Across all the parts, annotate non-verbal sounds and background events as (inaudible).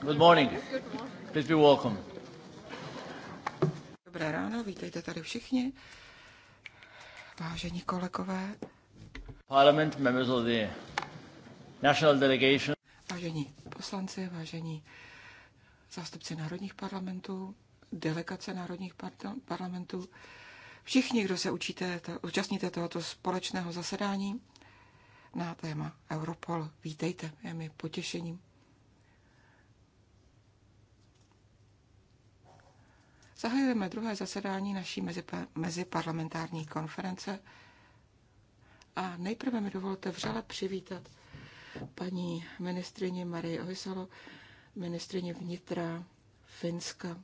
Good morning. Please be welcome. Dobré ráno, vítejte tady všichni. Vážení kolegové. Parliament, members of the national delegation. Vážení poslanci, vážení zástupci národních parlamentů, delegace národních parlamentů, všichni, kdo se učíte, to, účastníte tohoto společného zasedání na téma Europol, vítejte, je mi potěšením Zahajujeme druhé zasedání naší meziparlamentární konference a nejprve mi dovolte vřele přivítat paní ministrině Marie Ohysalo, ministrině vnitra Finska.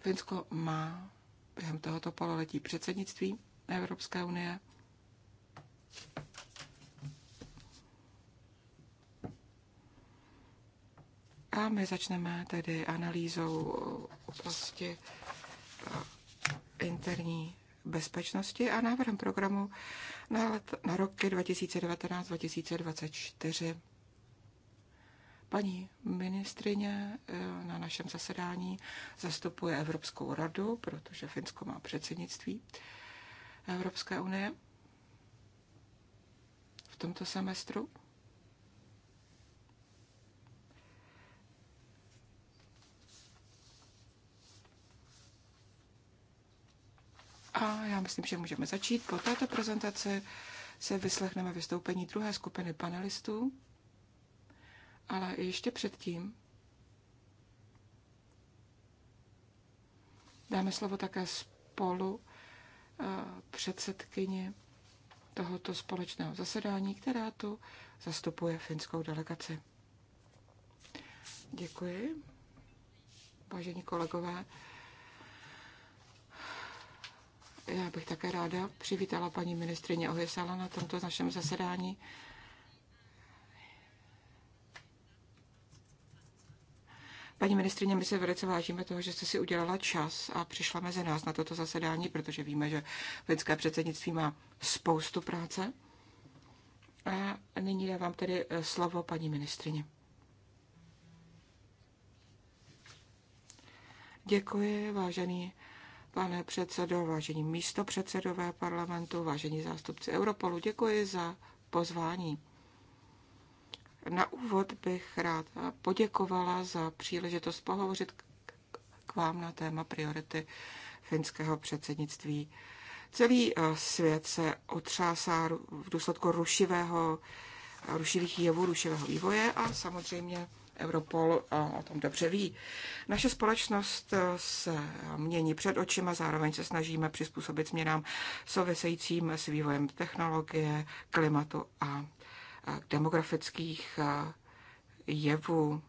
Finsko má během tohoto pololetí předsednictví Evropské unie. A my začneme tedy analýzou oblasti eh, interní bezpečnosti a návrhem programu na, let, na roky 2019-2024. Paní ministrině eh, na našem zasedání zastupuje Evropskou radu, protože Finsko má předsednictví Evropské unie v tomto semestru. A já myslím, že můžeme začít. Po této prezentaci se vyslechneme vystoupení druhé skupiny panelistů. Ale ještě předtím dáme slovo také spolu eh, předsedkyni tohoto společného zasedání, která tu zastupuje finskou delegaci. Děkuji, vážení kolegové. Já bych také ráda přivítala paní ministrině Ohysala na tomto našem zasedání. Paní ministrině, my se velice vážíme toho, že jste si udělala čas a přišla mezi nás na toto zasedání, protože víme, že finské předsednictví má spoustu práce. A nyní dávám tedy eh, slovo paní ministrině. Děkuji, vážený pane předsedo, vážení místopředsedové parlamentu, vážení zástupci Europolu, děkuji za pozvání. Na úvod bych rád poděkovala za příležitost pohovořit k vám na téma priority finského předsednictví. Celý eh, svět se otřásá v důsledku rušivého, rušivých jevů, rušivého vývoje a samozřejmě Europol o tom dobře ví. Naše společnost eh, se mění před očima, zároveň se snažíme přizpůsobit změnám souvisejícím s vývojem technologie, klimatu a demografických eh, jevů.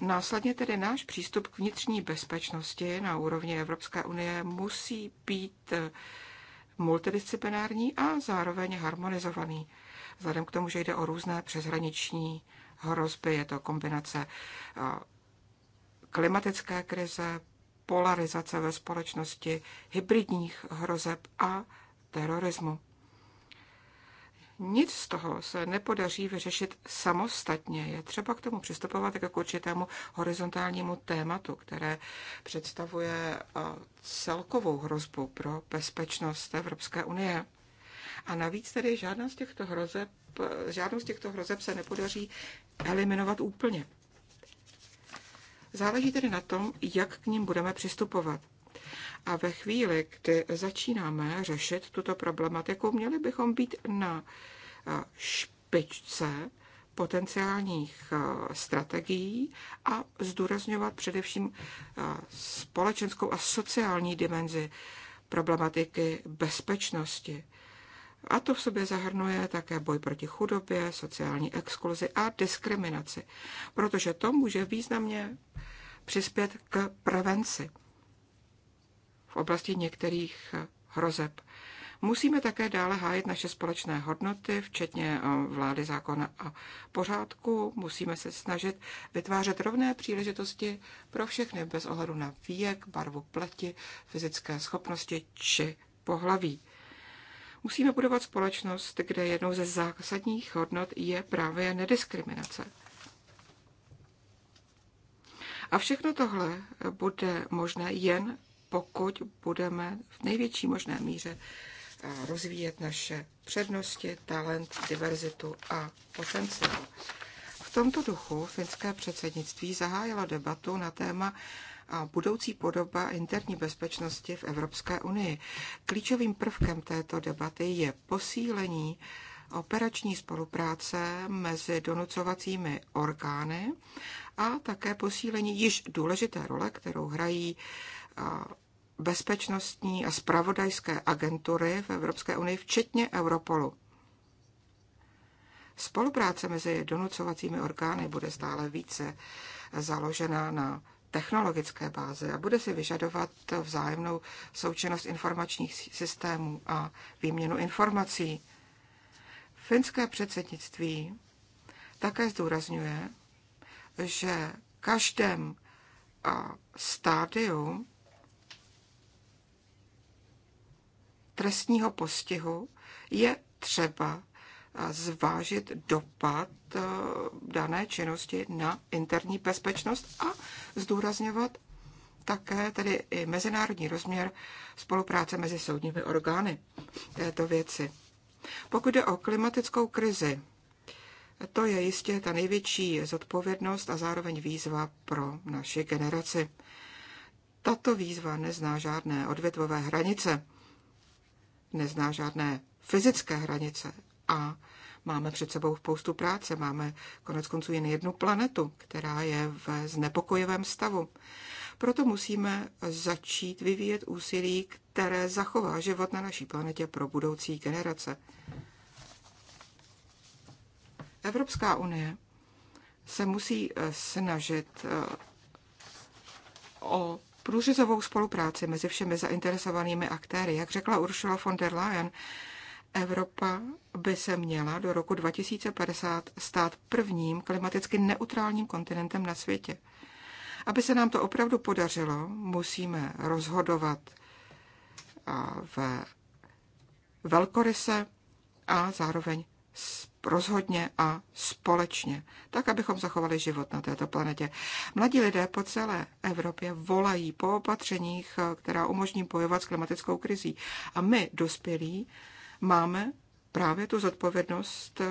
Následně tedy náš přístup k vnitřní bezpečnosti na úrovni Evropské unie musí být eh, multidisciplinární a zároveň harmonizovaný, vzhledem k tomu, že jde o různé přeshraniční hrozby. Je to kombinace eh, klimatické krize, polarizace ve společnosti, hybridních hrozeb a terorismu. Nic z toho se nepodaří vyřešit samostatně. Je třeba k tomu přistupovat jako k určitému horizontálnímu tématu, které představuje eh, celkovou hrozbu pro bezpečnost Evropské unie. A navíc tedy žádná z těchto hrozeb, žádnou z těchto hrozeb se nepodaří eliminovat úplně. Záleží tedy na tom, jak k ním budeme přistupovat. A ve chvíli, kdy začínáme řešit tuto problematiku, měli bychom být na špičce potenciálních strategií a zdůrazňovat především společenskou a sociální dimenzi problematiky bezpečnosti. A to v sobě zahrnuje také boj proti chudobě, sociální exkluzi a diskriminaci, protože to může významně přispět k prevenci v oblasti některých hrozeb. Musíme také dále hájit naše společné hodnoty, včetně eh, vlády zákona a pořádku. Musíme se snažit vytvářet rovné příležitosti pro všechny bez ohledu na věk, barvu pleti, fyzické schopnosti či pohlaví. Musíme budovat společnost, kde jednou ze zásadních hodnot je právě nediskriminace. A všechno tohle bude možné jen pokud budeme v největší možné míře eh, rozvíjet naše přednosti, talent, diverzitu a potenciál. V tomto duchu finské předsednictví zahájilo debatu na téma a budoucí podoba interní bezpečnosti v Evropské unii. Klíčovým prvkem této debaty je posílení operační spolupráce mezi donucovacími orgány a také posílení již důležité role, kterou hrají bezpečnostní a spravodajské agentury v Evropské unii, včetně Europolu. Spolupráce mezi donucovacími orgány bude stále více založena na technologické báze a bude si vyžadovat vzájemnou součinnost informačních systémů a výměnu informací. Finské předsednictví také zdůrazňuje, že každém stádiu trestního postihu je třeba zvážit dopad eh, dané činnosti na interní bezpečnost a zdůrazňovat také tedy i mezinárodní rozměr spolupráce mezi soudními orgány této věci. Pokud jde o klimatickou krizi, to je jistě ta největší zodpovědnost a zároveň výzva pro naši generaci. Tato výzva nezná žádné odvětvové hranice, nezná žádné fyzické hranice, a máme před sebou spoustu práce. Máme konec konců jen jednu planetu, která je v znepokojivém stavu. Proto musíme začít vyvíjet úsilí, které zachová život na naší planetě pro budoucí generace. Evropská unie se musí eh, snažit eh, o průřezovou spolupráci mezi všemi zainteresovanými aktéry. Jak řekla Ursula von der Leyen, Evropa by se měla do roku 2050 stát prvním klimaticky neutrálním kontinentem na světě. Aby se nám to opravdu podařilo, musíme rozhodovat ve velkoryse a zároveň rozhodně a společně, tak, abychom zachovali život na této planetě. Mladí lidé po celé Evropě volají po opatřeních, která umožní bojovat s klimatickou krizí. A my, dospělí, máme právě tu zodpovědnost eh,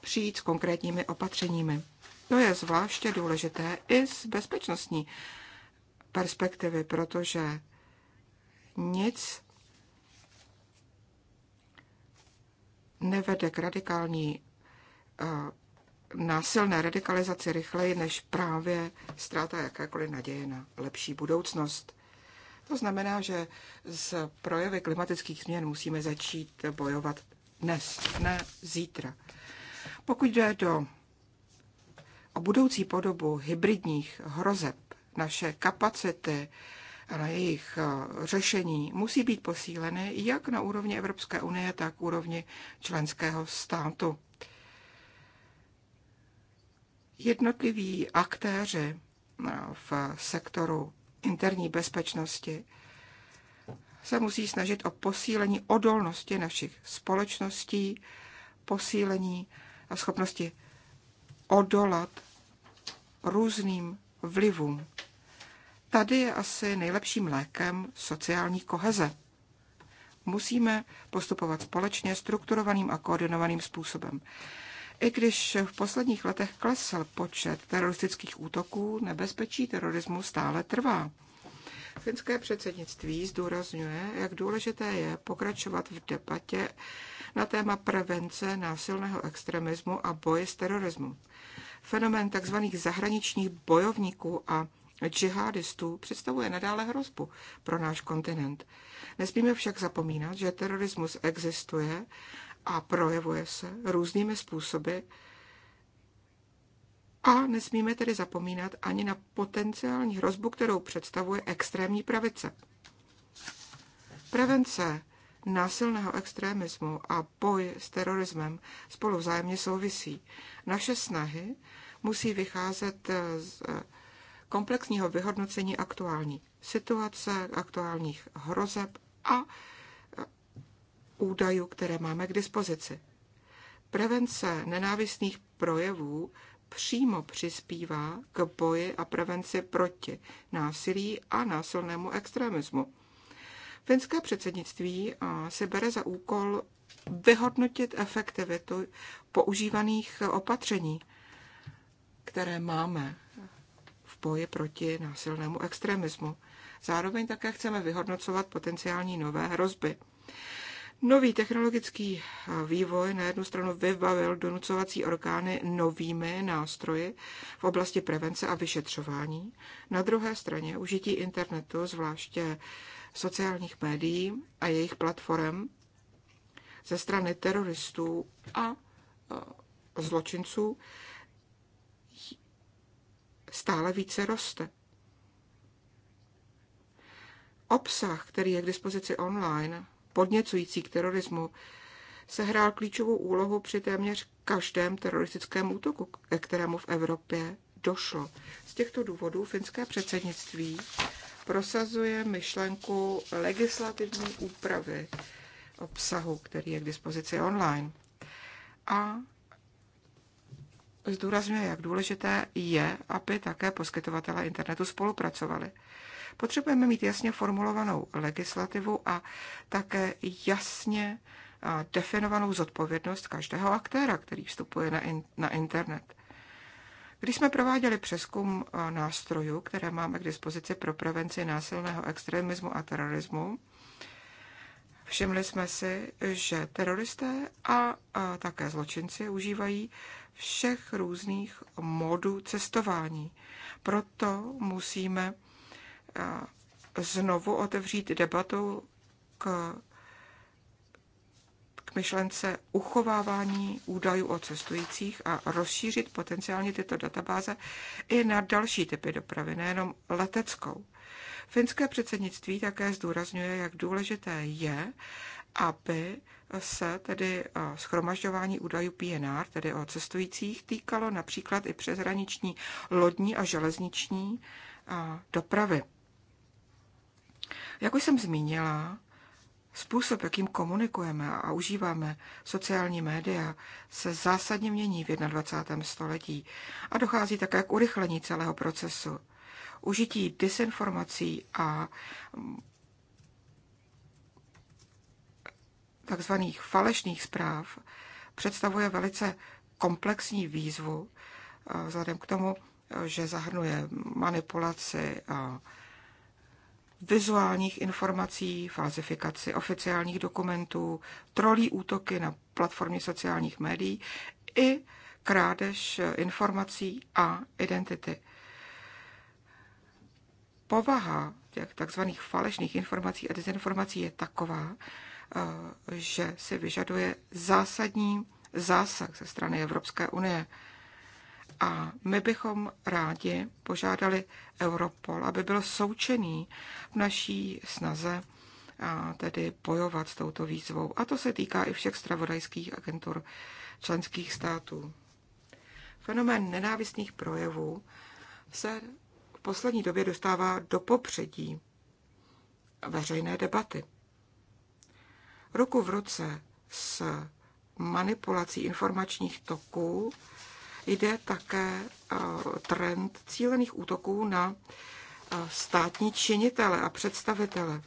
přijít s konkrétními opatřeními. To je zvláště důležité i z bezpečnostní perspektivy, protože nic nevede k radikální eh, násilné radikalizaci rychleji než právě ztráta jakékoliv naděje na lepší budoucnost. To znamená, že z projevy klimatických změn musíme začít bojovat dnes, ne zítra. Pokud jde do, o budoucí podobu hybridních hrozeb, naše kapacity na jejich eh, řešení musí být posíleny jak na úrovni Evropské unie, tak úrovni členského státu. Jednotliví aktéři eh, v sektoru interní bezpečnosti se musí snažit o posílení odolnosti našich společností, posílení a schopnosti odolat různým vlivům. Tady je asi nejlepším lékem sociální koheze. Musíme postupovat společně strukturovaným a koordinovaným způsobem. I když v posledních letech klesl počet teroristických útoků, nebezpečí terorismu stále trvá. Finské předsednictví zdůrazňuje, jak důležité je pokračovat v debatě na téma prevence násilného extremismu a boje s terorismem. Fenomén tzv. zahraničních bojovníků a džihadistů představuje nadále hrozbu pro náš kontinent. Nesmíme však zapomínat, že terorismus existuje a projevuje se různými způsoby. A nesmíme tedy zapomínat ani na potenciální hrozbu, kterou představuje extrémní pravice. Prevence násilného extremismu a boj s terorismem spolu vzájemně souvisí. Naše snahy musí vycházet z komplexního vyhodnocení aktuální situace, aktuálních hrozeb a údajů, které máme k dispozici. Prevence nenávistných projevů přímo přispívá k boji a prevenci proti násilí a násilnému extremismu. Finské předsednictví se bere za úkol vyhodnotit efektivitu používaných opatření, které máme v boji proti násilnému extremismu. Zároveň také chceme vyhodnocovat potenciální nové hrozby. Nový technologický eh, vývoj na jednu stranu vybavil donucovací orgány novými nástroji v oblasti prevence a vyšetřování. Na druhé straně užití internetu, zvláště sociálních médií a jejich platform ze strany teroristů a eh, zločinců stále více roste. Obsah, který je k dispozici online, podněcující k terorismu sehrál klíčovou úlohu při téměř každém teroristickém útoku, ke kterému v Evropě došlo. Z těchto důvodů finské předsednictví prosazuje myšlenku legislativní úpravy obsahu, který je k dispozici online. A zdůrazňuje, jak důležité je, aby také poskytovatelé internetu spolupracovali. Potřebujeme mít jasně formulovanou legislativu a také jasně definovanou zodpovědnost každého aktéra, který vstupuje na, in, na internet. Když jsme prováděli přeskum nástrojů, které máme k dispozici pro prevenci násilného extremismu a terorismu, všimli jsme si, že teroristé a, a také zločinci užívají všech různých modů cestování. Proto musíme znovu otevřít debatu k, k myšlence uchovávání údajů o cestujících a rozšířit potenciálně tyto databáze i na další typy dopravy, nejenom leteckou. Finské předsednictví také zdůrazňuje, jak důležité je, aby se tedy schromažďování údajů PNR, tedy o cestujících, týkalo například i přeshraniční lodní a železniční dopravy. Jak už jsem zmínila, způsob, jakým komunikujeme a užíváme sociální média, se zásadně mění v 21. století a dochází také k urychlení celého procesu. Užití disinformací a takzvaných falešných zpráv představuje velice komplexní výzvu, eh, vzhledem k tomu, eh, že zahrnuje manipulaci vizuálních informací, falsifikaci oficiálních dokumentů, trolí útoky na platformě sociálních médií i krádež informací a identity. Povaha těch takzvaných falešných informací a dezinformací je taková, eh, že si vyžaduje zásadní zásah ze strany Evropské unie. A my bychom rádi požádali Europol, aby byl součený v naší snaze a tedy bojovat s touto výzvou. A to se týká i všech stravodajských agentur členských států. Fenomén nenávistných projevů se v poslední době dostává do popředí veřejné debaty. Ruku v ruce s manipulací informačních toků Jde také eh, trend cílených útoků na eh, státní činitele a představitele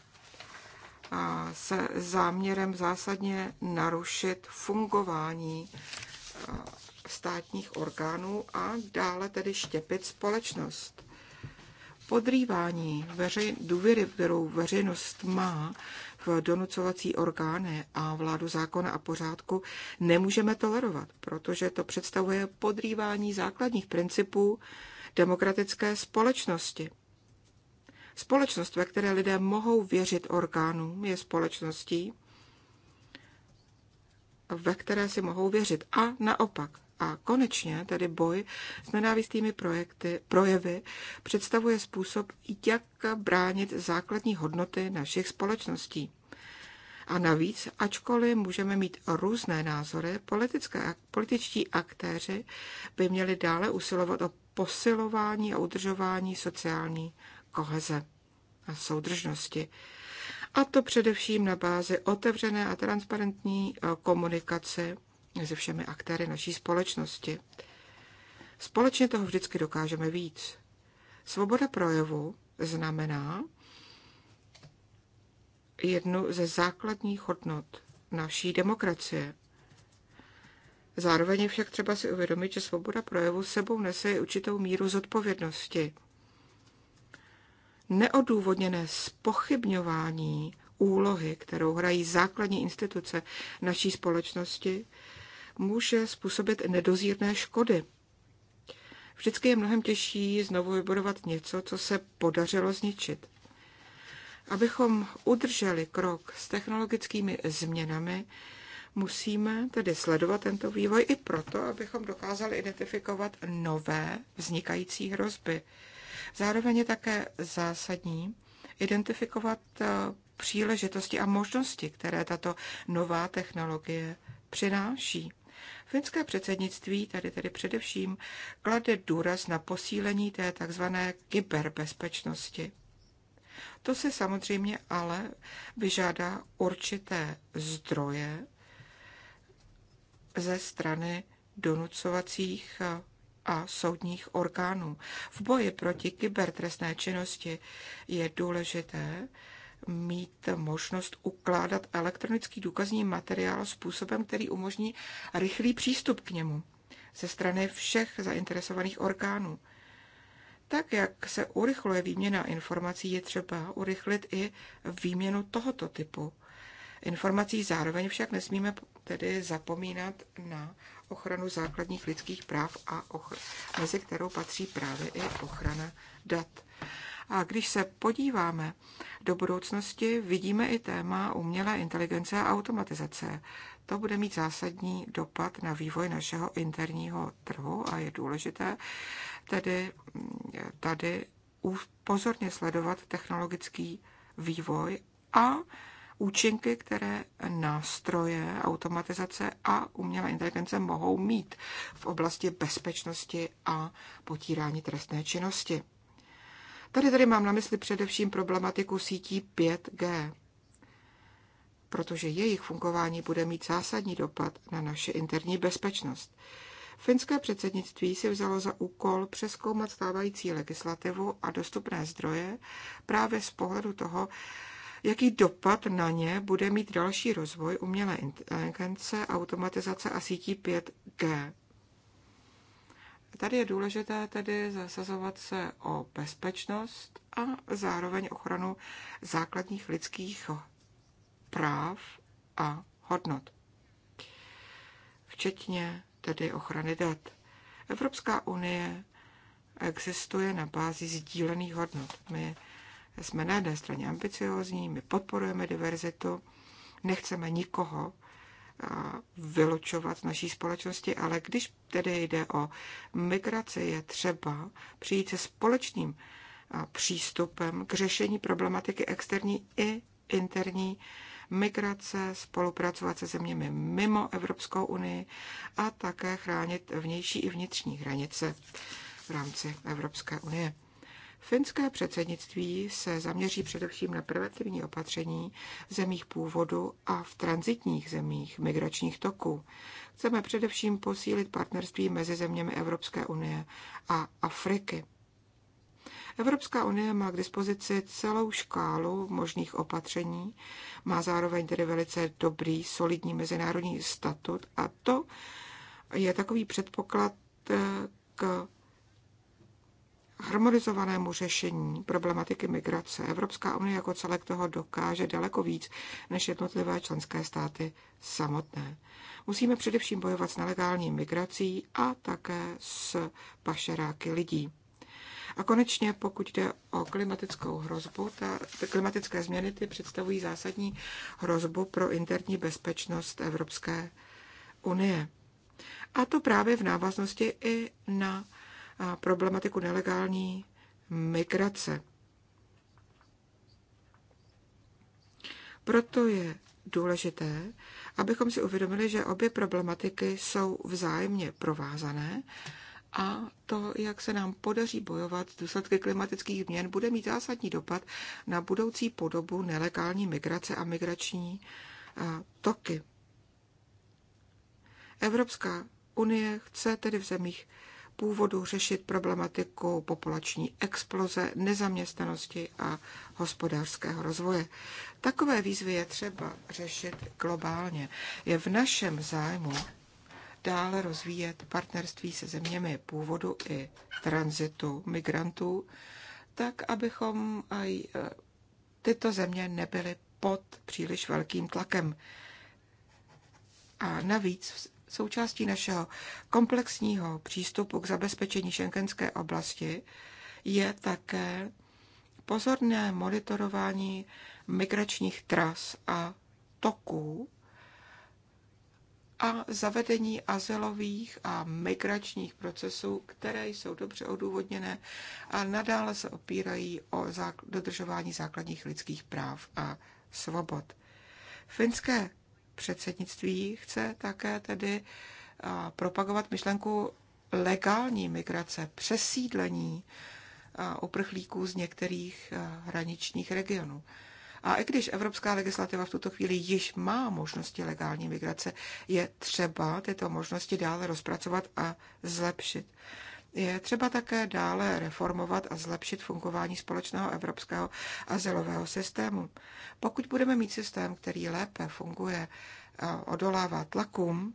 se záměrem zásadně narušit fungování eh, státních orgánů a dále tedy štěpit společnost. Podrývání veřej, důvěry, kterou veřejnost má v donucovací orgány a vládu zákona a pořádku nemůžeme tolerovat, protože to představuje podrývání základních principů demokratické společnosti. Společnost, ve které lidé mohou věřit orgánům, je společností, ve které si mohou věřit. A naopak, a konečně tedy boj s nenávistými projekty, projevy představuje způsob, jak bránit základní hodnoty našich společností. A navíc, ačkoliv můžeme mít různé názory, politické, političtí aktéři by měli dále usilovat o posilování a udržování sociální koheze a soudržnosti. A to především na bázi otevřené a transparentní eh, komunikace mezi všemi aktéry naší společnosti. Společně toho vždycky dokážeme víc. Svoboda projevu znamená jednu ze základních hodnot naší demokracie. Zároveň je však třeba si uvědomit, že svoboda projevu sebou nese i určitou míru zodpovědnosti. Neodůvodněné spochybňování úlohy, kterou hrají základní instituce naší společnosti, může způsobit nedozírné škody. Vždycky je mnohem těžší znovu vybudovat něco, co se podařilo zničit. Abychom udrželi krok s technologickými změnami, musíme tedy sledovat tento vývoj i proto, abychom dokázali identifikovat nové vznikající hrozby. Zároveň je také zásadní identifikovat eh, příležitosti a možnosti, které tato nová technologie přináší. Finské předsednictví tady tedy především klade důraz na posílení té tzv. kyberbezpečnosti. To se samozřejmě ale vyžádá určité zdroje ze strany donucovacích a soudních orgánů. V boji proti kybertrestné činnosti je důležité, mít možnost ukládat elektronický důkazní materiál způsobem, který umožní rychlý přístup k němu ze strany všech zainteresovaných orgánů. Tak, jak se urychluje výměna informací, je třeba urychlit i výměnu tohoto typu informací. Zároveň však nesmíme tedy zapomínat na ochranu základních lidských práv a ochr- mezi kterou patří právě i ochrana dat. A když se podíváme do budoucnosti, vidíme i téma umělé inteligence a automatizace. To bude mít zásadní dopad na vývoj našeho interního trhu a je důležité tedy mm, tady pozorně sledovat technologický vývoj a účinky, které nástroje automatizace a umělé inteligence mohou mít v oblasti bezpečnosti a potírání trestné činnosti. Tady tedy mám na mysli především problematiku sítí 5G, protože jejich fungování bude mít zásadní dopad na naše interní bezpečnost. Finské předsednictví si vzalo za úkol přeskoumat stávající legislativu a dostupné zdroje právě z pohledu toho, jaký dopad na ně bude mít další rozvoj umělé inteligence, automatizace a sítí 5G. Tady je důležité tedy zasazovat se o bezpečnost a zároveň ochranu základních lidských práv a hodnot, včetně tedy ochrany dat. Evropská unie existuje na bázi sdílených hodnot. My jsme na jedné straně ambiciozní, my podporujeme diverzitu, nechceme nikoho vylučovat z naší společnosti, ale když tedy jde o migraci, je třeba přijít se společným přístupem k řešení problematiky externí i interní migrace, spolupracovat se zeměmi mimo Evropskou unii a také chránit vnější i vnitřní hranice v rámci Evropské unie. Finské předsednictví se zaměří především na preventivní opatření v zemích původu a v transitních zemích migračních toků. Chceme především posílit partnerství mezi zeměmi Evropské unie a Afriky. Evropská unie má k dispozici celou škálu možných opatření, má zároveň tedy velice dobrý, solidní mezinárodní statut a to je takový předpoklad eh, k harmonizovanému řešení problematiky migrace Evropská unie jako celek toho dokáže daleko víc než jednotlivé členské státy samotné. Musíme především bojovat s nelegální migrací a také s pašeráky lidí. A konečně, pokud jde o klimatickou hrozbu, ta, ty klimatické změny ty představují zásadní hrozbu pro interní bezpečnost Evropské unie. A to právě v návaznosti i na problematiku nelegální migrace. Proto je důležité, abychom si uvědomili, že obě problematiky jsou vzájemně provázané a to, jak se nám podaří bojovat s důsledky klimatických změn, bude mít zásadní dopad na budoucí podobu nelegální migrace a migrační toky. Evropská unie chce tedy v zemích původu řešit problematiku populační exploze, nezaměstnanosti a hospodářského rozvoje. Takové výzvy je třeba řešit globálně. Je v našem zájmu dále rozvíjet partnerství se zeměmi původu i tranzitu migrantů, tak abychom aj e, tyto země nebyly pod příliš velkým tlakem. A navíc Součástí našeho komplexního přístupu k zabezpečení šengenské oblasti je také pozorné monitorování migračních tras a toků a zavedení azylových a migračních procesů, které jsou dobře odůvodněné a nadále se opírají o dodržování základních lidských práv a svobod. Finské předsednictví chce také tedy propagovat myšlenku legální migrace, přesídlení uprchlíků z některých hraničních regionů. A i když evropská legislativa v tuto chvíli již má možnosti legální migrace, je třeba tyto možnosti dále rozpracovat a zlepšit. Je třeba také dále reformovat a zlepšit fungování společného evropského azylového systému. Pokud budeme mít systém, který lépe funguje, odolává tlakům,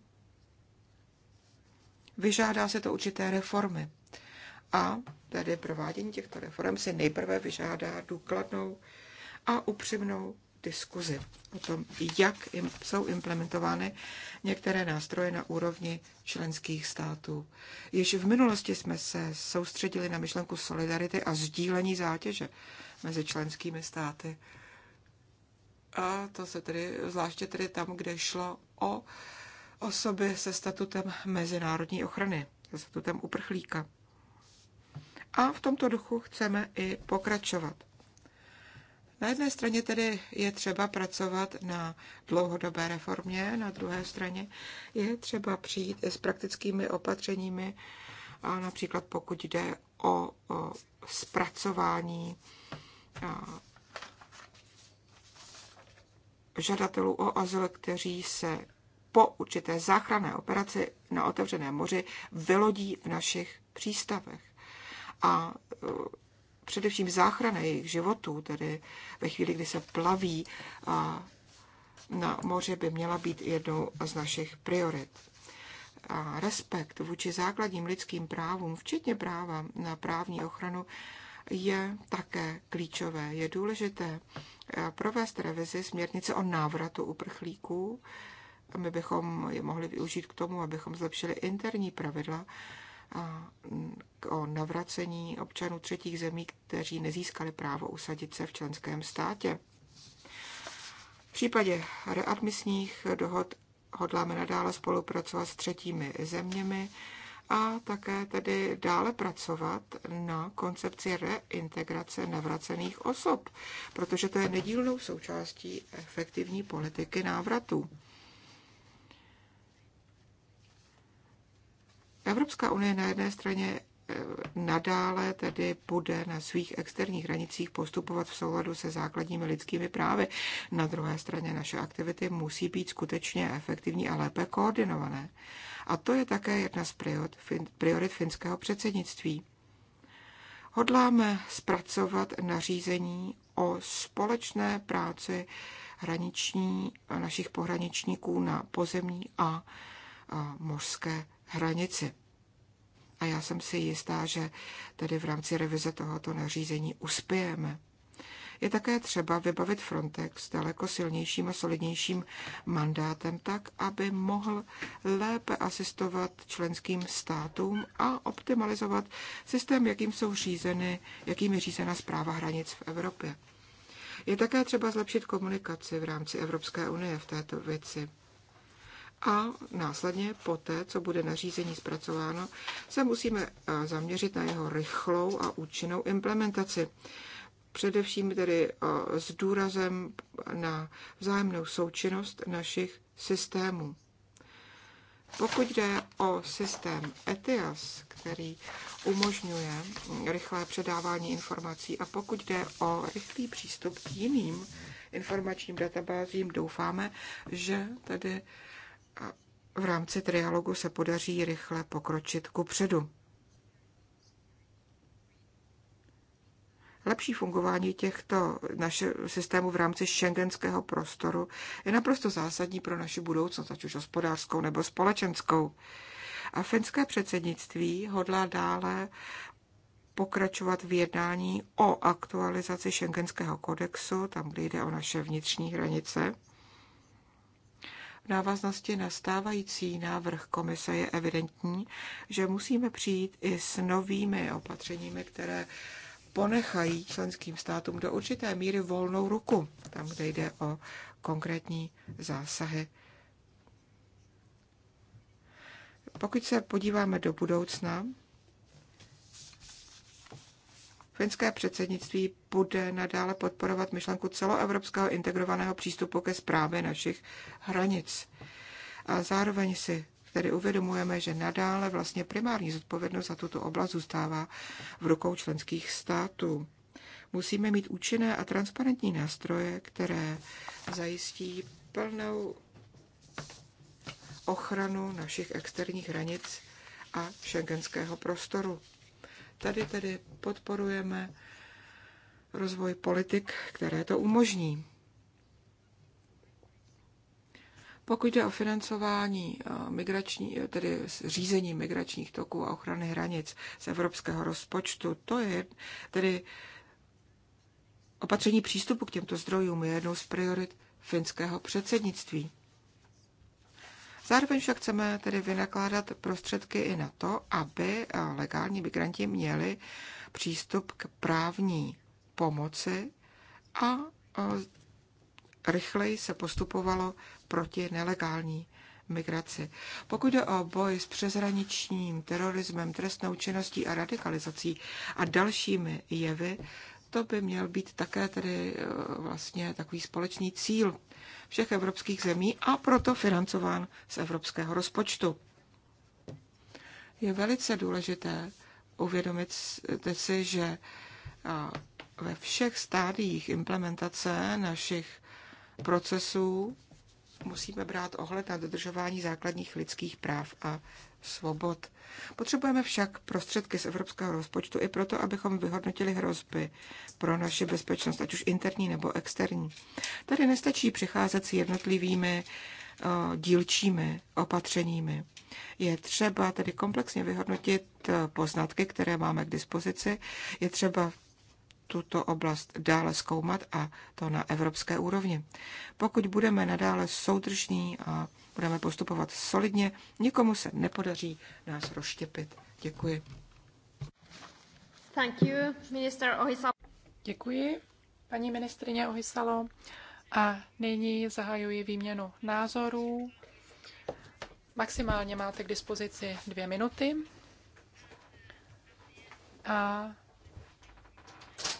vyžádá se to určité reformy. A tedy provádění těchto reform si nejprve vyžádá důkladnou a upřímnou diskuzi o tom, jak jsou implementovány některé nástroje na úrovni členských států. Již v minulosti jsme se soustředili na myšlenku solidarity a sdílení zátěže mezi členskými státy. A to se tedy, zvláště tedy tam, kde šlo o osoby se statutem mezinárodní ochrany, se statutem uprchlíka. A v tomto duchu chceme i pokračovat. Na jedné straně tedy je třeba pracovat na dlouhodobé reformě, na druhé straně je třeba přijít s praktickými opatřeními, a například pokud jde o, o zpracování a, žadatelů o azyl, kteří se po určité záchranné operaci na otevřeném moři vylodí v našich přístavech. A především záchrana jejich životů, tedy ve chvíli, kdy se plaví na moře, by měla být jednou z našich priorit. A respekt vůči základním lidským právům, včetně práva na právní ochranu, je také klíčové. Je důležité eh, provést revizi směrnice o návratu uprchlíků. My bychom je mohli využít k tomu, abychom zlepšili interní pravidla o navracení občanů třetích zemí, kteří nezískali právo usadit se v členském státě. V případě readmisních dohod hodláme nadále spolupracovat s třetími zeměmi a také tedy dále pracovat na koncepci reintegrace navracených osob, protože to je nedílnou součástí efektivní politiky návratu. Evropská unie na jedné straně eh, nadále tedy bude na svých externích hranicích postupovat v souladu se základními lidskými právy. Na druhé straně naše aktivity musí být skutečně efektivní a lépe koordinované. A to je také jedna z priorit, priorit finského předsednictví. Hodláme zpracovat nařízení o společné práci hraniční, našich pohraničníků na pozemní a mořské hranici. A já jsem si jistá, že tedy v rámci revize tohoto nařízení uspějeme. Je také třeba vybavit Frontex daleko silnějším a solidnějším mandátem tak, aby mohl lépe asistovat členským státům a optimalizovat systém, jakým jsou řízeny, jakým je řízena zpráva hranic v Evropě. Je také třeba zlepšit komunikaci v rámci Evropské unie v této věci a následně po té, co bude nařízení zpracováno, se musíme eh, zaměřit na jeho rychlou a účinnou implementaci. Především tedy eh, s důrazem na vzájemnou součinnost našich systémů. Pokud jde o systém ETIAS, který umožňuje rychlé předávání informací a pokud jde o rychlý přístup k jiným informačním databázím, doufáme, že tedy v rámci trialogu se podaří rychle pokročit ku předu. Lepší fungování těchto naše, systémů v rámci šengenského prostoru je naprosto zásadní pro naši budoucnost, ať už hospodářskou nebo společenskou. A finské předsednictví hodlá dále pokračovat v jednání o aktualizaci šengenského kodexu, tam, kde jde o naše vnitřní hranice návaznosti na stávající návrh komise je evidentní, že musíme přijít i s novými opatřeními, které ponechají členským státům do určité míry volnou ruku, tam, kde jde o konkrétní zásahy. Pokud se podíváme do budoucna, Finské předsednictví bude nadále podporovat myšlenku celoevropského integrovaného přístupu ke zprávě našich hranic. A zároveň si tedy uvědomujeme, že nadále vlastně primární zodpovědnost za tuto oblast zůstává v rukou členských států. Musíme mít účinné a transparentní nástroje, které zajistí plnou ochranu našich externích hranic a šengenského prostoru. Tady tedy podporujeme rozvoj politik, které to umožní. Pokud jde o financování eh, migrační, eh, tedy řízení migračních toků a ochrany hranic z evropského rozpočtu, to je tedy opatření přístupu k těmto zdrojům je jednou z priorit finského předsednictví. Zároveň však chceme tedy vynakládat prostředky i na to, aby eh, legální migranti měli přístup k právní pomoci a eh, rychleji se postupovalo proti nelegální migraci. Pokud jde o boj s přezraničním terorismem, trestnou činností a radikalizací a dalšími jevy, to by měl být také tedy eh, vlastně takový společný cíl všech evropských zemí a proto financován z evropského rozpočtu. Je velice důležité uvědomit si, že ve všech stádiích implementace našich procesů musíme brát ohled na dodržování základních lidských práv a svobod. Potřebujeme však prostředky z evropského rozpočtu i proto, abychom vyhodnotili hrozby pro naši bezpečnost, ať už interní nebo externí. Tady nestačí přicházet s jednotlivými eh, dílčími opatřeními. Je třeba tedy komplexně vyhodnotit eh, poznatky, které máme k dispozici. Je třeba tuto oblast dále zkoumat a to na evropské úrovni. Pokud budeme nadále soudržní a budeme postupovat solidně, nikomu se nepodaří nás rozštěpit. Děkuji. Thank you, minister Ohisalo. Děkuji, paní ministrině Ohisalo. A nyní zahajuji výměnu názorů. Maximálně máte k dispozici dvě minuty. A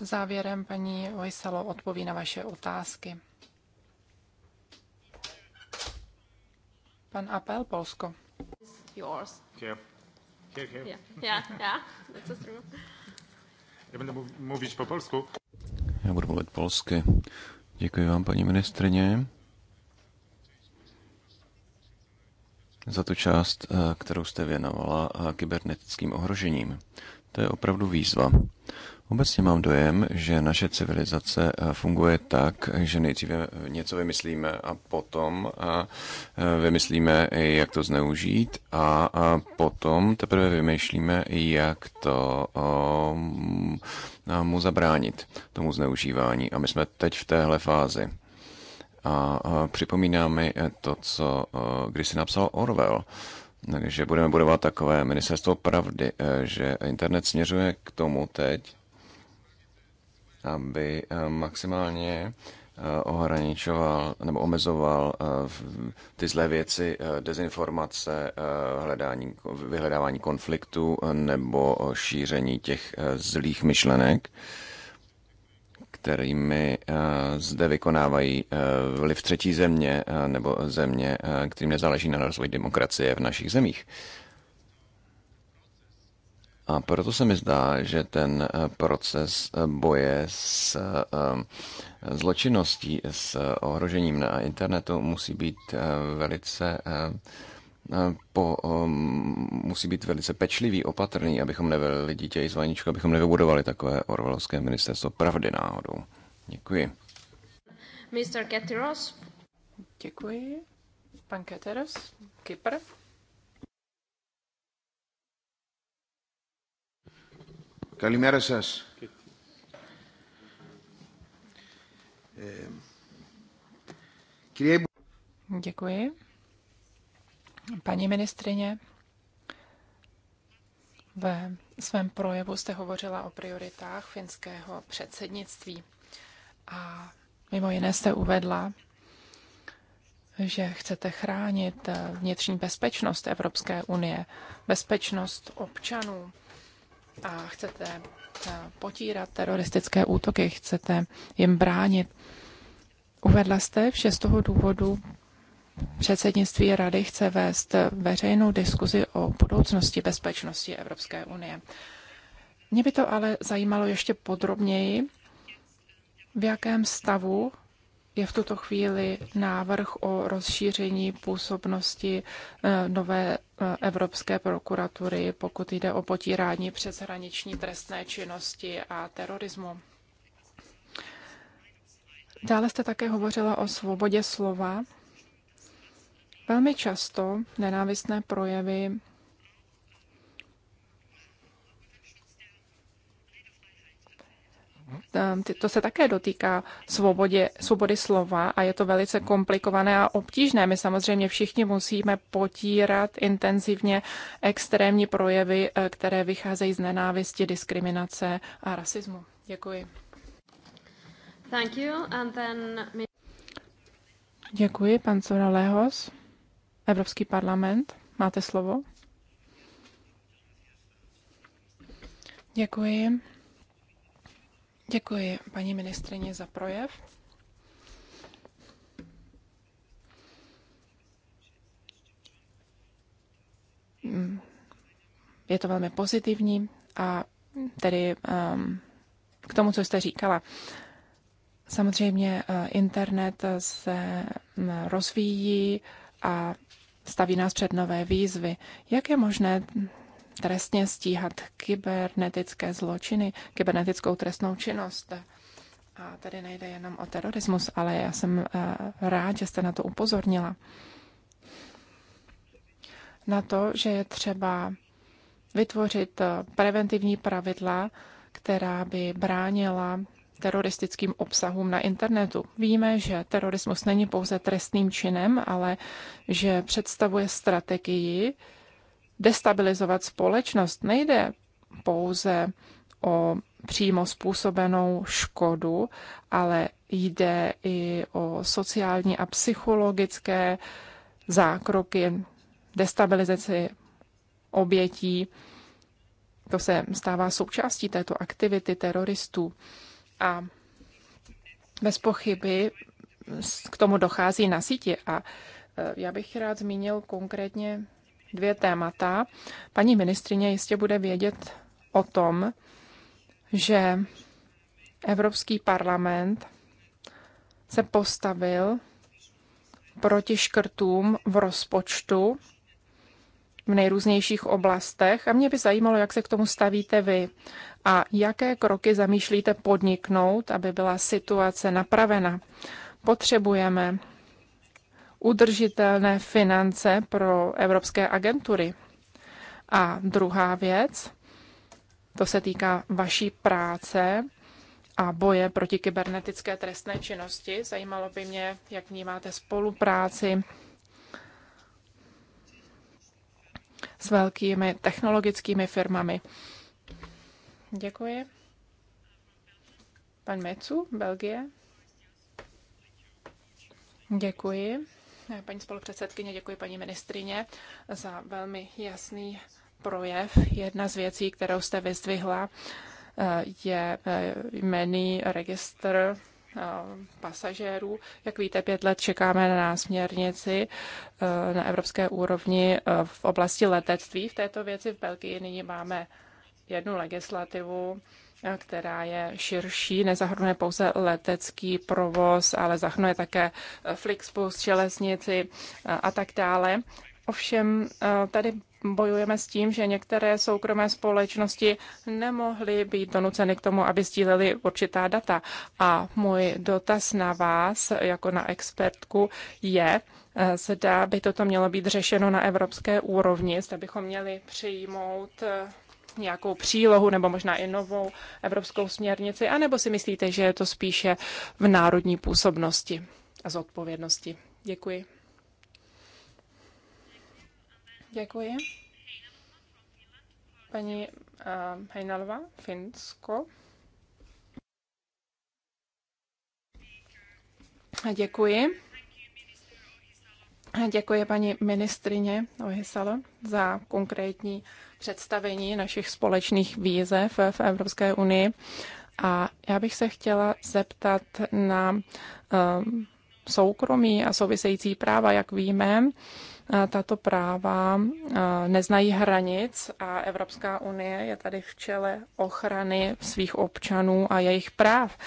Závěrem paní Vojsalo odpoví na vaše otázky. Pan Apel, Polsko. Yours. Já budu mluvit po polsku. Já budu mluvit polsky. Děkuji vám, paní ministrině, za tu část, eh, kterou jste věnovala eh, kybernetickým ohrožením. To je opravdu výzva. Obecně mám dojem, že naše civilizace eh, funguje tak, že nejdříve něco vymyslíme a potom eh, eh, vymyslíme, jak to zneužít a potom teprve vymýšlíme, jak to mu zabránit, tomu zneužívání. A my jsme teď v téhle fázi. A připomíná mi to, co když si napsal Orwell, že budeme budovat takové ministerstvo pravdy, že internet směřuje k tomu teď, aby eh, maximálně eh, ohraničoval nebo omezoval eh, ty zlé věci, dezinformace, hledání, vyhledávání konfliktu nebo šíření těch zlých myšlenek, kterými zde vykonávají vliv třetí země nebo země, kterým nezáleží na rozvoji demokracie v našich zemích. A proto se mi zdá, že ten eh, proces eh, boje s eh, zločinností, s ohrožením na internetu musí být velice po, musí být velice pečlivý, opatrný, abychom nevedli dítě i zvaničku, abychom nevybudovali takové Orvalovské ministerstvo pravdy náhodou. Děkuji. Mr. Keteros. Děkuji. Pan Keteros, Kypr. Καλημέρα σας. Děkuji. Paní ministrině, ve svém projevu jste hovořila o prioritách finského předsednictví a mimo jiné jste uvedla, že chcete chránit vnitřní bezpečnost Evropské unie, bezpečnost občanů a chcete eh, potírat teroristické útoky, chcete jim bránit. Uvedla jste, že z toho důvodu předsednictví Rady chce vést veřejnou diskuzi o budoucnosti bezpečnosti Evropské unie. Mě by to ale zajímalo ještě podrobněji, v jakém stavu je v tuto chvíli návrh o rozšíření působnosti e, nové e, Evropské prokuratury, pokud jde o potírání přeshraniční trestné činnosti a terorismu. Dále jste také hovořila o svobodě slova. Velmi často nenávistné projevy Ehm, to se také dotýká svobodě, svobody slova a je to velice komplikované a obtížné. My samozřejmě všichni musíme potírat intenzivně extrémní projevy, eh, které vycházejí z nenávisti, diskriminace a rasismu. Děkuji. Thank you. And then... Děkuji, pan Sora Lehos. Evropský parlament, máte slovo. Děkuji. Děkuji paní ministrině za projev. Mm. Je to velmi pozitivní a tedy um, k tomu, co jste říkala. Samozřejmě uh, internet se mm, rozvíjí a staví nás před nové výzvy. Jak je možné trestně stíhat kybernetické zločiny, kybernetickou trestnou činnost. A tady nejde jenom o terorismus, ale já jsem eh, rád, že jste na to upozornila. Na to, že je třeba vytvořit eh, preventivní pravidla, která by bránila teroristickým obsahům na internetu. Víme, že terorismus není pouze trestným činem, ale že představuje strategii, destabilizovat společnost. Nejde pouze o přímo způsobenou škodu, ale jde i o sociální a psychologické zákroky, destabilizaci obětí. To se stává součástí této aktivity teroristů. A bez pochyby k tomu dochází na síti. A e, já bych rád zmínil konkrétně dvě témata. Paní ministrině jistě bude vědět o tom, že Evropský parlament se postavil proti škrtům v rozpočtu v nejrůznějších oblastech a mě by zajímalo, jak se k tomu stavíte vy a jaké kroky zamýšlíte podniknout, aby byla situace napravena. Potřebujeme udržitelné finance pro evropské agentury. A druhá věc, to se týká vaší práce a boje proti kybernetické trestné činnosti. Zajímalo by mě, jak vnímáte spolupráci s velkými technologickými firmami. Děkuji. Pan Mecu, Belgie. Děkuji paní spolupředsedkyně, děkuji paní ministrině za velmi jasný projev. Jedna z věcí, kterou jste vyzdvihla, eh, je eh, jmený registr eh, pasažérů. Jak víte, pět let čekáme na směrnici na evropské úrovni v oblasti letectví. V této věci v Belgii nyní máme jednu legislativu, která je širší, nezahrnuje pouze letecký provoz, ale zahrnuje také eh, Flixbus, železnici eh, a tak dále. Ovšem eh, tady bojujeme s tím, že některé soukromé společnosti nemohly být donuceny k tomu, aby sdíleli určitá data. A můj dotaz na vás, jako na expertku, je, zda by toto mělo být řešeno na evropské úrovni, zda bychom měli přijmout Vlastně nějakou přílohu nebo možná i novou evropskou směrnici, anebo si myslíte, že je to spíše v národní působnosti a zodpovědnosti? Děkuji. Děkuji. Paní uh, Heinalva, Finsko. Děkuji. Děkuji paní ministrině Ohisalo za konkrétní představení našich společných výzev v Evropské unii. A já bych se chtěla zeptat na um, soukromí a související práva, jak víme, uh, tato práva uh, neznají hranic a Evropská unie je tady v čele ochrany svých občanů a jejich práv.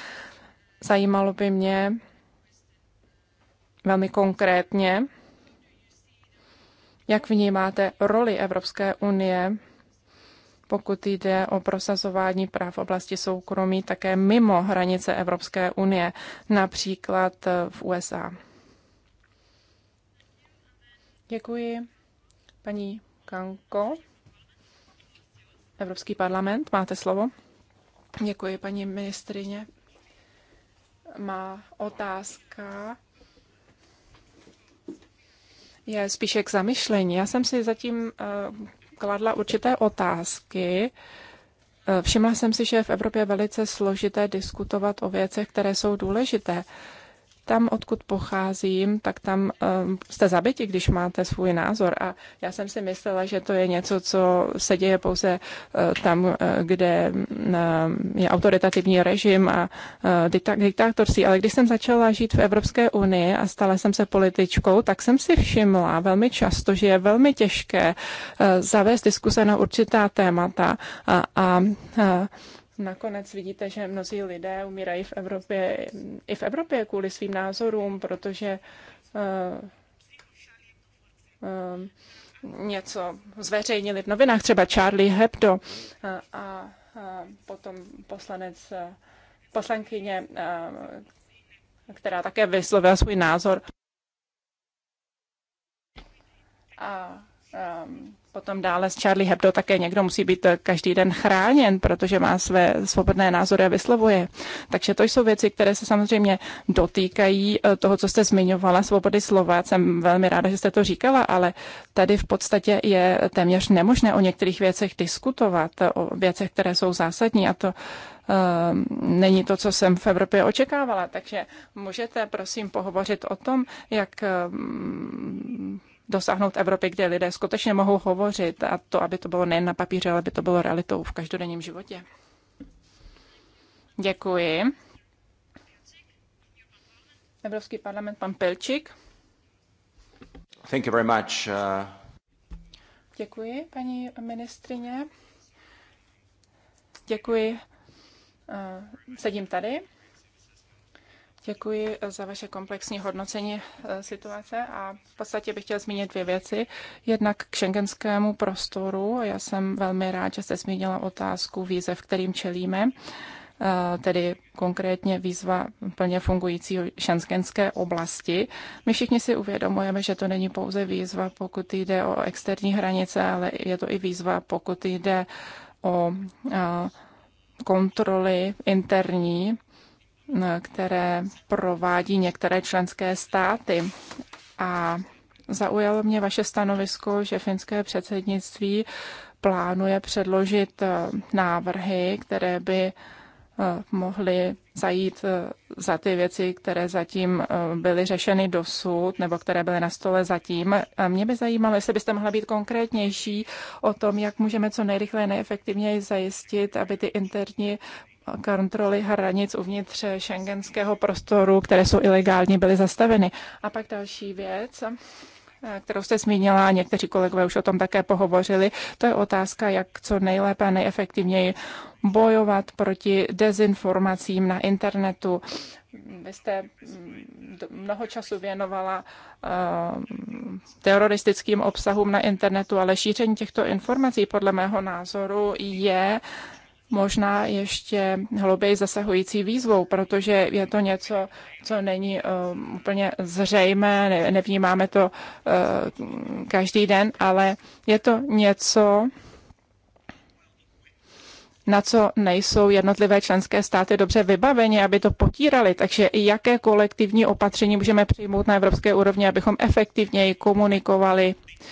Zajímalo by mě velmi konkrétně, jak vnímáte roli Evropské unie, pokud jde o prosazování práv v oblasti soukromí také mimo hranice Evropské unie, například v USA? Děkuji. Paní Kanko, Evropský parlament, máte slovo. Děkuji, paní ministrině. Má otázka je spíše k zamyšlení. Já jsem si zatím eh, kladla určité otázky. Eh, všimla jsem si, že je v Evropě je velice složité diskutovat o věcech, které jsou důležité tam, odkud pocházím, tak tam um, jste zabiti, když máte svůj názor. A já jsem si myslela, že to je něco, co se děje pouze uh, tam, uh, kde uh, je autoritativní režim a uh, diktátorství. Ale když jsem začala žít v Evropské unii a stala jsem se političkou, tak jsem si všimla velmi často, že je velmi těžké uh, zavést diskuse na určitá témata a, a, a Nakonec vidíte, že mnozí lidé umírají v Evropě, i v Evropě kvůli svým názorům, protože uh, uh, něco zveřejnili v novinách, třeba Charlie Hebdo uh, a potom poslanec, poslankyně, která také vyslovila svůj názor. A Ehm, potom dále s Charlie Hebdo také někdo musí být eh, každý den chráněn, protože má své svobodné názory a vyslovuje. Takže to jsou věci, které se samozřejmě dotýkají eh, toho, co jste zmiňovala, svobody slova. Jsem velmi ráda, že jste to říkala, ale tady v podstatě je téměř nemožné o některých věcech diskutovat, eh, o věcech, které jsou zásadní a to ehm, není to, co jsem v Evropě očekávala. Takže můžete prosím pohovořit o tom, jak ehm, dosáhnout Evropy, kde lidé skutečně mohou hovořit a to, aby to bylo nejen na papíře, ale aby to bylo realitou v každodenním životě. Děkuji. Evropský parlament, pan Pelčík. Thank you very much. Uh... Děkuji, paní ministrině. Děkuji. Uh, sedím tady. Děkuji eh, za vaše komplexní hodnocení eh, situace a v podstatě bych chtěl zmínit dvě věci. Jednak k šengenskému prostoru. Já jsem velmi rád, že jste zmínila otázku výzev, kterým čelíme eh, tedy konkrétně výzva plně fungující šengenské oblasti. My všichni si uvědomujeme, že to není pouze výzva, pokud jde o externí hranice, ale je to i výzva, pokud jde o kontroly interní které provádí některé členské státy. A zaujalo mě vaše stanovisko, že finské předsednictví plánuje předložit eh, návrhy, které by eh, mohly zajít eh, za ty věci, které zatím byly řešeny dosud, nebo které byly na stole zatím. A mě by zajímalo, jestli byste mohla být konkrétnější o tom, jak můžeme co nejrychleji nejefektivněji zajistit, aby ty interní kontroly hranic uvnitř šengenského prostoru, které jsou ilegální, byly zastaveny. A pak další věc kterou jste zmínila, někteří kolegové už o tom také pohovořili, to je otázka, jak co nejlépe a nejefektivněji bojovat proti dezinformacím na internetu. Vy jste mm, mnoho času věnovala uh, teroristickým obsahům na internetu, ale šíření těchto informací podle mého názoru je možná ještě hlouběji zasahující výzvou, protože je to něco, co není uh, úplně zřejmé, ne, nevnímáme to uh, každý den, ale je to něco, na co nejsou jednotlivé členské státy dobře vybaveni, aby to potírali. Takže jaké kolektivní opatření můžeme přijmout na evropské úrovni, abychom efektivněji komunikovali uh,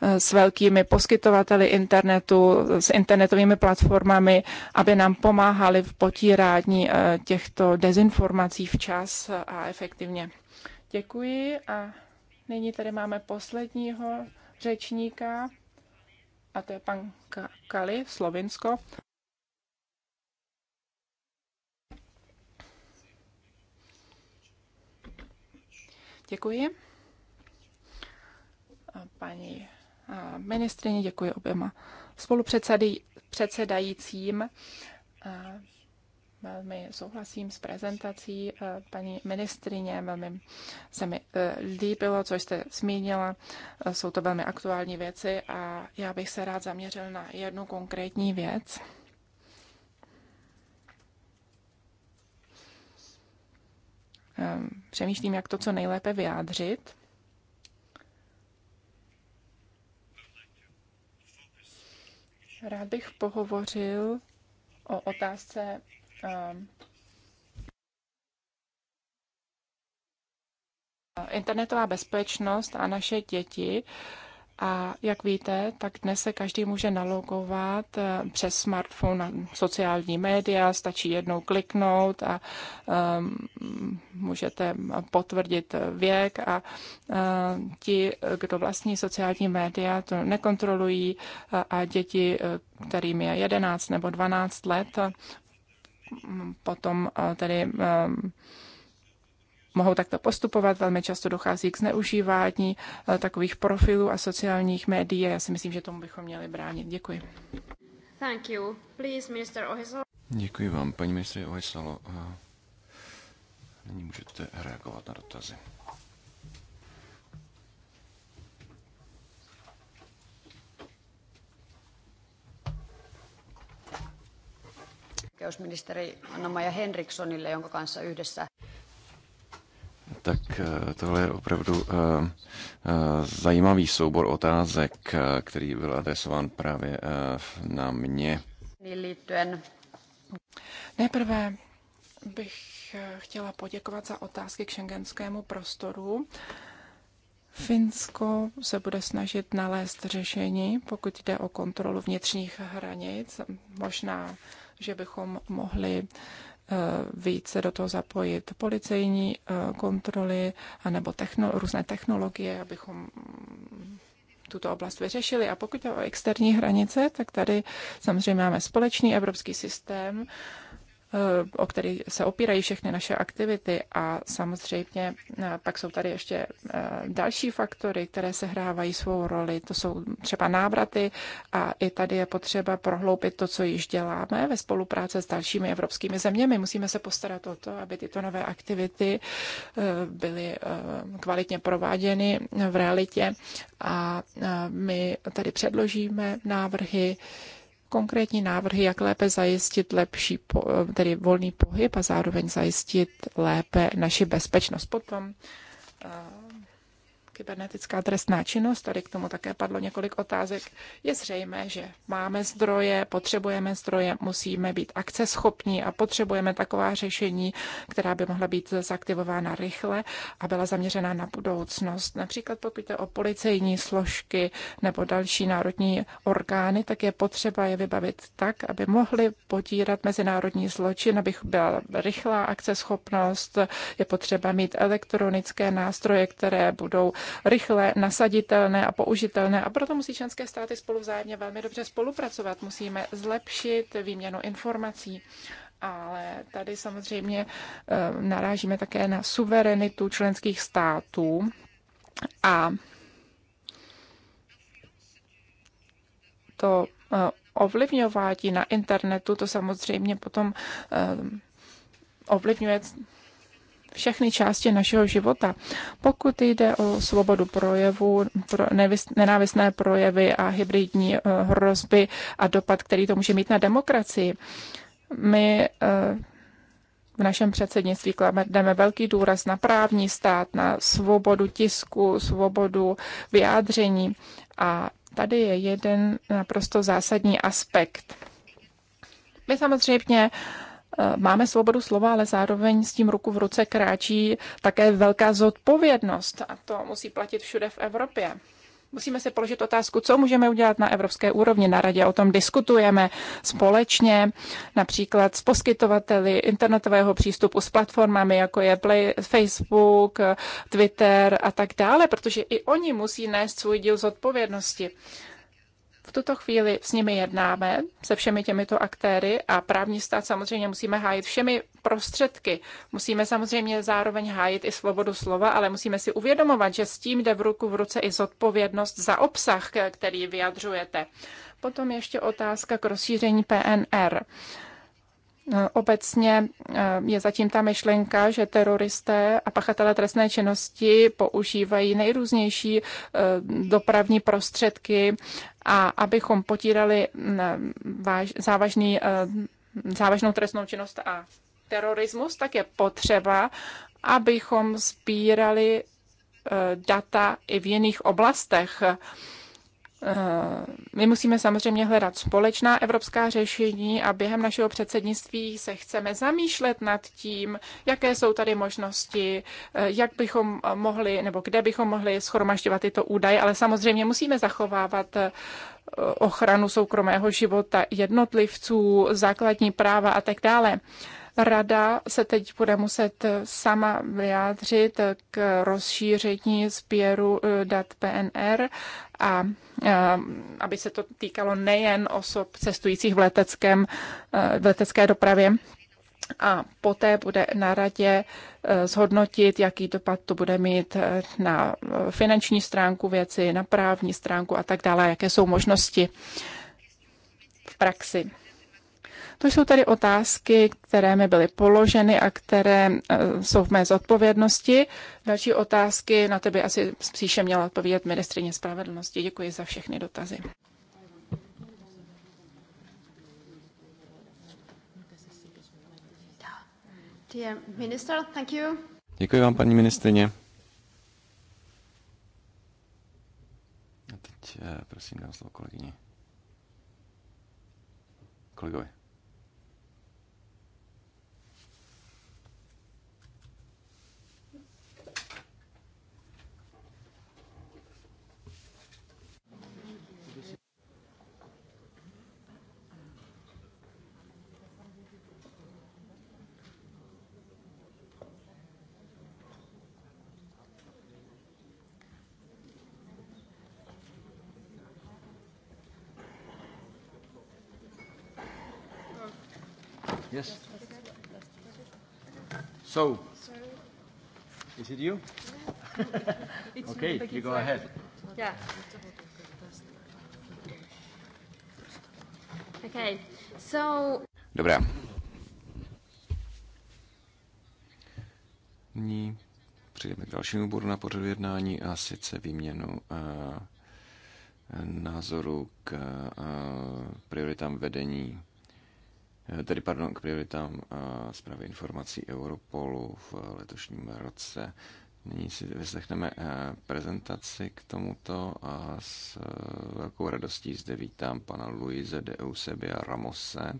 s velkými poskytovateli internetu, s internetovými platformami, aby nám pomáhali v potírání eh, těchto dezinformací včas a efektivně. Děkuji a nyní tady máme posledního řečníka a to je pan Kali, Slovinsko. Děkuji. Paní ministrině, děkuji oběma spolupředsedajícím. Velmi souhlasím s prezentací paní ministrině, velmi se mi e, líbilo, co jste zmínila. E, jsou to velmi aktuální věci a já bych se rád zaměřil na jednu konkrétní věc. Ehm, přemýšlím, jak to co nejlépe vyjádřit. Rád bych pohovořil o otázce um, internetová bezpečnost a naše děti. Uh, a jak víte, tak dnes se každý může nalogovat eh, přes smartphone na sociální média, stačí jednou kliknout a um, můžete potvrdit věk a uh, ti, kdo vlastní sociální média, to nekontrolují a, eh, a děti, kterým je 11 nebo 12 let, potom tedy um, mohou takto postupovat. Velmi často dochází k zneužívání eh, takových profilů a sociálních médií. Já si myslím, že tomu bychom měli bránit. Děkuji. Thank you. Please, Mr. Děkuji vám, paní ministře Ohisalo. Eh, nyní můžete reagovat na dotazy. oikeusministeri Anna-Maja Henrikssonille, jonka kanssa yhdessä tak eh, tohle je opravdu eh, eh, zajímavý soubor otázek, který byl adresován právě na mě. Nejprve bych chtěla poděkovat za otázky k šengenskému prostoru. Finsko se bude snažit nalézt řešení, pokud jde o kontrolu vnitřních hranic. Možná, že bychom mohli uh, Eh, více do toho zapojit policejní eh, kontroly anebo technolo- různé technologie, abychom tuto oblast vyřešili. A pokud je o externí hranice, tak tady samozřejmě máme společný evropský systém o který se opírají všechny naše aktivity a samozřejmě eh, pak jsou tady ještě eh, další faktory, které se hrávají svou roli. To jsou třeba návraty a i tady je potřeba prohloupit to, co již děláme ve spolupráci s dalšími evropskými zeměmi. Musíme se postarat o to, aby tyto nové aktivity eh, byly kvalitně prováděny v realitě a my tady předložíme návrhy, konkrétní návrhy, jak lépe zajistit lepší, eh, tedy volný pohyb a zároveň zajistit lépe naši bezpečnost. Potom eh, kybernetická trestná činnost, tady k tomu také padlo několik otázek, je zřejmé, že máme zdroje, potřebujeme zdroje, musíme být akceschopní a potřebujeme taková řešení, která by mohla být zaktivována rychle a byla zaměřena na budoucnost. Například pokud jde o policejní složky nebo další národní orgány, tak je potřeba je vybavit tak, aby mohli potírat mezinárodní zločin, aby byla rychlá akceschopnost, je potřeba mít elektronické nástroje, které budou rychle nasaditelné a použitelné. A proto musí členské státy spolu vzájemně velmi dobře spolupracovat. Musíme zlepšit výměnu informací. Ale tady samozřejmě eh, narážíme také na suverenitu členských států a to eh, ovlivňování na internetu, to samozřejmě potom eh, ovlivňuje všechny části našeho života. Pokud jde o svobodu projevu, pro nenávistné projevy a hybridní eh, hrozby a dopad, který to může mít na demokracii, my eh, v našem předsednictví klademe velký důraz na právní stát, na svobodu tisku, svobodu vyjádření. A tady je jeden naprosto zásadní aspekt. My samozřejmě Eh, máme svobodu slova, ale zároveň s tím ruku v ruce kráčí také velká zodpovědnost a to musí platit všude v Evropě. Musíme si položit otázku, co můžeme udělat na evropské úrovni. Na radě o tom diskutujeme společně, například s poskytovateli internetového přístupu, s platformami, jako je Play, Facebook, Twitter a tak dále, protože i oni musí nést svůj díl zodpovědnosti. odpovědnosti. V tuto chvíli s nimi jednáme, se všemi těmito aktéry a právní stát samozřejmě musíme hájit všemi prostředky. Musíme samozřejmě zároveň hájit i svobodu slova, ale musíme si uvědomovat, že s tím jde v ruku v ruce i zodpovědnost za obsah, který vyjadřujete. Potom ještě otázka k rozšíření PNR. Eh, obecně eh, je zatím ta myšlenka, že teroristé a pachatelé trestné činnosti používají nejrůznější eh, dopravní prostředky a abychom potírali mm, závažný, závažnou trestnou činnost a terorismus, tak je potřeba, abychom sbírali data i v jiných oblastech. My musíme samozřejmě hledat společná evropská řešení a během našeho předsednictví se chceme zamýšlet nad tím, jaké jsou tady možnosti, eh, jak bychom mohli nebo kde bychom mohli schromažďovat tyto údaje, ale samozřejmě musíme zachovávat eh, ochranu soukromého života jednotlivců, základní práva a tak dále. Rada se teď bude muset sama vyjádřit k rozšíření sběru eh, dat PNR a eh, aby se to týkalo nejen osob cestujících v, leteckém, eh, v letecké dopravě. A poté bude na radě zhodnotit, jaký dopad to bude mít na finanční stránku věci, na právní stránku a tak dále, jaké jsou možnosti v praxi. To jsou tady otázky, které mi byly položeny a které eh, jsou v mé zodpovědnosti. Další otázky na tebe asi příště měla odpovědět ministrině spravedlnosti. Děkuji za všechny dotazy. thank you. Děkuji vám, paní ministrině. A teď eh, prosím dám slovo kolegyni. Kolegovi. Yes. So, is it you? (laughs) okay, you go ahead. Yeah. Okay. So... Dobrá. Nyní přejdeme k dalšímu bodu na pořadu jednání a sice výměnu uh, názoru k uh, prioritám vedení Eh, tedy pardon, k prioritám eh, zprávy informací Europolu v letošním roce. Nyní si vyslechneme eh, prezentaci k tomuto a s velkou radostí zde vítám pana Luise de Eusebia Ramose,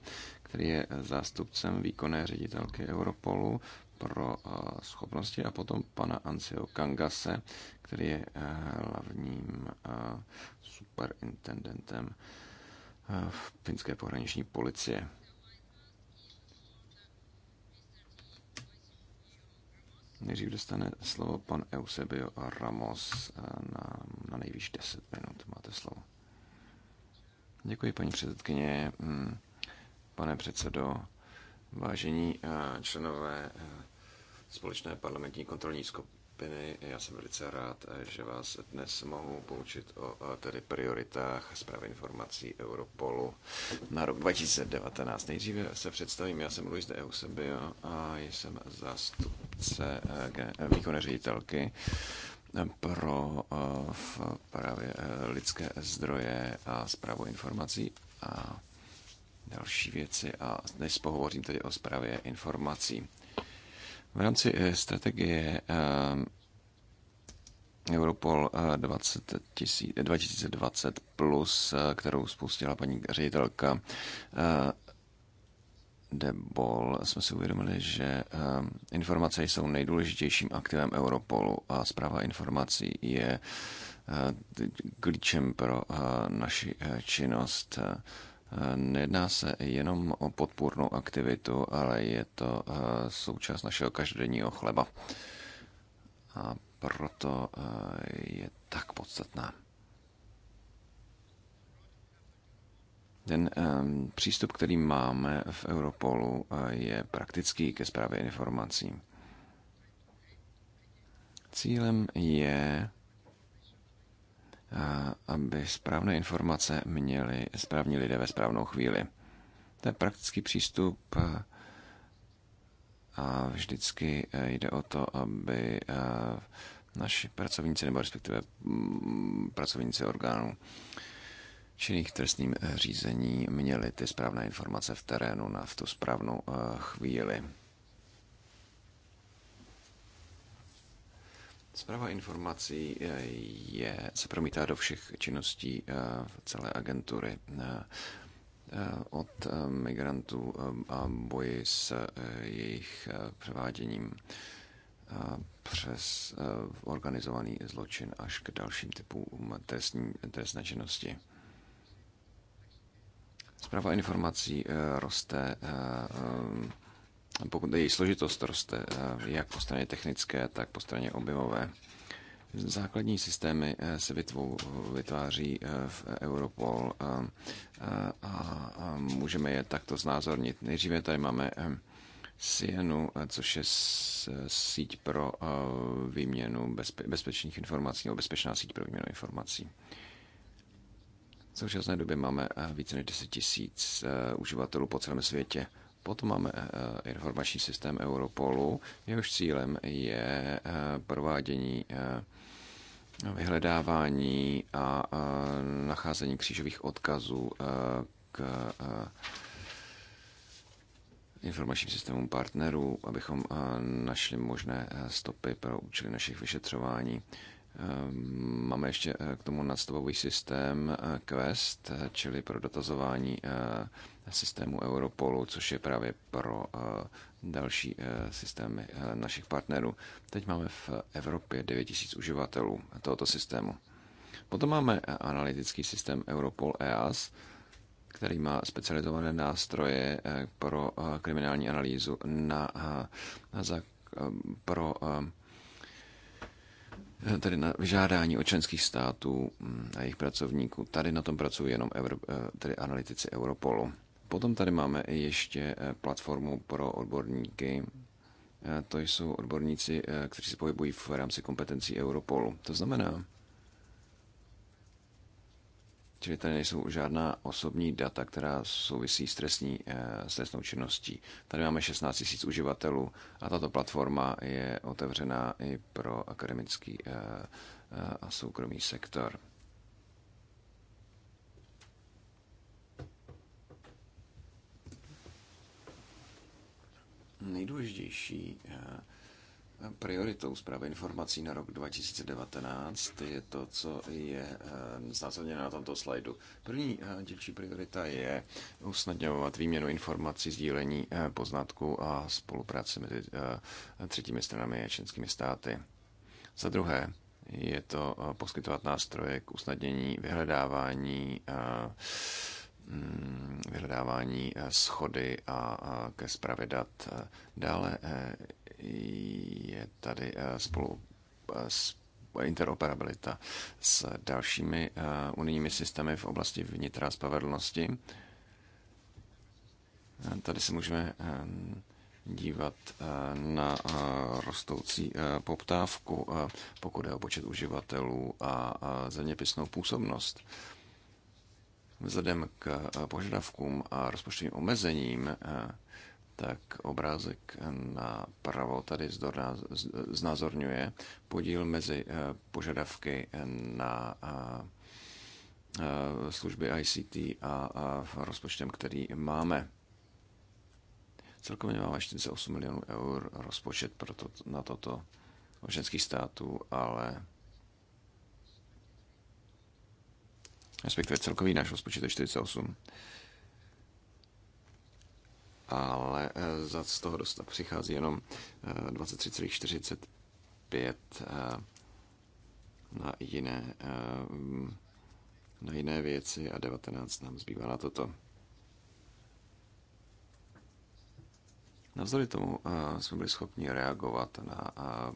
který je zástupcem výkonné ředitelky Europolu pro schopnosti a potom pana Ancio Kangase, který je hlavním superintendentem finské pohraniční policie. Nejdřív dostane slovo pan Eusebio Ramos eh, na, na nejvýš 10 minut. Máte slovo. Děkuji, paní předsedkyně, mm, pane předsedo, vážení eh, členové eh, společné parlamentní kontrolní skupiny. Já jsem velice rád, že vás dnes mohu poučit o tedy prioritách zprávy informací Europolu na rok 2019. Nejdříve se představím, já jsem Luis de Eusebio a jsem zástupce eh, výkonné ředitelky pro eh, v právě eh, lidské zdroje a zprávu informací a další věci a dnes pohovořím tedy o zprávě informací. V rámci eh, strategie eh, Europol 20 000, 2020 plus, eh, kterou spustila paní ředitelka Debol, jsme si uvědomili, že informace jsou nejdůležitějším aktivem Europolu a zpráva informací je klíčem pro naši činnost. Nejedná se jenom o podpůrnou aktivitu, ale je to eh, součást našeho každodenního chleba. A proto eh, je tak podstatná. Ten eh, přístup, který máme v Europolu, je praktický ke zprávě informací. Cílem je aby správné informace měli správní lidé ve správnou chvíli. To je praktický přístup a vždycky eh, jde o to, aby eh, naši pracovníci nebo respektive mm, pracovníci orgánů činných trestním řízení měli ty správné informace v terénu na v tu správnou eh, chvíli. Zpráva informací eh, je, se promítá do všech činností eh, celé agentury eh, od migrantů a boji s jejich převáděním přes organizovaný zločin až k dalším typům trestní, trestné činnosti. Zpráva informací roste pokud její složitost roste, eh, jak po straně technické, tak po straně objemové. Základní systémy eh, se vytváří eh, v Europol a, a můžeme je takto znázornit. Nejdříve tady máme Sienu, což je síť pro výměnu bezpe- bezpečných informací nebo bezpečná síť pro výměnu informací. V současné době máme více než 10 tisíc uživatelů po celém světě. Potom máme eh, informační systém Europolu. Jehož cílem je eh, provádění eh, vyhledávání a nacházení křížových odkazů k informačním systémům partnerů, abychom našli možné stopy pro účely našich vyšetřování. Ehm, máme ještě eh, k tomu nadstavový systém eh, Quest, eh, čili pro dotazování systému Europolu, což je právě pro další systémy našich partnerů. Teď máme v Evropě 9000 uživatelů tohoto systému. Potom máme analytický systém Europol EAS, který má specializované nástroje pro kriminální analýzu na, na pro Eh, tedy na vyžádání od členských států mm, a jejich pracovníků. Tady na tom pracují jenom Euro, eh, tedy analytici Europolu. Potom tady máme ještě eh, platformu pro odborníky. To jsou odborníci, kteří se pohybují v rámci kompetencí Europolu. To znamená, Čili tady nejsou žádná osobní data, která souvisí s, trestní, eh, s trestnou činností. Tady máme 16 000 uživatelů a tato platforma je otevřená i pro akademický eh, eh, a soukromý sektor. Nejdůležitější prioritou zprávy informací na rok 2019 je to, co je eh, znázorněno na tomto slajdu. První eh, dílčí priorita je usnadňovat výměnu informací, sdílení eh, poznatků a spolupráce mezi třetími stranami a členskými státy. Za druhé je to poskytovat nástroje k usnadnění vyhledávání mm, vyhledávání schody a ke zpravě dat. Dále je tady eh, spolu eh, interoperabilita s dalšími eh, unijními systémy v oblasti vnitra a spravedlnosti. Tady se můžeme dívat na rostoucí poptávku, pokud je o počet uživatelů a zeměpisnou působnost. Vzhledem k požadavkům a rozpočtovým omezením tak obrázek na pravo tady znázorňuje podíl mezi eh, požadavky na eh, eh, služby ICT a rozpočtem, který máme. Celkově máme 48 milionů eur rozpočet pro to, na toto ženských států, ale respektive celkový náš rozpočet je 48 ale eh, z toho dostat přichází jenom 23,45 eh, eh, na jiné, na jiné věci a 19 nám zbývá na toto. Navzdory tomu jsme byli schopni reagovat na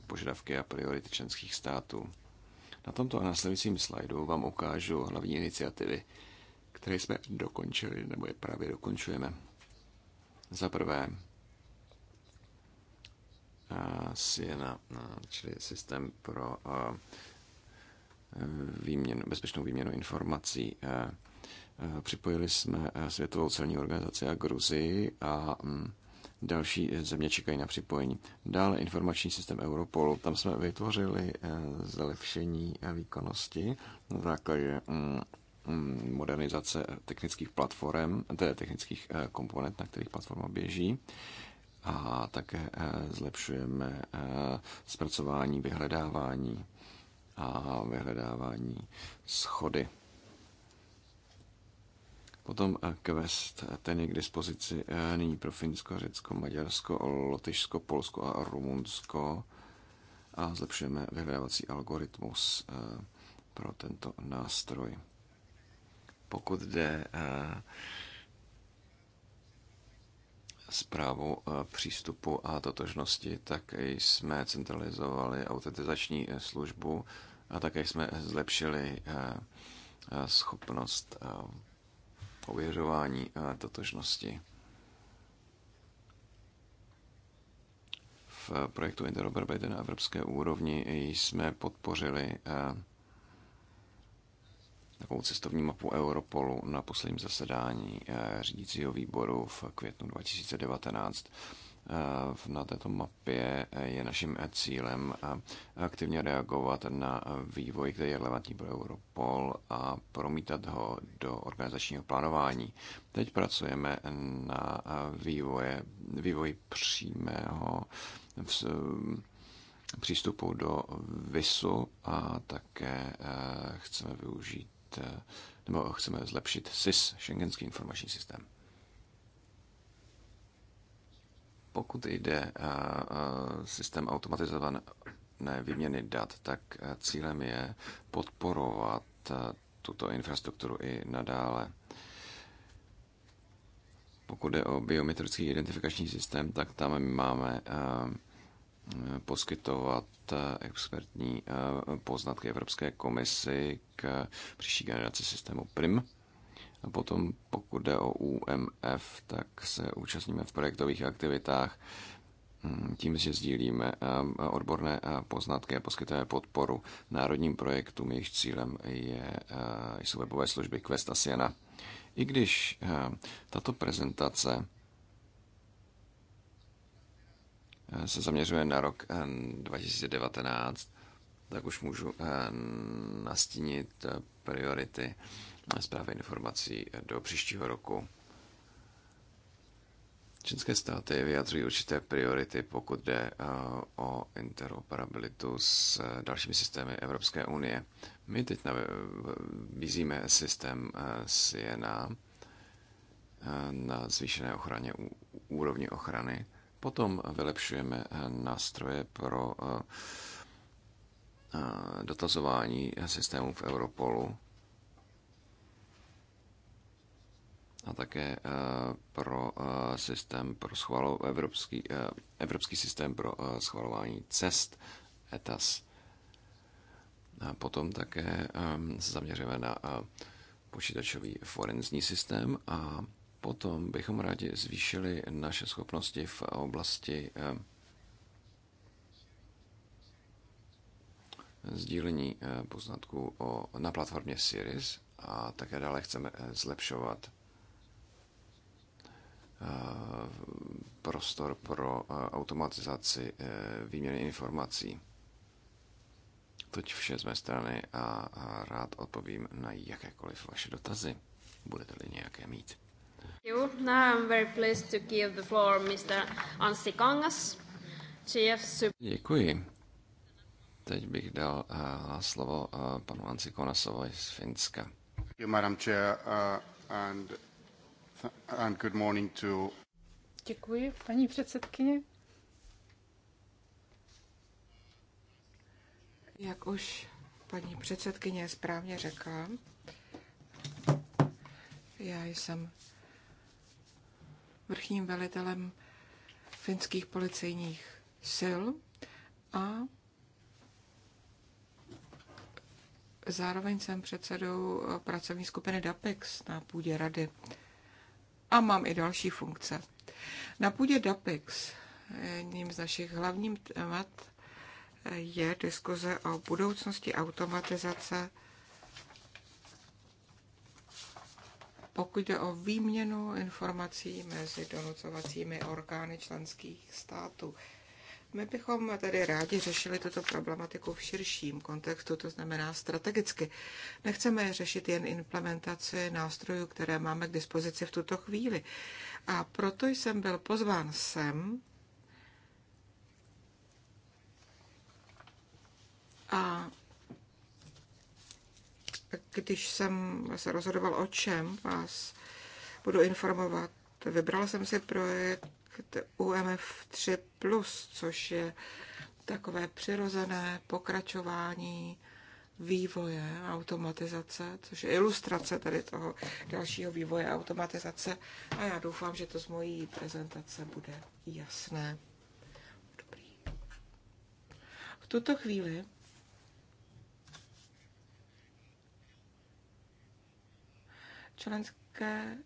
požadavky a priority členských států. Na tomto a následujícím slajdu vám ukážu hlavní iniciativy, které jsme dokončili nebo je právě dokončujeme. Za prvé, Siena, čili systém pro výměnu, bezpečnou výměnu informací. Připojili jsme Světovou celní organizaci a Gruzii a mm, další země čekají na připojení. Dále informační systém Europol. Tam jsme vytvořili e, zlepšení výkonnosti na základě mm, Mm, modernizace technických platform, tedy technických eh, komponent, na kterých platforma běží. A také eh, zlepšujeme eh, zpracování, vyhledávání a vyhledávání schody. Potom Quest, ten je k dispozici nyní pro Finsko, Řecko, Maďarsko, Lotyšsko, Polsko a Rumunsko. A zlepšujeme vyhledávací algoritmus pro tento nástroj pokud jde eh, zprávu eh, přístupu a totožnosti, tak jsme centralizovali autentizační eh, službu a také jsme zlepšili schopnost ověřování totožnosti. V projektu interoperability na evropské úrovni jsme podpořili takovou cestovní mapu Europolu na posledním zasedání eh, řídícího výboru v květnu 2019. Eh, na této mapě eh, je naším cílem aktivně reagovat na vývoj, který je relevantní pro Europol a promítat ho do organizačního plánování. Teď pracujeme na vývoje, vývoji přímého v, přístupu do VISu a také chceme využít Eh, nebo chceme zlepšit SIS, Schengenský informační systém. Pokud jde eh, eh, systém automatizované výměny dat, tak cílem je podporovat tuto infrastrukturu i nadále. Pokud jde o biometrický identifikační systém, tak tam máme poskytovat eh, expertní eh, poznatky Evropské komisi k příští generaci systému PRIM. A potom, pokud jde o UMF, tak se účastníme v projektových aktivitách hmm, tím, že sdílíme eh, odborné poznatky a poskytujeme podporu národním projektům. Jejich cílem je, jsou webové služby Quest a Siena. I když tato prezentace se zaměřuje na rok 2019, eh, tak už můžu eh, nastínit eh, priority zprávy informací do příštího roku. Čínské státy vyjadřují určité priority, pokud jde o interoperabilitu s dalšími systémy Evropské unie. My teď nabízíme systém Siena na zvýšené ochraně, úrovni ochrany Potom vylepšujeme eh, nástroje pro eh, eh, dotazování systémů v Europolu a také pro systém pro schvalo, evropský, evropský systém pro schvalování cest ETAS. A potom také se zaměříme na počítačový forenzní systém a Potom bychom rádi zvýšili naše schopnosti v oblasti eh, sdílení eh, poznatků o, na platformě Sirius a také dále chceme eh, zlepšovat prostor pro automatizaci výměny informací. Toť vše z mé strany a rád odpovím na jakékoliv vaše dotazy, budete-li nějaké mít you. Now I'm very pleased to give the floor Mr. Anssi Kangas, Děkuji. Teď bych dal uh, slovo uh, panu Ansi Konasovi z Finska. Děkuji, paní předsedkyně. Jak už paní předsedkyně správně řekla, já jsem vrchním velitelem finských policejních sil a zároveň jsem předsedou pracovní skupiny DAPEX na půdě rady a mám i další funkce. Na půdě DAPEX jedním z našich hlavních témat je diskuze o budoucnosti automatizace pokud jde o výměnu informací mezi donucovacími orgány členských států. My bychom tedy rádi řešili tuto problematiku v širším kontextu, to znamená strategicky. Nechceme řešit jen implementaci nástrojů, které máme k dispozici v tuto chvíli. A proto jsem byl pozván sem a když jsem se rozhodoval o čem vás budu informovat, vybrala jsem si projekt UMF3+, což je takové přirozené pokračování vývoje automatizace, což je ilustrace tady toho dalšího vývoje automatizace a já doufám, že to z mojí prezentace bude jasné. Dobrý. V tuto chvíli členské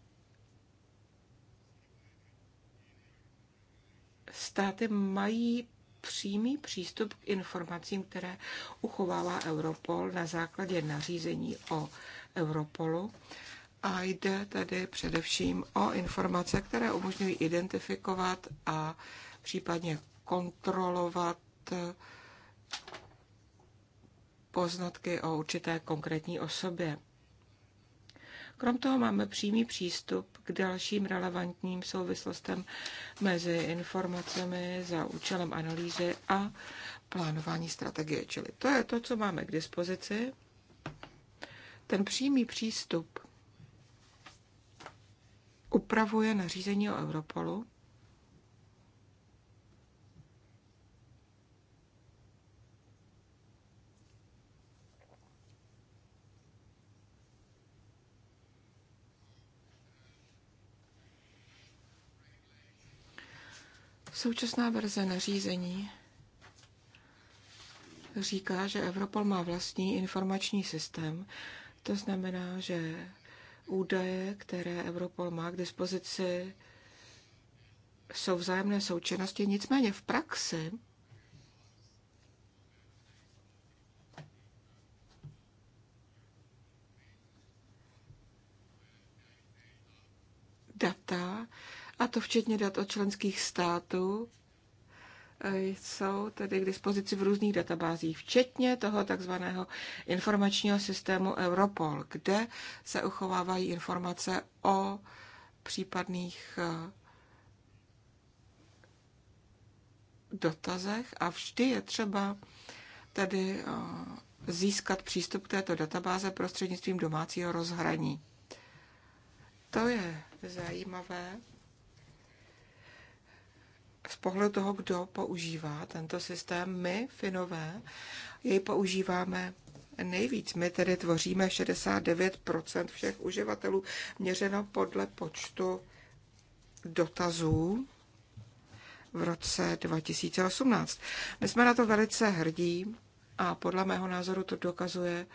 státy mají přímý přístup k informacím, které uchovává Europol na základě nařízení o Europolu. A jde tedy především o informace, které umožňují identifikovat a případně kontrolovat poznatky o určité konkrétní osobě. Krom toho máme přímý přístup k dalším relevantním souvislostem mezi informacemi za účelem analýzy a plánování strategie. Čili to je to, co máme k dispozici. Ten přímý přístup upravuje nařízení o Europolu, Současná verze nařízení říká, že Europol má vlastní informační systém. To znamená, že údaje, které Europol má k dispozici, jsou vzájemné součinnosti. Nicméně v praxi data a to včetně dat od členských států, e, jsou tedy k dispozici v různých databázích, včetně toho takzvaného informačního systému Europol, kde se uchovávají informace o případných e, dotazech a vždy je třeba tedy e, získat přístup k této databáze prostřednictvím domácího rozhraní. To je zajímavé z pohledu toho, kdo používá tento systém, my, Finové, jej používáme nejvíc. My tedy tvoříme 69 všech uživatelů, měřeno podle počtu dotazů v roce 2018. My jsme na to velice hrdí a podle mého názoru to dokazuje,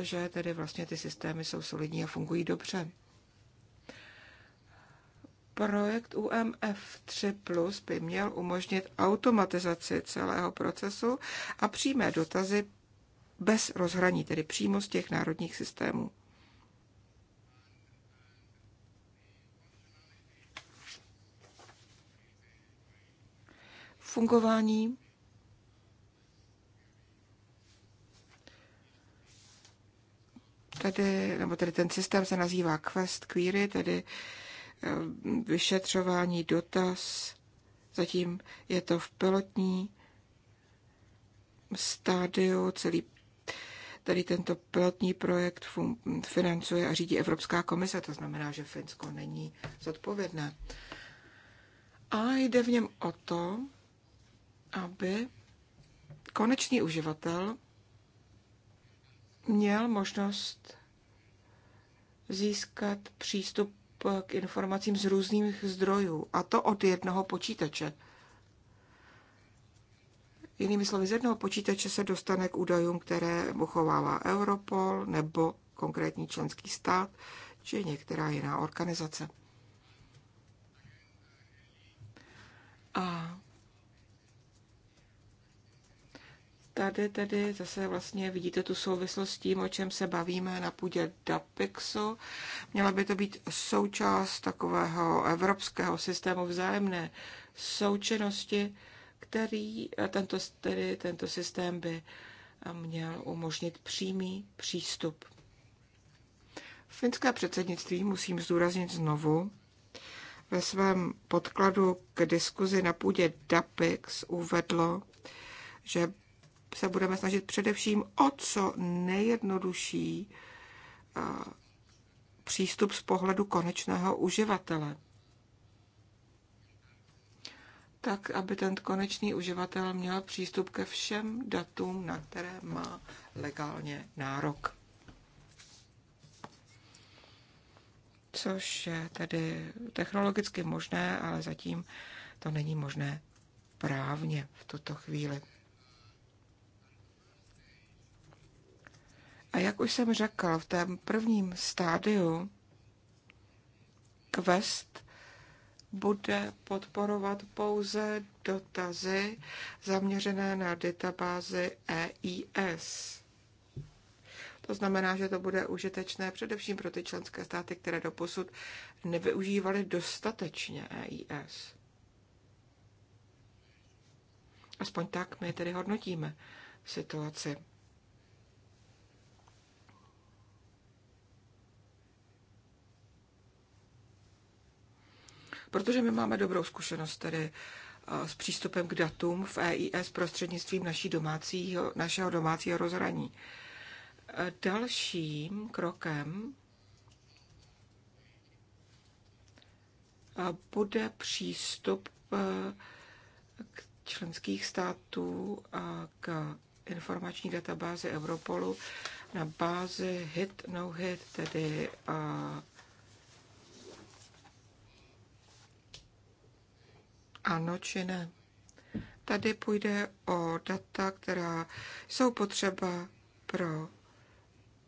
že tedy vlastně ty systémy jsou solidní a fungují dobře. Projekt UMF3 Plus by měl umožnit automatizaci celého procesu a přímé dotazy bez rozhraní, tedy přímo z těch národních systémů. Fungování tedy, nebo tedy ten systém se nazývá Quest Query, tedy Eh, vyšetřování, dotaz. Zatím je to v pilotní stádiu, celý tady tento pilotní projekt financuje a řídí Evropská komise, to znamená, že Finsko není zodpovědné. A jde v něm o to, aby konečný uživatel měl možnost získat přístup k informacím z různých zdrojů, a to od jednoho počítače. Jinými slovy, z jednoho počítače se dostane k údajům, které uchovává Europol nebo konkrétní členský stát či některá jiná organizace. A Tady tedy zase vlastně vidíte tu souvislost s tím, o čem se bavíme na půdě DAPIXu. Měla by to být součást takového evropského systému vzájemné součinnosti, který eh, tento, tedy tento systém by eh, měl umožnit přímý přístup. Finské předsednictví musím zdůraznit znovu, ve svém podkladu k diskuzi na půdě DAPIX uvedlo, že se budeme snažit především o co nejjednodušší eh, přístup z pohledu konečného uživatele. Tak, aby ten konečný uživatel měl přístup ke všem datům, na které má legálně nárok. Což je tedy technologicky možné, ale zatím to není možné právně v tuto chvíli. A jak už jsem řekl, v tom prvním stádiu Quest bude podporovat pouze dotazy zaměřené na databázi EIS. To znamená, že to bude užitečné především pro ty členské státy, které doposud nevyužívaly dostatečně EIS. Aspoň tak my tedy hodnotíme situaci. protože my máme dobrou zkušenost tedy s přístupem k datům v EIS prostřednictvím naší domácího, našeho domácího rozhraní. E, dalším krokem bude přístup e, k členských států a k informační databázi Europolu na bázi hit, no hit, tedy ano či ne. Tady půjde o data, která jsou potřeba pro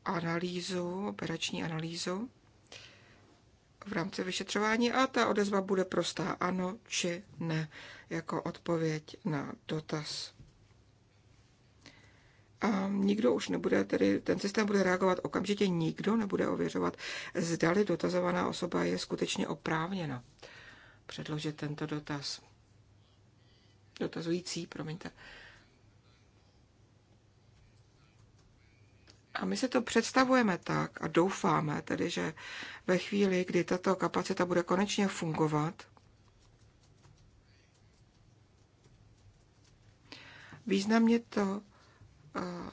analýzu, operační analýzu v rámci vyšetřování a ta odezva bude prostá ano či ne jako odpověď na dotaz. A nikdo už nebude, tedy ten systém bude reagovat okamžitě, nikdo nebude ověřovat, zdali dotazovaná osoba je skutečně oprávněna předložit tento dotaz. Dotazující, promiňte. A my si to představujeme tak a doufáme tedy, že ve chvíli, kdy tato kapacita bude konečně fungovat, významně to eh,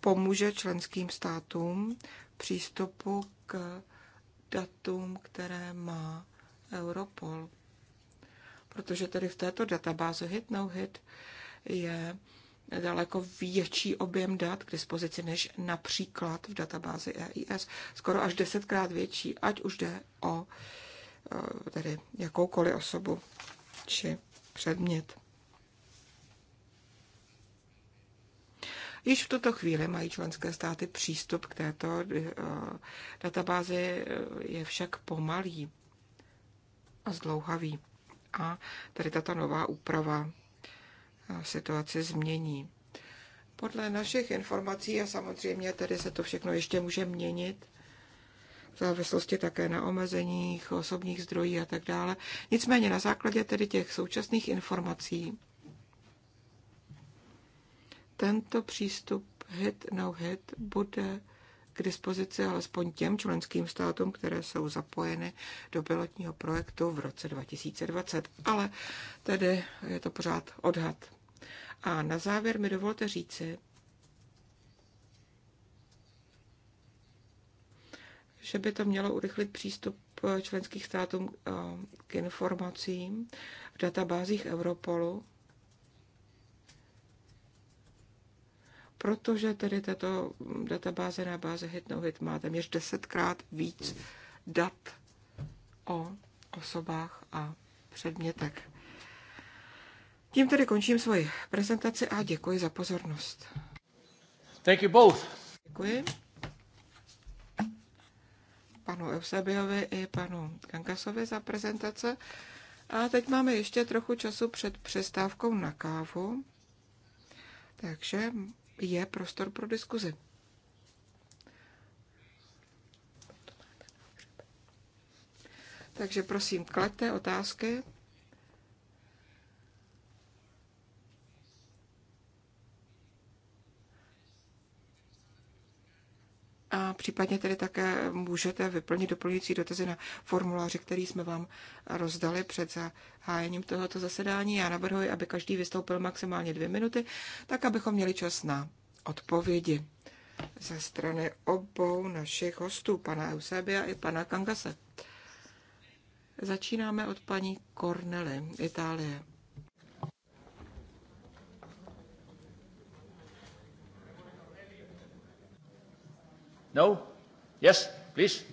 pomůže členským státům přístupu k datům, které má Europol. Protože tedy v této databázi hit no hit je daleko větší objem dat k dispozici než například v databázi EIS. Skoro až desetkrát větší, ať už jde o e, tedy jakoukoliv osobu či předmět. Již v tuto chvíli mají členské státy přístup k této eh, databázi, eh, je však pomalý a zdlouhavý. A tady tato nová úprava eh, situace změní. Podle našich informací, a samozřejmě tady se to všechno ještě může měnit, v závislosti také na omezeních, osobních zdrojí a tak dále. Nicméně na základě tedy těch současných informací tento přístup hit no hit bude k dispozici alespoň těm členským státům, které jsou zapojeny do pilotního projektu v roce 2020. Ale tedy je to pořád odhad. A na závěr mi dovolte říci, že by to mělo urychlit přístup eh, členských států eh, k informacím v databázích Europolu protože tedy tato databáze na báze hit no hit má téměř desetkrát víc dat o osobách a předmětech. Tím tedy končím svoji prezentaci a děkuji za pozornost. Thank you both. Děkuji panu Eusebiovi i panu Kankasovi za prezentace. A teď máme ještě trochu času před přestávkou na kávu. Takže je prostor pro diskuzi. Takže prosím, klaďte otázky. A případně tedy také můžete vyplnit doplňující dotazy na formuláři, který jsme vám rozdali před zahájením tohoto zasedání. Já navrhuji, aby každý vystoupil maximálně dvě minuty, tak abychom měli čas na odpovědi ze strany obou našich hostů, pana Eusebia i pana Kangase. Začínáme od paní Kornely, Itálie. No? Yes, please.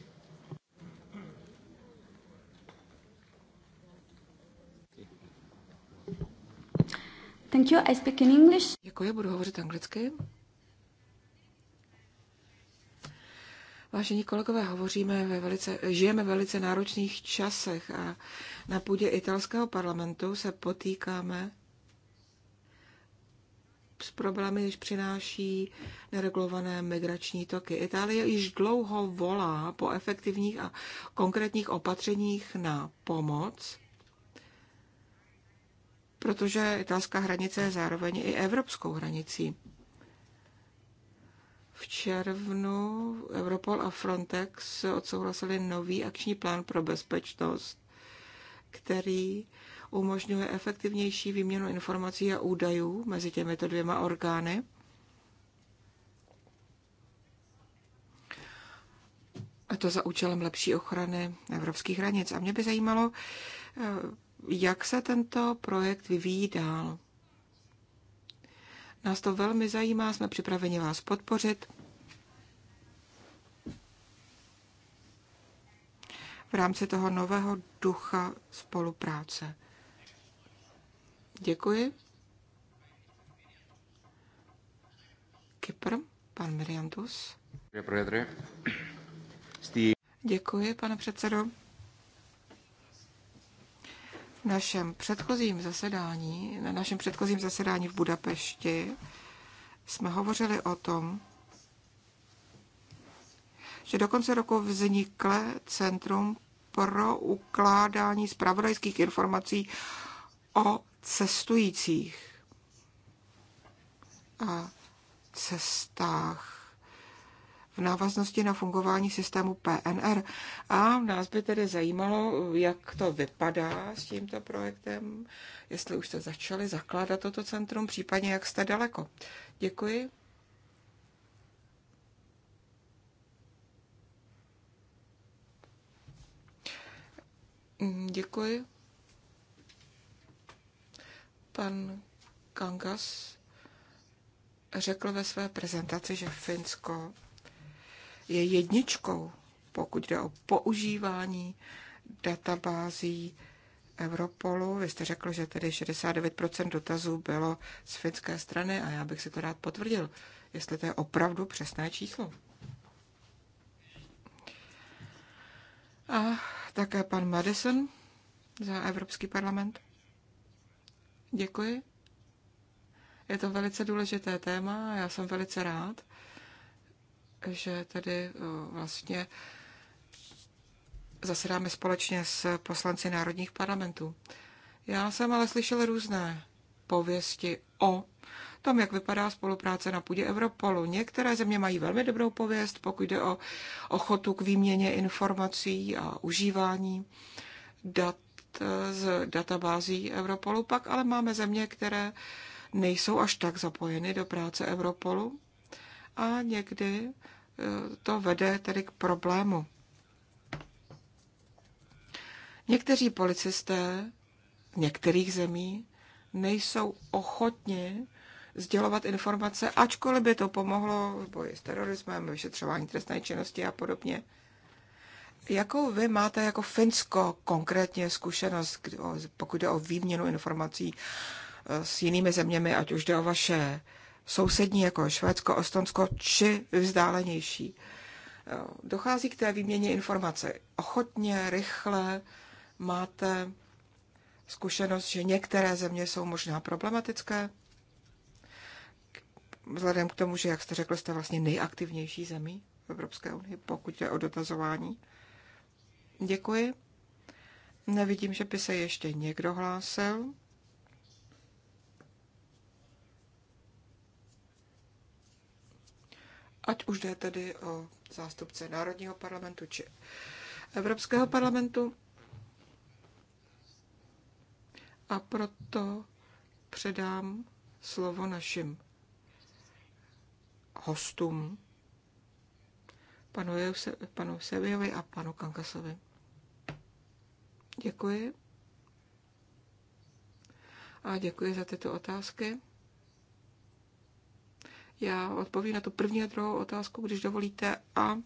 Thank you. I speak in English. Děkuji, budu hovořit anglicky. Vážení kolegové, hovoříme ve velice, žijeme ve velice náročných časech a na půdě italského parlamentu se potýkáme s problémy, když přináší neregulované migrační toky. Itálie již dlouho volá po efektivních a konkrétních opatřeních na pomoc, protože italská hranice je zároveň i evropskou hranicí. V červnu Europol a Frontex odsouhlasili nový akční plán pro bezpečnost, který umožňuje efektivnější výměnu informací a údajů mezi těmito dvěma orgány. A to za účelem lepší ochrany evropských hranic. A mě by zajímalo, eh, jak se tento projekt vyvíjí dál. Nás to velmi zajímá, jsme připraveni vás podpořit. v rámci toho nového ducha spolupráce. Děkuji. Kypr, pan Miriantus. Děkuji, pane předsedo. V našem předchozím zasedání, na našem předchozím zasedání v Budapešti jsme hovořili o tom, že do konce roku vznikle Centrum pro ukládání spravodajských informací o cestujících a cestách v návaznosti na fungování systému PNR. A nás by tedy zajímalo, jak to vypadá s tímto projektem, jestli už jste začali zakládat toto centrum, případně jak jste daleko. Děkuji. Děkuji. Pan Kangas řekl ve své prezentaci, že Finsko je jedničkou, pokud jde o používání databází Europolu. Vy jste řekl, že tedy 69% dotazů bylo z finské strany a já bych si to rád potvrdil, jestli to je opravdu přesné číslo. A také pan Madison za Evropský parlament. Děkuji. Je to velice důležité téma a já jsem velice rád, že tedy eh, vlastně zasedáme společně s poslanci národních parlamentů. Já jsem ale slyšel různé pověsti o tom, jak vypadá spolupráce na půdě Europolu. Některé země mají velmi dobrou pověst, pokud jde o ochotu k výměně informací a užívání dat z databází Europolu, pak ale máme země, které nejsou až tak zapojeny do práce Europolu a někdy e, to vede tedy k problému. Někteří policisté některých zemí nejsou ochotni sdělovat informace, ačkoliv by to pomohlo v boji s terorismem, vyšetřování trestné činnosti a podobně. Jakou vy máte jako Finsko konkrétně zkušenost, pokud jde o výměnu informací e, s jinými zeměmi, ať už jde o vaše sousední, jako Švédsko, Ostonsko, či vzdálenější? E, dochází k té výměně informace ochotně, rychle, máte zkušenost, že některé země jsou možná problematické? Vzhledem k tomu, že, jak jste řekl, jste vlastně nejaktivnější zemí v Evropské unii, pokud je o dotazování. Děkuji. Nevidím, že by se ještě někdo hlásil. Ať už jde tedy o zástupce Národního parlamentu či Evropského parlamentu. A proto předám slovo našim hostům, panu, Jose, panu Sevijovi a panu Kankasovi. Děkuji. A děkuji za tyto otázky. Já odpovím na tu první a druhou otázku, když dovolíte, a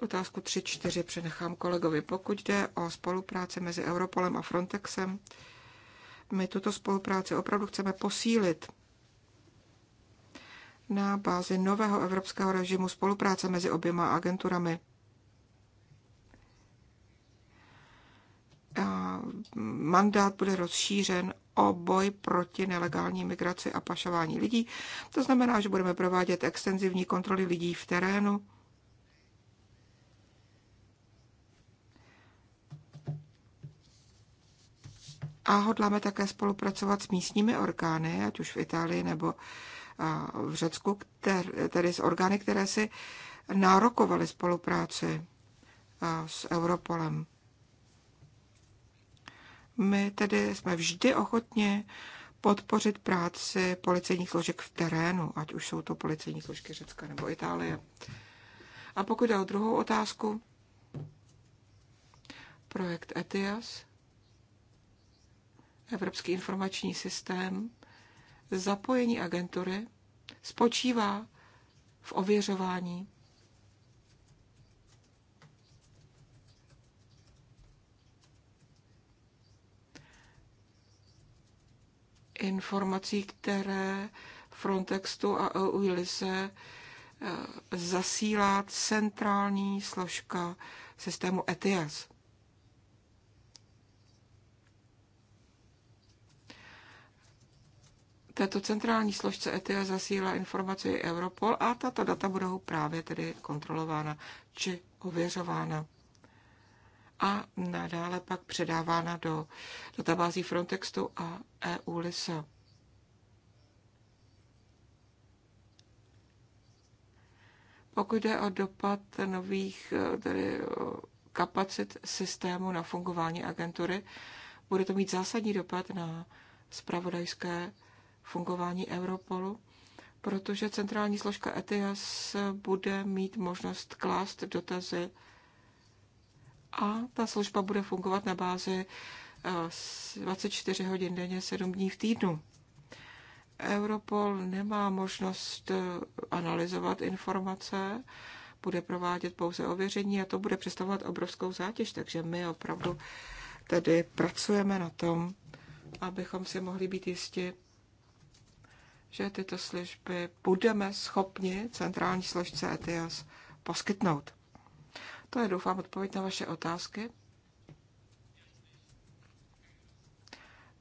otázku 3-4 přenechám kolegovi. Pokud jde o spolupráci mezi Europolem a Frontexem, my tuto spolupráci opravdu chceme posílit na bázi nového evropského režimu spolupráce mezi oběma agenturami. mandát bude rozšířen o boj proti nelegální migraci a pašování lidí. To znamená, že budeme provádět extenzivní kontroly lidí v terénu. A hodláme také spolupracovat s místními orgány, ať už v Itálii nebo v Řecku, tedy s orgány, které si nárokovaly spolupráci s Europolem. My tedy jsme vždy ochotně podpořit práci policejních složek v terénu, ať už jsou to policejní složky Řecka nebo Itálie. A pokud jde o druhou otázku, projekt ETIAS, Evropský informační systém, zapojení agentury spočívá v ověřování informací, které Frontextu a se eh, zasílá centrální složka systému ETIAS. Této centrální složce ETIAS zasílá informace i Europol a tato data budou právě tedy kontrolována či ověřována a nadále pak předávána do databází Frontextu a EU-LISA. Pokud jde o dopad nových tedy kapacit systému na fungování agentury, bude to mít zásadní dopad na spravodajské fungování Europolu, protože centrální složka ETIAS bude mít možnost klást dotazy a ta služba bude fungovat na bázi 24 eh, hodin denně, 7 dní v týdnu. Europol nemá možnost eh, analyzovat informace, bude provádět pouze ověření a to bude představovat obrovskou zátěž, takže my opravdu tedy pracujeme na tom, abychom si mohli být jisti, že tyto služby budeme schopni centrální složce ETIAS poskytnout. To je, doufám, odpověď na vaše otázky.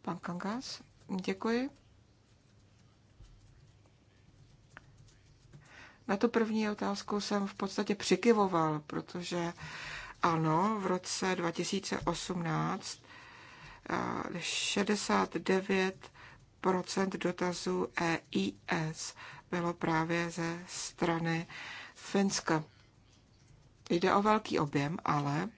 Pan Kangas, děkuji. Na tu první otázku jsem v podstatě přikyvoval, protože ano, v roce 2018 69 eh, dotazů EIS bylo právě ze strany Finska. Jde o velký objem, ale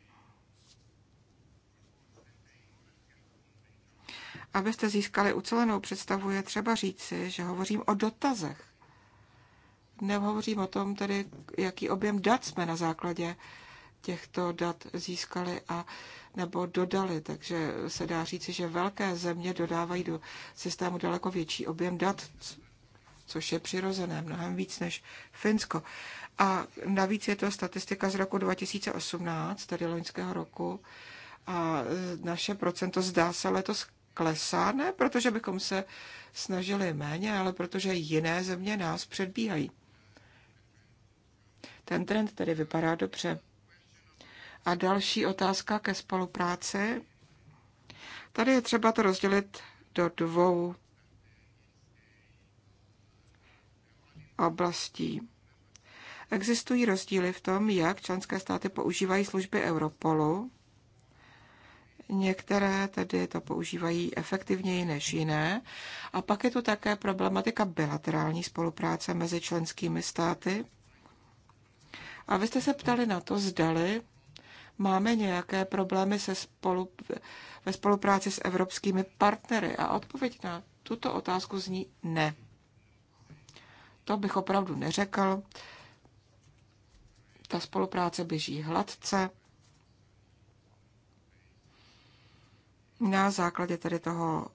abyste získali ucelenou představu, je třeba říci, že hovořím o dotazech. Nehovořím o tom tedy, jaký objem dat jsme na základě těchto dat získali a nebo dodali. Takže se dá říci, že velké země dodávají do systému daleko větší objem dat, což je přirozené, mnohem víc než Finsko. A navíc je to statistika z roku 2018, tedy loňského roku, a naše procento zdá se letos klesá, ne protože bychom se snažili méně, ale protože jiné země nás předbíhají. Ten trend tedy vypadá dobře. A další otázka ke spolupráci. Tady je třeba to rozdělit do dvou oblastí. Existují rozdíly v tom, jak členské státy používají služby Europolu. Některé tedy to používají efektivněji než jiné. A pak je tu také problematika bilaterální spolupráce mezi členskými státy. A vy jste se ptali na to, zdali máme nějaké problémy se spolu, ve spolupráci s evropskými partnery. A odpověď na tuto otázku zní ne. To bych opravdu neřekl. Ta spolupráce běží hladce. Na základě tedy toho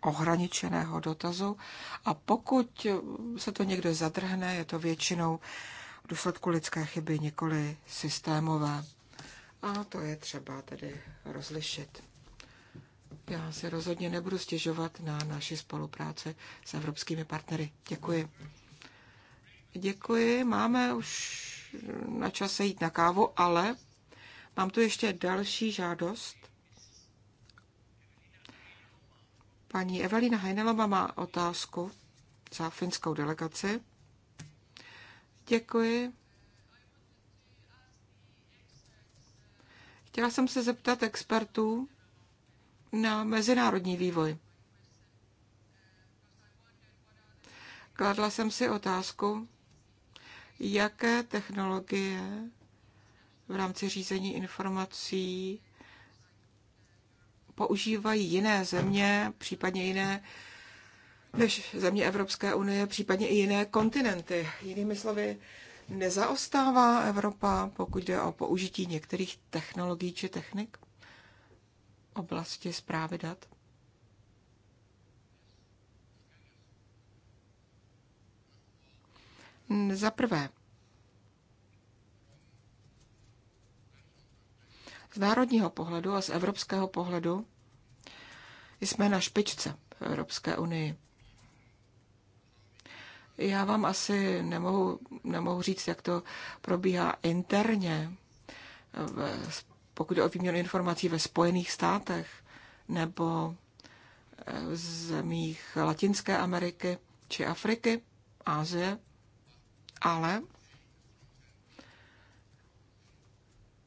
ohraničeného dotazu a pokud se to někde zadrhne, je to většinou v důsledku lidské chyby, nikoli systémové. A to je třeba tedy rozlišit. Já si rozhodně nebudu stěžovat na naši spolupráce s evropskými partnery. Děkuji. Děkuji. Máme už na čase jít na kávu, ale mám tu ještě další žádost. Paní Evelina Heinelova má otázku za finskou delegaci. Děkuji. Chtěla jsem se zeptat expertů, na mezinárodní vývoj. Kladla jsem si otázku, jaké technologie v rámci řízení informací používají jiné země, případně jiné než země Evropské unie, případně i jiné kontinenty. Jinými slovy, nezaostává Evropa, pokud jde o použití některých technologií či technik? oblasti zprávy dat. Za prvé, z národního pohledu a z evropského pohledu jsme na špičce v Evropské unii. Já vám asi nemohu, nemohu říct, jak to probíhá interně v pokud je o výměnu informací ve Spojených státech nebo v eh, zemích Latinské Ameriky či Afriky, Asie, ale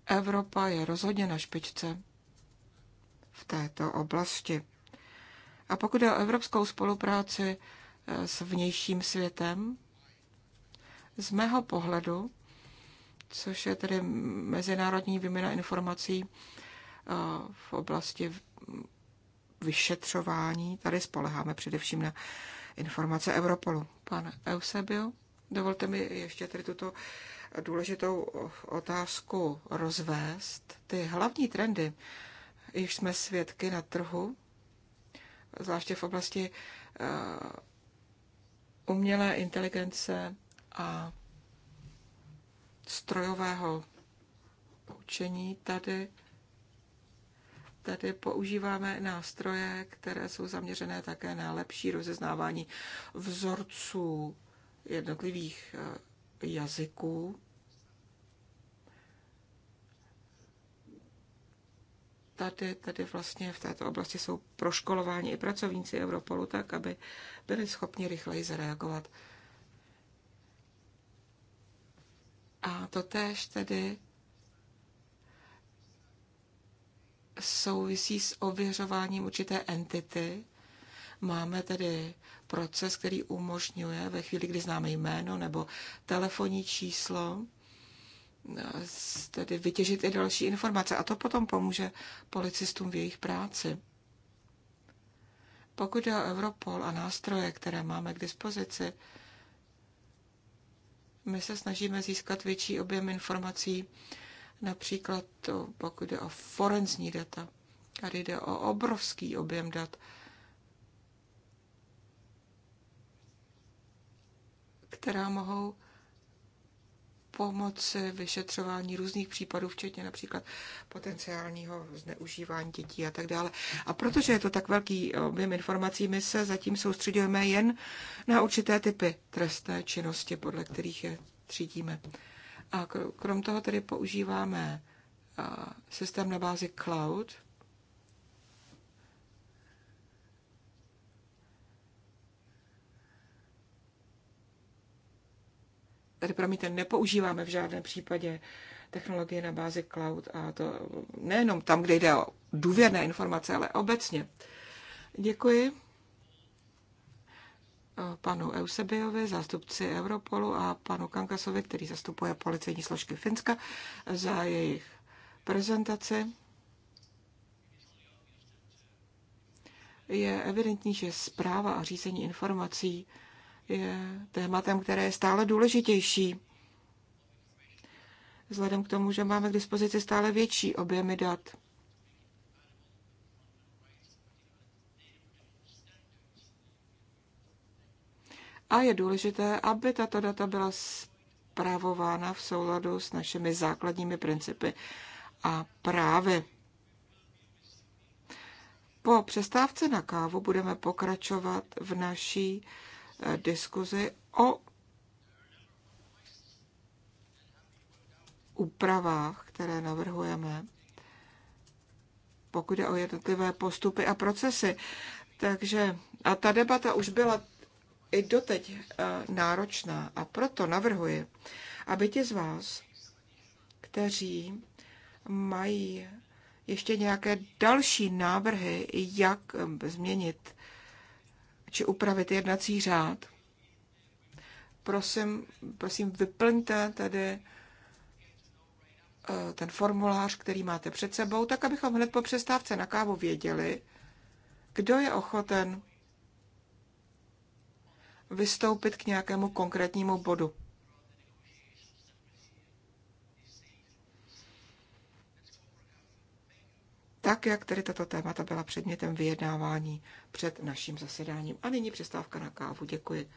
Evropa je rozhodně na špičce v této oblasti. A pokud je o evropskou spolupráci eh, s vnějším světem, z mého pohledu což je tedy mezinárodní výměna informací eh, v oblasti vyšetřování. Tady spoleháme především na informace Europolu. Pan Eusebio, dovolte mi ještě tedy tuto důležitou otázku rozvést. Ty hlavní trendy, již jsme svědky na trhu, zvláště v oblasti eh, umělé inteligence a strojového poučení tady tady používáme nástroje, které jsou zaměřené také na lepší rozeznávání vzorců jednotlivých eh, jazyků. Tady, tady vlastně v této oblasti jsou proškolováni i pracovníci Europolu tak, aby byli schopni rychleji zareagovat A totéž tedy souvisí s ověřováním určité entity. Máme tedy proces, který umožňuje ve chvíli, kdy známe jméno nebo telefonní číslo, eh, tedy vytěžit i další informace. A to potom pomůže policistům v jejich práci. Pokud jde o Europol a nástroje, které máme k dispozici, my se snažíme získat větší objem informací, například to, pokud jde o forenzní data. Tady jde o obrovský objem dat, která mohou pomoc vyšetřování různých případů, včetně například potenciálního zneužívání dětí a tak dále. A protože je to tak velký objem informací, my se zatím soustředujeme jen na určité typy trestné činnosti, podle kterých je třídíme. A krom toho tedy používáme systém na bázi cloud, tady promiňte, nepoužíváme v žádném případě technologie na bázi cloud a to nejenom tam, kde jde o důvěrné informace, ale obecně. Děkuji eh, panu Eusebiovi, zástupci Europolu a panu Kankasovi, který zastupuje policejní složky Finska, za jejich prezentaci. Je evidentní, že zpráva a řízení informací je tématem, které je stále důležitější. Vzhledem k tomu, že máme k dispozici stále větší objemy dat. A je důležité, aby tato data byla zpravována v souladu s našimi základními principy a právy. Po přestávce na kávu budeme pokračovat v naší Eh, diskuzi o úpravách, které navrhujeme, pokud je o jednotlivé postupy a procesy. Takže a ta debata už byla i doteď eh, náročná a proto navrhuji, aby ti z vás, kteří mají ještě nějaké další návrhy, jak eh, změnit či upravit jednací řád. Prosím, prosím vyplňte tedy eh, ten formulář, který máte před sebou, tak abychom hned po přestávce na kávu věděli, kdo je ochoten vystoupit k nějakému konkrétnímu bodu. tak jak tedy tato témata byla předmětem vyjednávání před naším zasedáním. A nyní přestávka na kávu. Děkuji.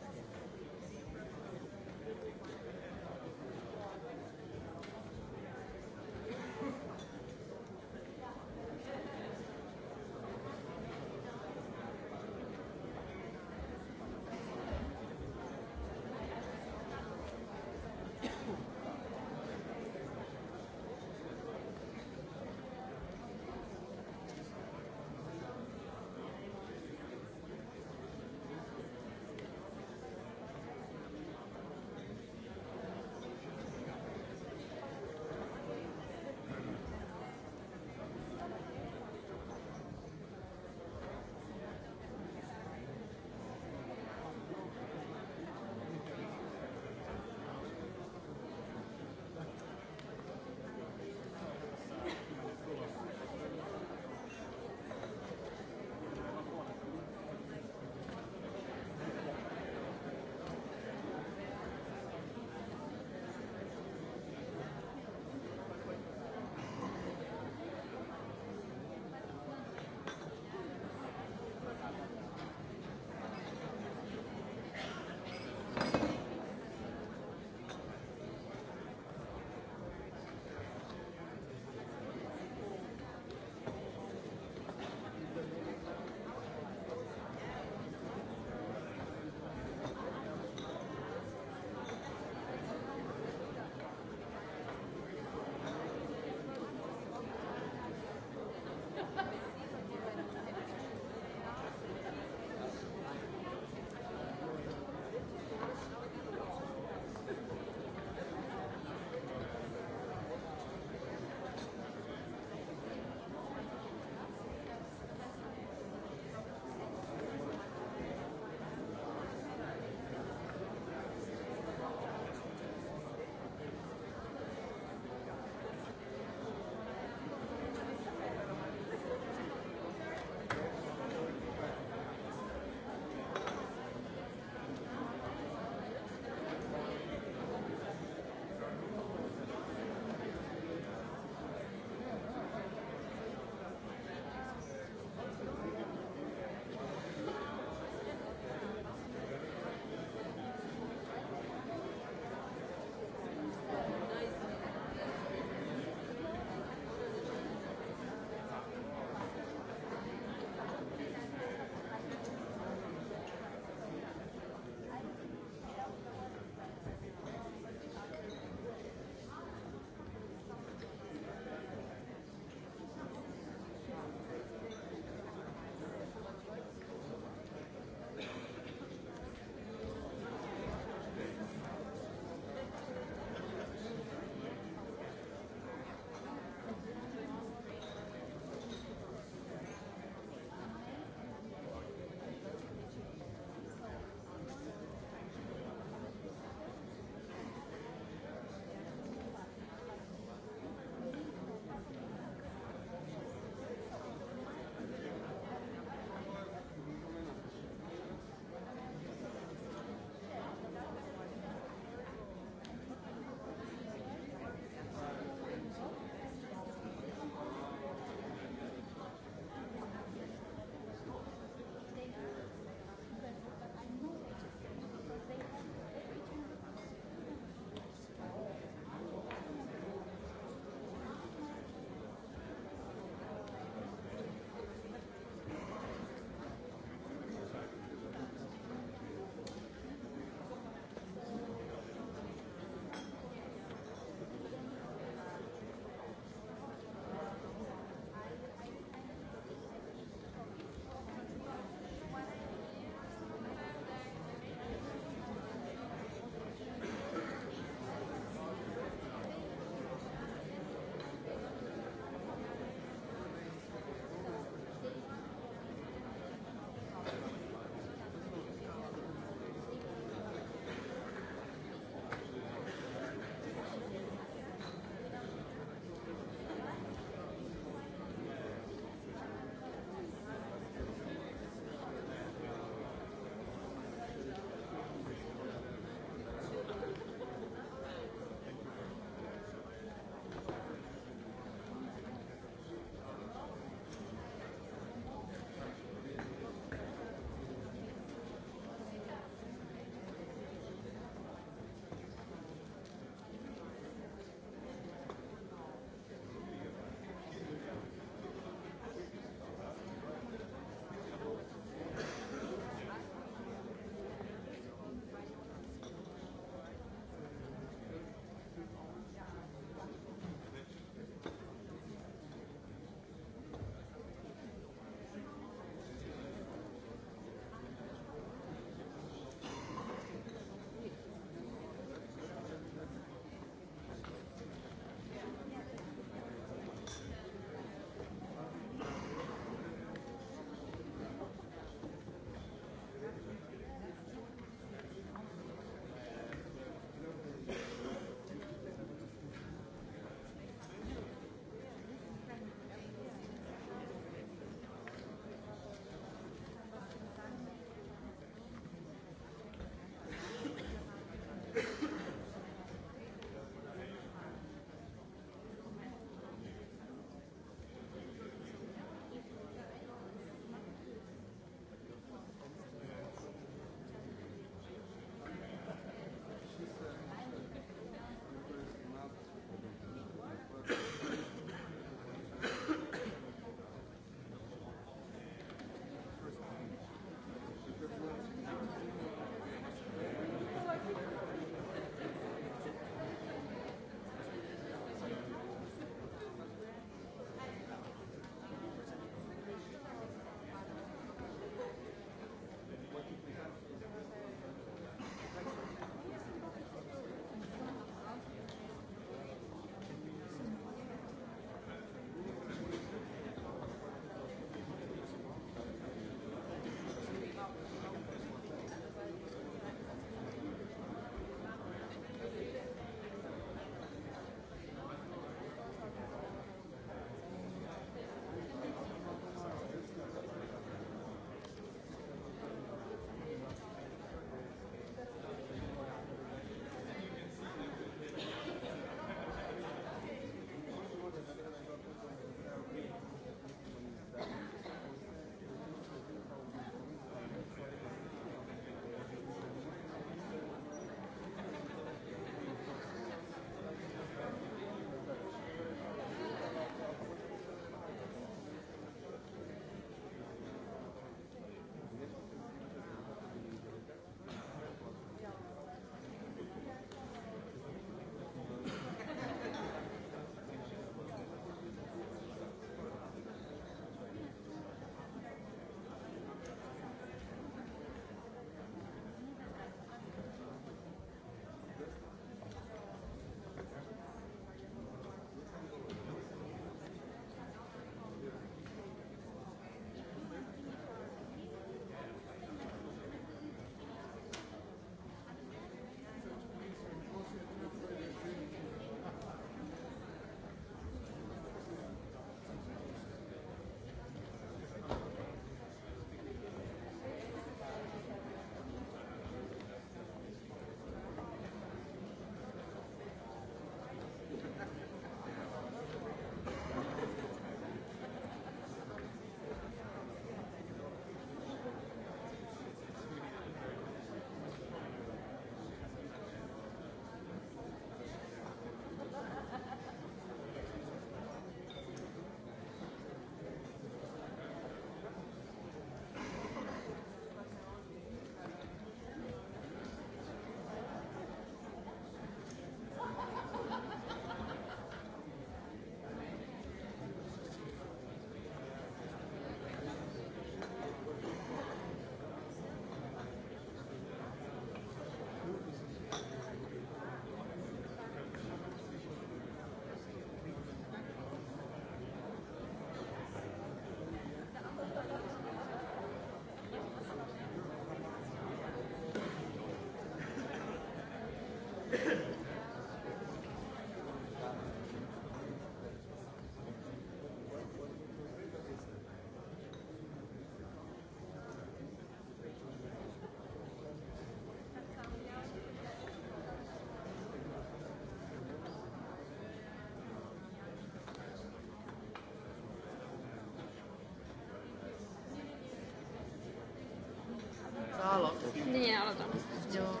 Nyní já tam. Jo,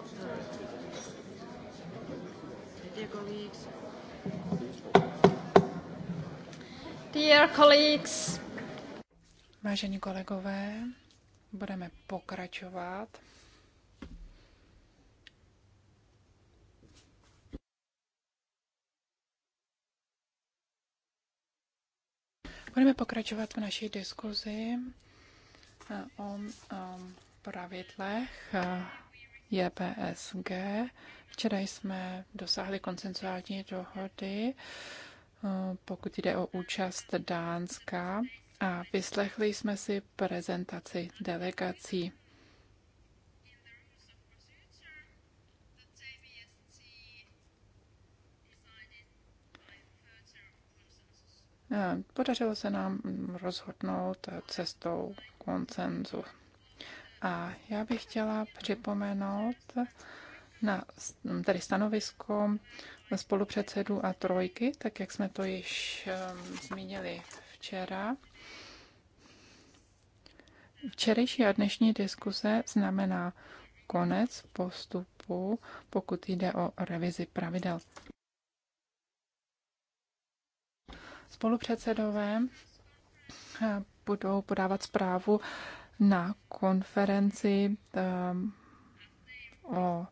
jako Dear colleagues. Vážení kolegové, budeme pokračovat. Budeme pokračovat v naší diskuzi eh, o, o eh, pravidlech eh, JPSG. Včera jsme dosáhli koncensuální dohody, eh, pokud jde o účast Dánska a vyslechli jsme si prezentaci delegací. Eh, podařilo se nám rozhodnout cestou koncenzu. A já bych chtěla připomenout na tady stanovisko spolupředsedů a trojky, tak jak jsme to již um, zmínili včera. Včerejší a dnešní diskuse znamená konec postupu, pokud jde o revizi pravidel. Spolupředsedové eh, budou podávat zprávu na konferenci ehm, o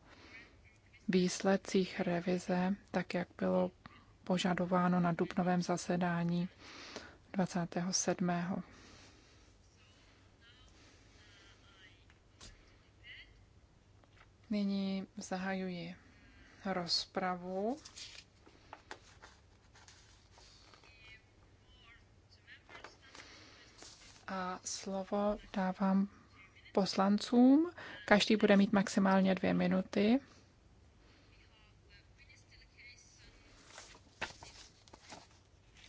výsledcích revize, tak jak bylo požadováno na dubnovém zasedání 27. Nyní zahajuji rozpravu. a slovo dávám poslancům. Každý bude mít maximálně dvě minuty.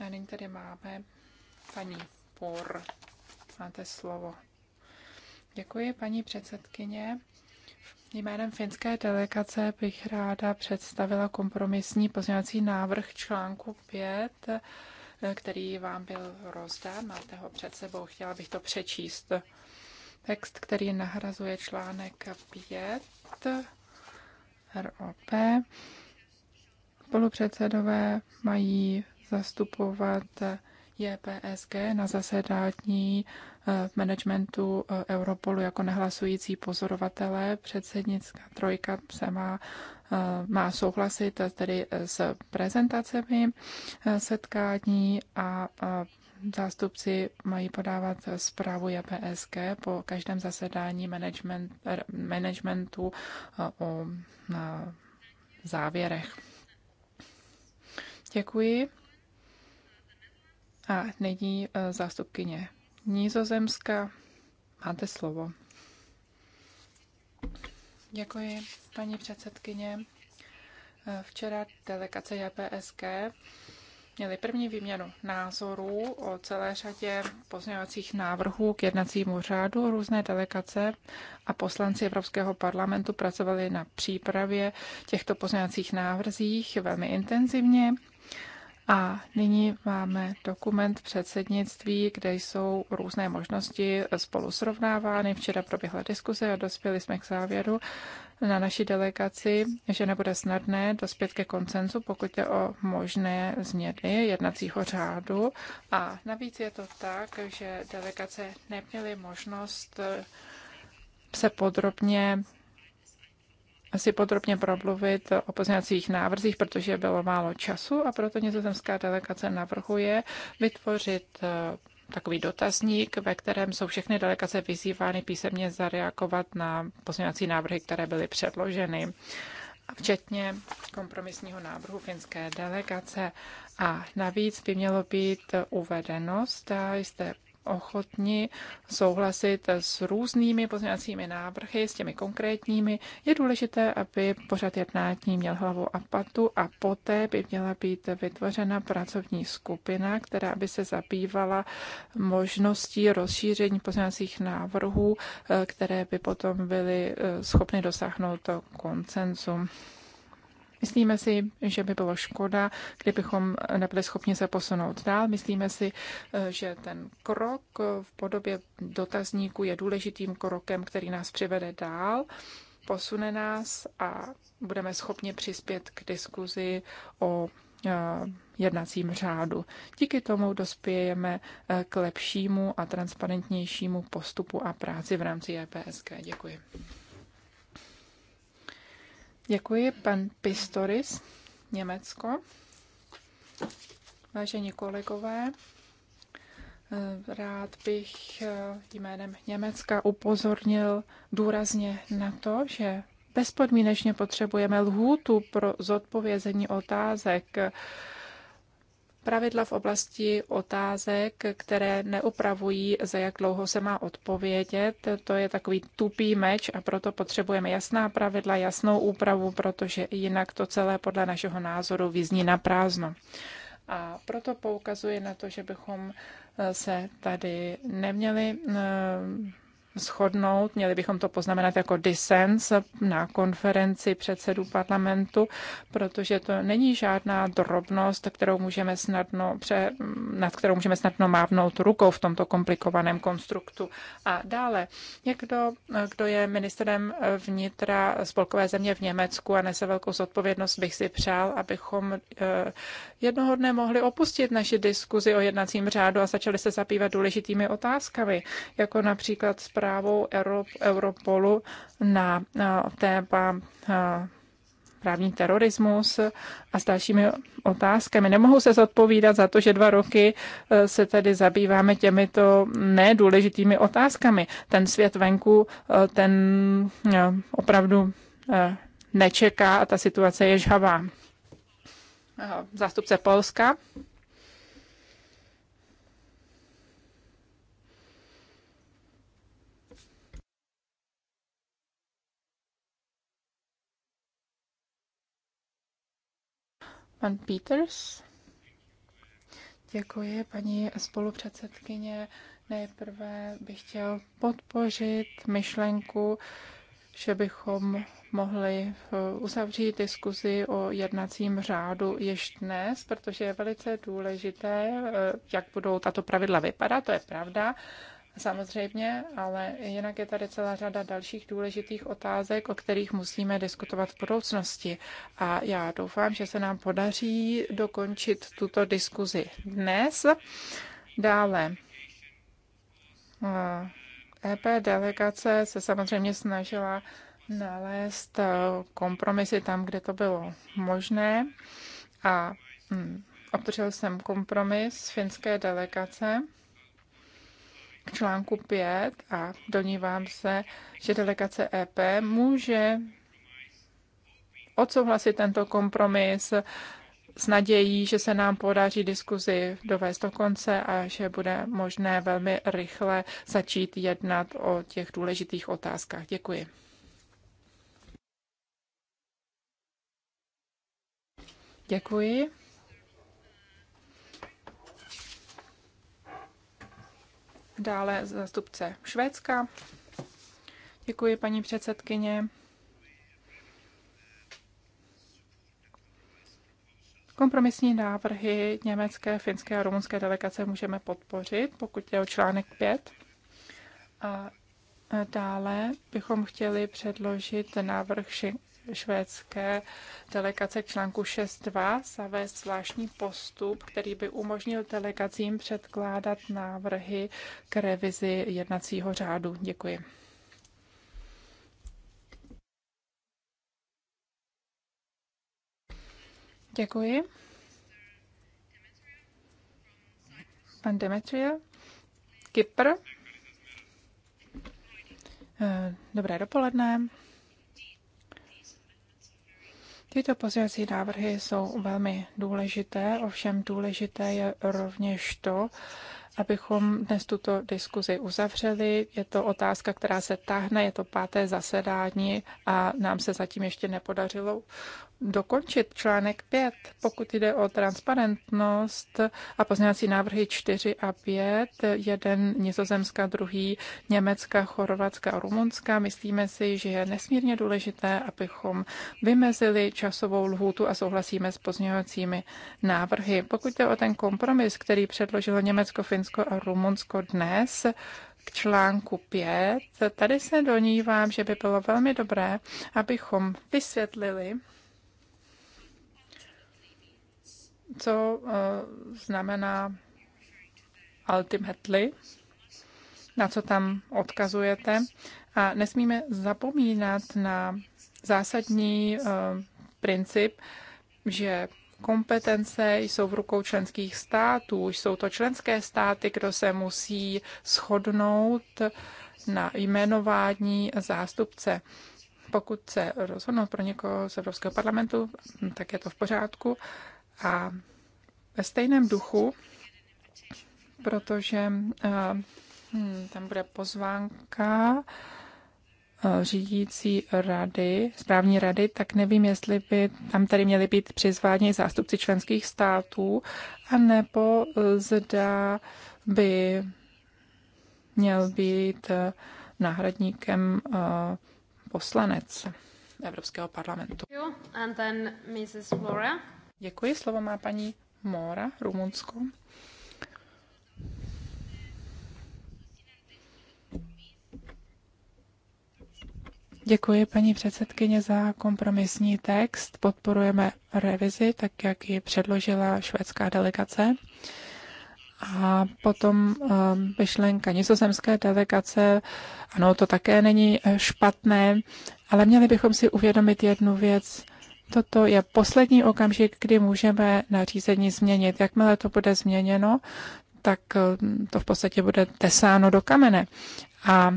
A nyní tady máme paní Por. Máte slovo. Děkuji, paní předsedkyně. Jménem finské delegace bych ráda představila kompromisní pozměňovací návrh článku 5 který vám byl rozdán. Máte ho před sebou, chtěla bych to přečíst. Text, který nahrazuje článek 5 ROP. Spolupředsedové mají zastupovat JPSG na zasedání eh, managementu eh, Europolu jako nehlasující pozorovatele. Předsednická trojka se má Eh, má souhlasit eh, tedy eh, s prezentacemi setkání a zástupci mají podávat zprávu JPSK po každém zasedání management, managementu o závěrech. Děkuji. A nyní zástupkyně Nízozemska. Máte slovo. Děkuji, paní předsedkyně. Včera delegace JPSK měli první výměnu názorů o celé řadě pozměňovacích návrhů k jednacímu řádu různé delegace a poslanci Evropského parlamentu pracovali na přípravě těchto pozměňovacích návrzích velmi intenzivně. A nyní máme dokument předsednictví, kde jsou různé možnosti spolu srovnávány. Včera proběhla diskuze a dospěli jsme k závěru na naší delegaci, že nebude snadné dospět ke koncenzu, pokud je o možné změny jednacího řádu. A navíc je to tak, že delegace neměly možnost se podrobně si podrobně promluvit o pozměňovacích návrzích, protože bylo málo času a proto nizozemská delegace navrhuje vytvořit eh, takový dotazník, ve kterém jsou všechny delegace vyzývány písemně zareagovat na pozměňovací návrhy, které byly předloženy, včetně kompromisního návrhu finské delegace. A navíc by mělo být uvedeno, zda jste ochotni souhlasit s různými pozměňovacími návrhy, s těmi konkrétními. Je důležité, aby pořad jednání měl hlavu a patu a poté by měla být vytvořena pracovní skupina, která by se zabývala možností rozšíření pozměňovacích návrhů, eh, které by potom byly eh, schopny dosáhnout koncenzu. Myslíme si, že by bylo škoda, kdybychom nebyli schopni se posunout dál. Myslíme si, eh, že ten krok v podobě dotazníku je důležitým krokem, který nás přivede dál posune nás a budeme schopni přispět k diskuzi o eh, jednacím řádu. Díky tomu dospějeme eh, k lepšímu a transparentnějšímu postupu a práci v rámci EPSG. Děkuji. Děkuji, pan Pistoris, Německo. Vážení kolegové, rád bych jménem Německa upozornil důrazně na to, že bezpodmínečně potřebujeme lhůtu pro zodpovězení otázek pravidla v oblasti otázek, které neupravují, za jak dlouho se má odpovědět. To je takový tupý meč a proto potřebujeme jasná pravidla, jasnou úpravu, protože jinak to celé podle našeho názoru vyzní na prázdno. A proto poukazuje na to, že bychom eh, se tady neměli eh, shodnout, měli bychom to poznamenat jako dissens na konferenci předsedů parlamentu, protože to není žádná drobnost, kterou můžeme snadno pře, nad kterou můžeme snadno mávnout rukou v tomto komplikovaném konstruktu. A dále, někdo, kdo je ministrem vnitra spolkové země v Německu a nese velkou zodpovědnost, bych si přál, abychom eh, jednoho dne mohli opustit naši diskuzi o jednacím řádu a začali se zabývat důležitými otázkami, jako například zpráva zprávou Europolu na téma právní terorismus a s dalšími otázkami. Nemohu se zodpovídat za to, že dva roky e, se tady zabýváme těmito nedůležitými otázkami. Ten svět venku, e, ten e, opravdu nečeká a ta situace je žhavá. Zástupce Polska. Pan Peters. Děkuji, paní spolupředsedkyně. Nejprve bych chtěl podpořit myšlenku, že bychom mohli eh, uzavřít diskuzi o jednacím řádu již dnes, protože je velice důležité, eh, jak budou tato pravidla vypadat, to je pravda, samozřejmě, ale jinak je tady celá řada dalších důležitých otázek, o kterých musíme diskutovat v budoucnosti. A já doufám, že se nám podaří dokončit tuto diskuzi dnes. Dále. EP eh, e delegace se samozřejmě snažila nalézt eh, kompromisy tam, kde to bylo možné a hm, obdržel jsem kompromis finské delegace článku 5 a donívám se, že delegace EP může odsouhlasit tento kompromis s nadějí, že se nám podaří diskuzi dovést do konce a že bude možné velmi rychle začít jednat o těch důležitých otázkách. Děkuji. Děkuji. Dále zastupce Švédska. Děkuji, paní předsedkyně. Kompromisní návrhy německé, finské a rumunské delegace můžeme podpořit, pokud je o článek 5. A dále bychom chtěli předložit návrh švédské delegace k článku 6.2 zavést zvláštní postup, který by umožnil delegacím předkládat návrhy k revizi jednacího řádu. Děkuji. Děkuji. Pan Demetria, Kypr. Eh, dobré dopoledne. Tyto pozměňovací návrhy jsou velmi důležité, ovšem důležité je rovněž to, abychom dnes tuto diskuzi uzavřeli. Je to otázka, která se táhne, je to páté zasedání a nám se zatím ještě nepodařilo dokončit článek 5, pokud jde o transparentnost a pozměňovací návrhy 4 a 5, jeden nizozemská, druhý německá, chorvatská, a rumunská, Myslíme si, že je nesmírně důležité, abychom vymezili časovou lhůtu a souhlasíme s pozměňovacími návrhy. Pokud jde o ten kompromis, který předložilo Německo, Finsko a Rumunsko dnes, k článku 5. Tady se donívám, že by bylo velmi dobré, abychom vysvětlili, co eh, znamená ultimately, na co tam odkazujete. A nesmíme zapomínat na zásadní eh, princip, že kompetence jsou v rukou členských států. Jsou to členské státy, kdo se musí shodnout na jmenování zástupce. Pokud se rozhodnou pro někoho z Evropského parlamentu, tak je to v pořádku, a ve stejném duchu, protože hmm, tam bude pozvánka eh, řídící rady, správní rady, tak nevím, jestli by tam tady měly být přizváni zástupci členských států, anebo eh, zda by měl být náhradníkem poslanec Evropského parlamentu. And then Mrs. Flora. Děkuji. Slovo má paní Móra, Rumunsko. Děkuji paní předsedkyně za kompromisní text. Podporujeme revizi, tak jak ji předložila švédská delegace. A potom um, myšlenka nizozemské delegace, ano, to také není špatné, ale měli bychom si uvědomit jednu věc. Toto je poslední okamžik, kdy můžeme nařízení změnit. Jakmile to bude změněno, tak eh, to v podstatě bude tesáno do kamene. A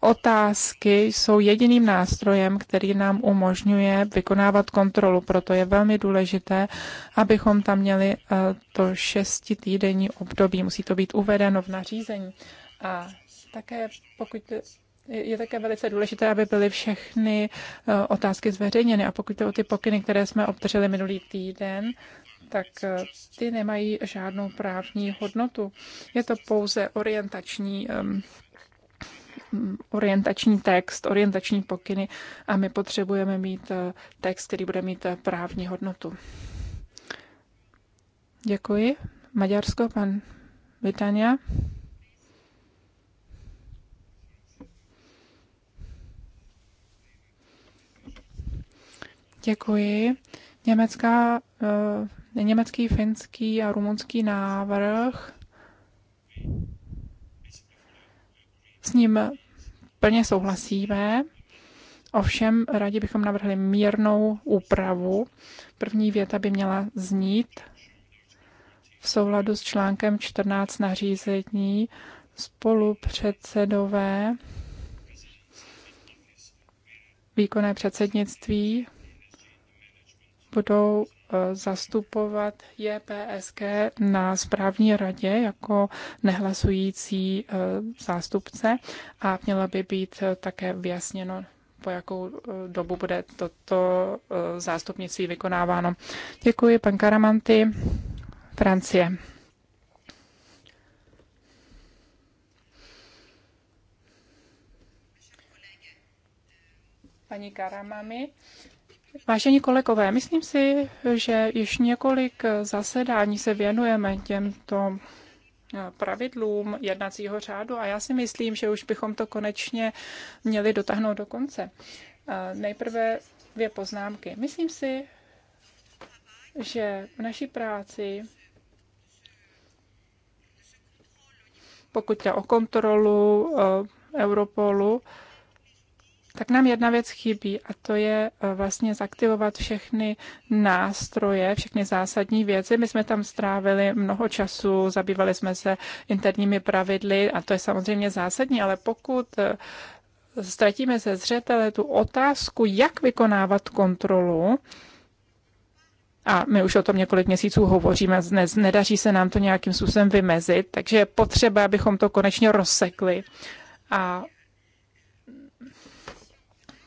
otázky jsou jediným nástrojem, který nám umožňuje vykonávat kontrolu. Proto je velmi důležité, abychom tam měli eh, to šestitýdenní období. Musí to být uvedeno v nařízení. A také pokud je také velice důležité, aby byly všechny eh, otázky zveřejněny. A pokud jde o ty pokyny, které jsme obdrželi minulý týden, tak eh, ty nemají žádnou právní hodnotu. Je to pouze orientační mm, orientační text, orientační pokyny a my potřebujeme mít eh, text, který bude mít právní hodnotu. Děkuji. Maďarsko, pan Vitania. Děkuji. Německá, eh, německý, finský a rumunský návrh. S ním plně souhlasíme. Ovšem, rádi bychom navrhli mírnou úpravu. První věta by měla znít v souladu s článkem 14 nařízení spolupředsedové výkonné předsednictví budou eh, zastupovat JPSG na správní radě jako nehlasující eh, zástupce a měla by být eh, také vyjasněno, po jakou dobu bude toto zástupnictví vykonáváno. Děkuji, pan Karamanty, Francie. Paní Karamami, Vážení kolegové, myslím si, že již několik zasedání se věnujeme těmto eh, pravidlům jednacího řádu a já si myslím, že už bychom to konečně měli dotáhnout do konce. Eh, nejprve dvě poznámky. Myslím si, že v naší práci, pokud jde o kontrolu eh, Europolu, tak nám jedna věc chybí a to je e, vlastně zaktivovat všechny nástroje, všechny zásadní věci. My jsme tam strávili mnoho času, zabývali jsme se interními pravidly a to je samozřejmě zásadní, ale pokud e, ztratíme ze zřetele tu otázku, jak vykonávat kontrolu, a my už o tom několik měsíců hovoříme, ne, nedaří se nám to nějakým způsobem vymezit, takže je potřeba, abychom to konečně rozsekli a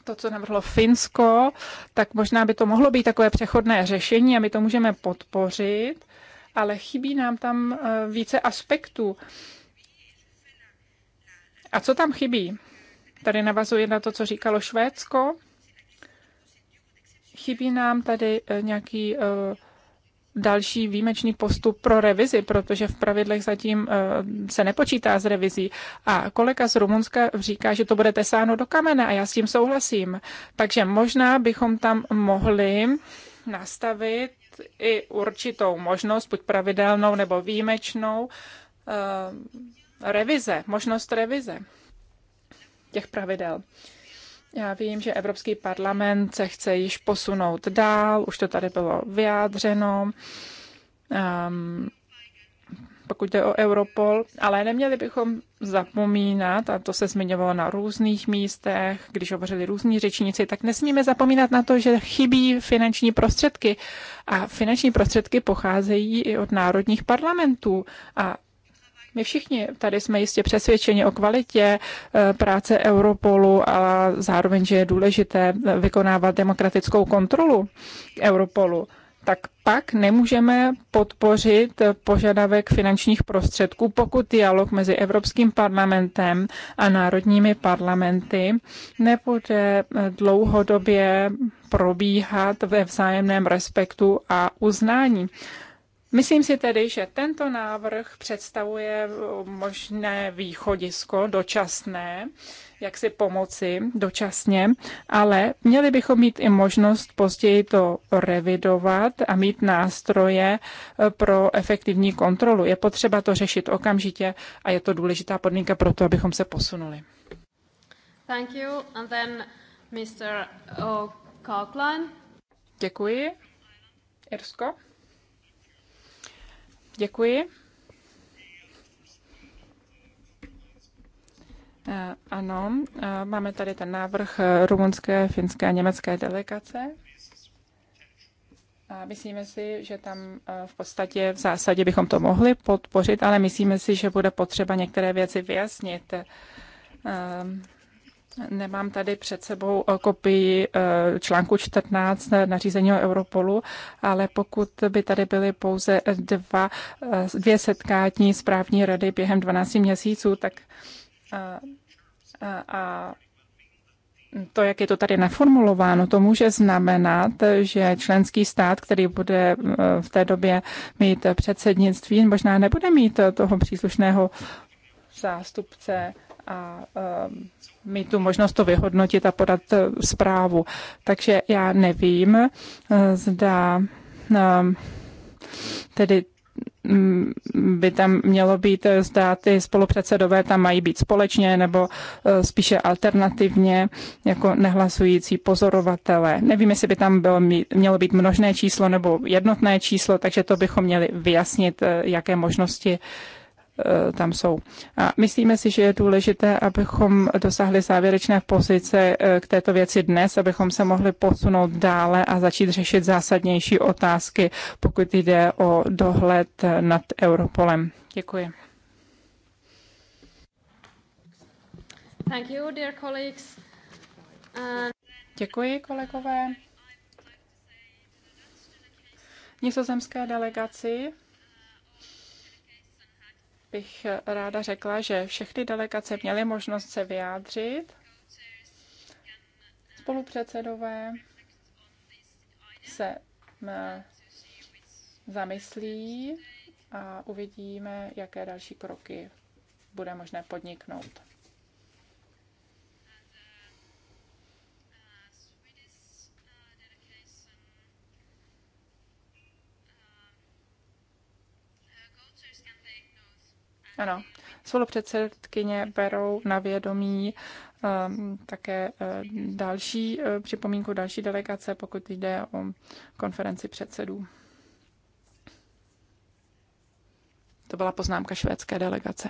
to, co navrhlo Finsko, tak možná by to mohlo být takové přechodné řešení a my to můžeme podpořit, ale chybí nám tam eh, více aspektů. A co tam chybí? Tady navazuje na to, co říkalo Švédsko. Chybí nám tady eh, nějaký uh, další výjimečný postup pro revizi, protože v pravidlech zatím eh, se nepočítá s revizí. A kolega z Rumunska říká, že to bude tesáno do kamene a já s tím souhlasím. Takže možná bychom tam mohli nastavit i určitou možnost, buď pravidelnou nebo výjimečnou, eh, revize, možnost revize těch pravidel. Já vím, že Evropský parlament se chce již posunout dál, už to tady bylo vyjádřeno. Um, pokud jde o Europol, ale neměli bychom zapomínat, a to se zmiňovalo na různých místech, když hovořili různí řečníci, tak nesmíme zapomínat na to, že chybí finanční prostředky. A finanční prostředky pocházejí i od národních parlamentů. A my všichni tady jsme jistě přesvědčeni o kvalitě eh, práce Europolu a zároveň, že je důležité vykonávat demokratickou kontrolu Europolu tak pak nemůžeme podpořit požadavek finančních prostředků, pokud dialog mezi Evropským parlamentem a národními parlamenty nebude eh, dlouhodobě probíhat ve vzájemném respektu a uznání. Myslím si tedy, že tento návrh představuje možné východisko dočasné, jak si pomoci dočasně, ale měli bychom mít i možnost později to revidovat a mít nástroje eh, pro efektivní kontrolu. Je potřeba to řešit okamžitě a je to důležitá podmínka pro to, abychom se posunuli. Thank you. And then Mr. Děkuji. Irsko. Děkuji. Eh, ano, eh, máme tady ten návrh rumunské, finské a německé delegace. A myslíme si, že tam eh, v podstatě v zásadě bychom to mohli podpořit, ale myslíme si, že bude potřeba některé věci vyjasnit. Nemám tady před sebou eh, kopii eh, článku 14 nařízení o Europolu, ale pokud by tady byly pouze dva, eh, dvě setkání správní rady během 12 měsíců, tak a, a, a to, jak je to tady naformulováno, to může znamenat, že členský stát, který bude v té době mít předsednictví, možná nebude mít toho příslušného zástupce a mít tu možnost to vyhodnotit a podat eh, zprávu. Takže já nevím, eh, zda tedy mm, by tam mělo být, eh, zda ty spolupředsedové tam mají být společně nebo spíše alternativně jako nehlasující pozorovatele. Nevím, jestli by tam bylo, mělo být množné číslo nebo jednotné číslo, takže to bychom měli vyjasnit, jaké možnosti Eh, tam jsou. A myslíme si, že je důležité, abychom dosáhli závěrečné pozice eh, k této věci dnes, abychom se mohli posunout dále a začít řešit zásadnější otázky, pokud jde o dohled nad Europolem. Děkuji. Thank you, dear colleagues. And... Uh, Děkuji, kolegové. Nizozemské delegaci bych ráda řekla, že všechny delegace měly možnost se vyjádřit. Spolupředsedové se eh, zamyslí a uvidíme, jaké další kroky bude možné podniknout. Ano, spolupředsedkyně berou na vědomí ehm, také eh, další eh, připomínku, další delegace, pokud jde o konferenci předsedů. To byla poznámka švédské delegace.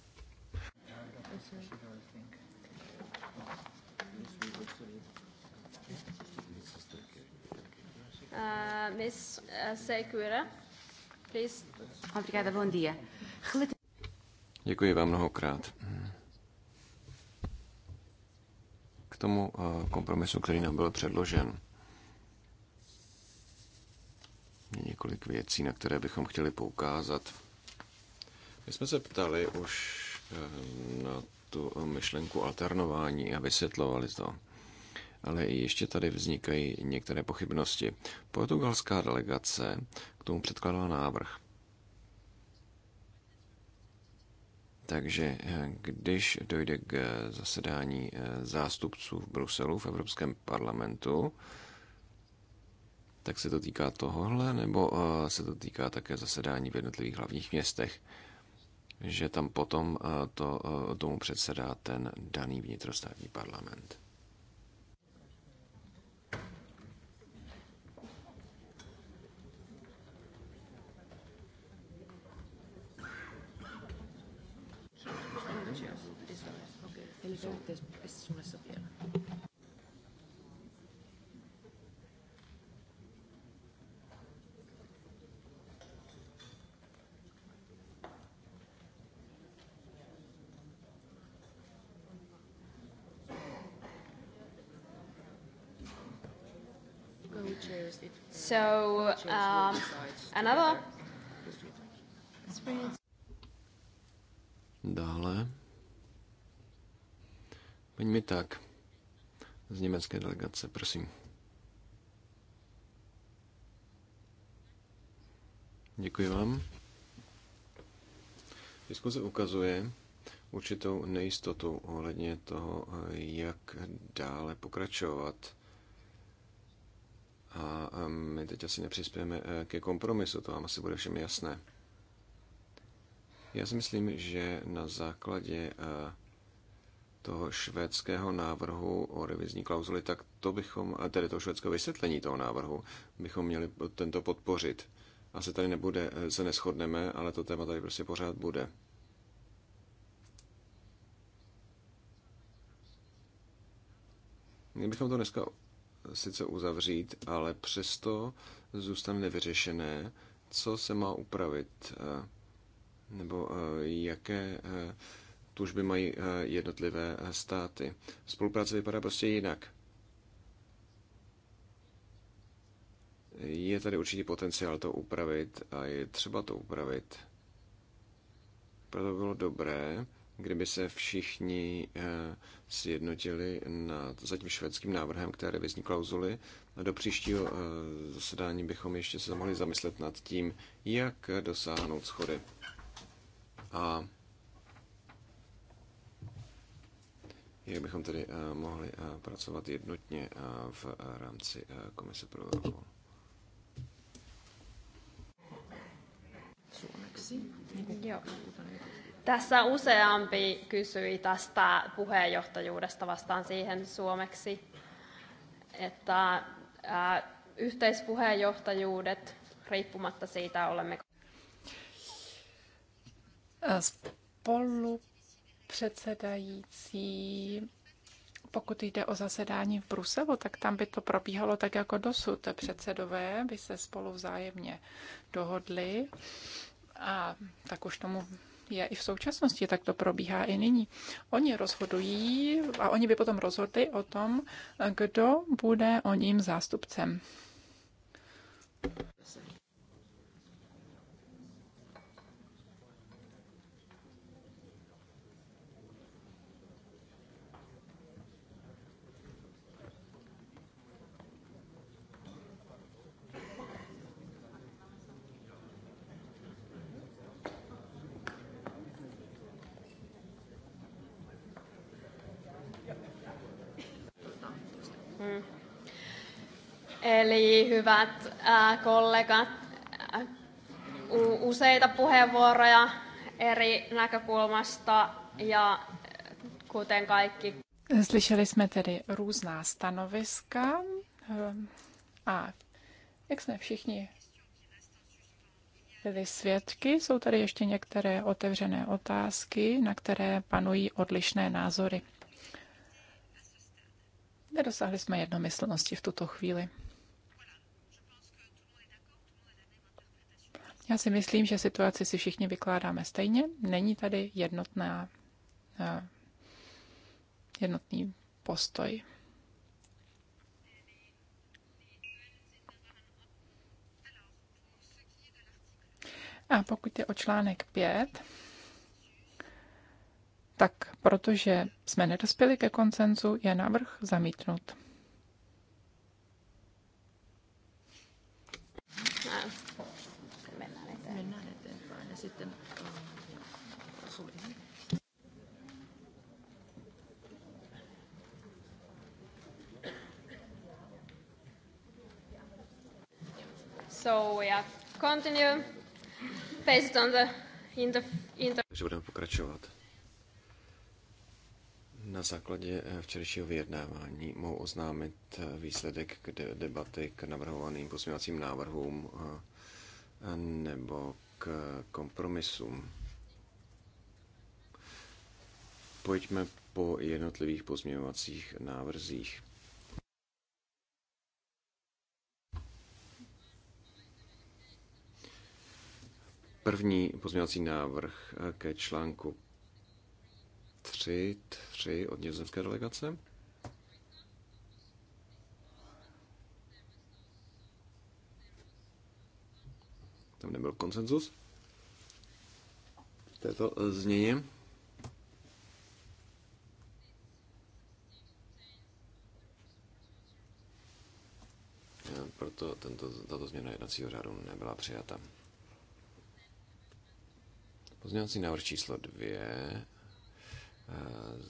Obrigada, bom dia. Děkuji vám mnohokrát. K tomu eh, kompromisu, který nám byl předložen, je několik věcí, na které bychom chtěli poukázat. My jsme se ptali už eh, na tu myšlenku alternování a vysvětlovali to ale ještě tady vznikají některé pochybnosti. Portugalská delegace k tomu předkládala návrh. Takže eh, když dojde k eh, zasedání eh, zástupců v Bruselu, v Evropském parlamentu, tak se to týká tohohle, nebo se to týká také zasedání v jednotlivých hlavních městech, že tam potom to, tomu předsedá ten daný vnitrostátní parlament. Presidente, So, um, another. Dále Paní tak. z německé delegace, prosím. Děkuji vám. Diskuze ukazuje určitou nejistotu ohledně toho, jak dále pokračovat. A my teď asi nepřispějeme eh, ke kompromisu, to vám asi bude všem jasné. Já si myslím, že na základě eh, toho švédského návrhu o revizní klauzuli, tak to bychom, tedy toho švédského vysvětlení toho návrhu, bychom měli tento podpořit. Asi tady nebude, se neschodneme, ale to téma tady prostě pořád bude. Měli bychom to dneska sice uzavřít, ale přesto zůstane nevyřešené, co se má upravit, eh, nebo eh, jaké eh, tužby mají eh, jednotlivé eh, státy. Spolupráce vypadá prostě jinak. Je tady určitě potenciál to upravit a je třeba to upravit. Proto bylo dobré, kdyby se všichni eh, sjednotili nad zatím švédským návrhem který vyzní revizní klauzuly. Do příštího zasedání bychom ještě se mohli zamyslet nad tím, jak dosáhnout schody. A jak bychom tedy eh, mohli eh, pracovat jednotně eh, v rámci Komise pro Evropu. Tässä useampi kysyi tästä puheenjohtajuudesta, vastaan siihen suomeksi, että ää, yhteispuheenjohtajuudet, riippumatta siitä olemme... Spolu předsedající. Pokud jde o zasedání v Bruselu, tak tam by to probíhalo tak jako dosud. Předsedové by se spolu vzájemně dohodli a tak už tomu je i v současnosti, tak to probíhá i nyní. Oni rozhodují a oni by potom rozhodli o tom, kdo bude o ním zástupcem. Eli hyvät äh, kollegat, ää, useita puheenvuoroja eri näkökulmasta ja kuten kaikki. Slyšeli jsme tedy různá stanoviska ehm, a jak jsme všichni byli svědky, jsou tady ještě některé otevřené otázky, na které panují odlišné názory. Nedosáhli jsme jednomyslnosti v tuto chvíli. Já si myslím, že situaci si všichni vykládáme stejně. Není tady jednotná, eh, jednotný postoj. A pokud je o článek 5, tak protože jsme nedospěli ke koncenzu, je návrh zamítnut. Eh, So we yeah, continue based on the, in the, in the... Takže budeme pokračovat. Na základě eh, včerejšího vyjednávání mohu oznámit eh, výsledek k debaty k navrhovaným pozměňovacím návrhům eh, nebo k kompromisům. Pojďme po jednotlivých pozměňovacích návrzích. První pozměňovací návrh eh, ke článku 3, 3 od nizozemské delegace. Tam nebyl konsenzus v této eh, změně. Eh, proto tento, tato změna jednacího řádu nebyla přijata. Pozměňovací návrh číslo dvě eh,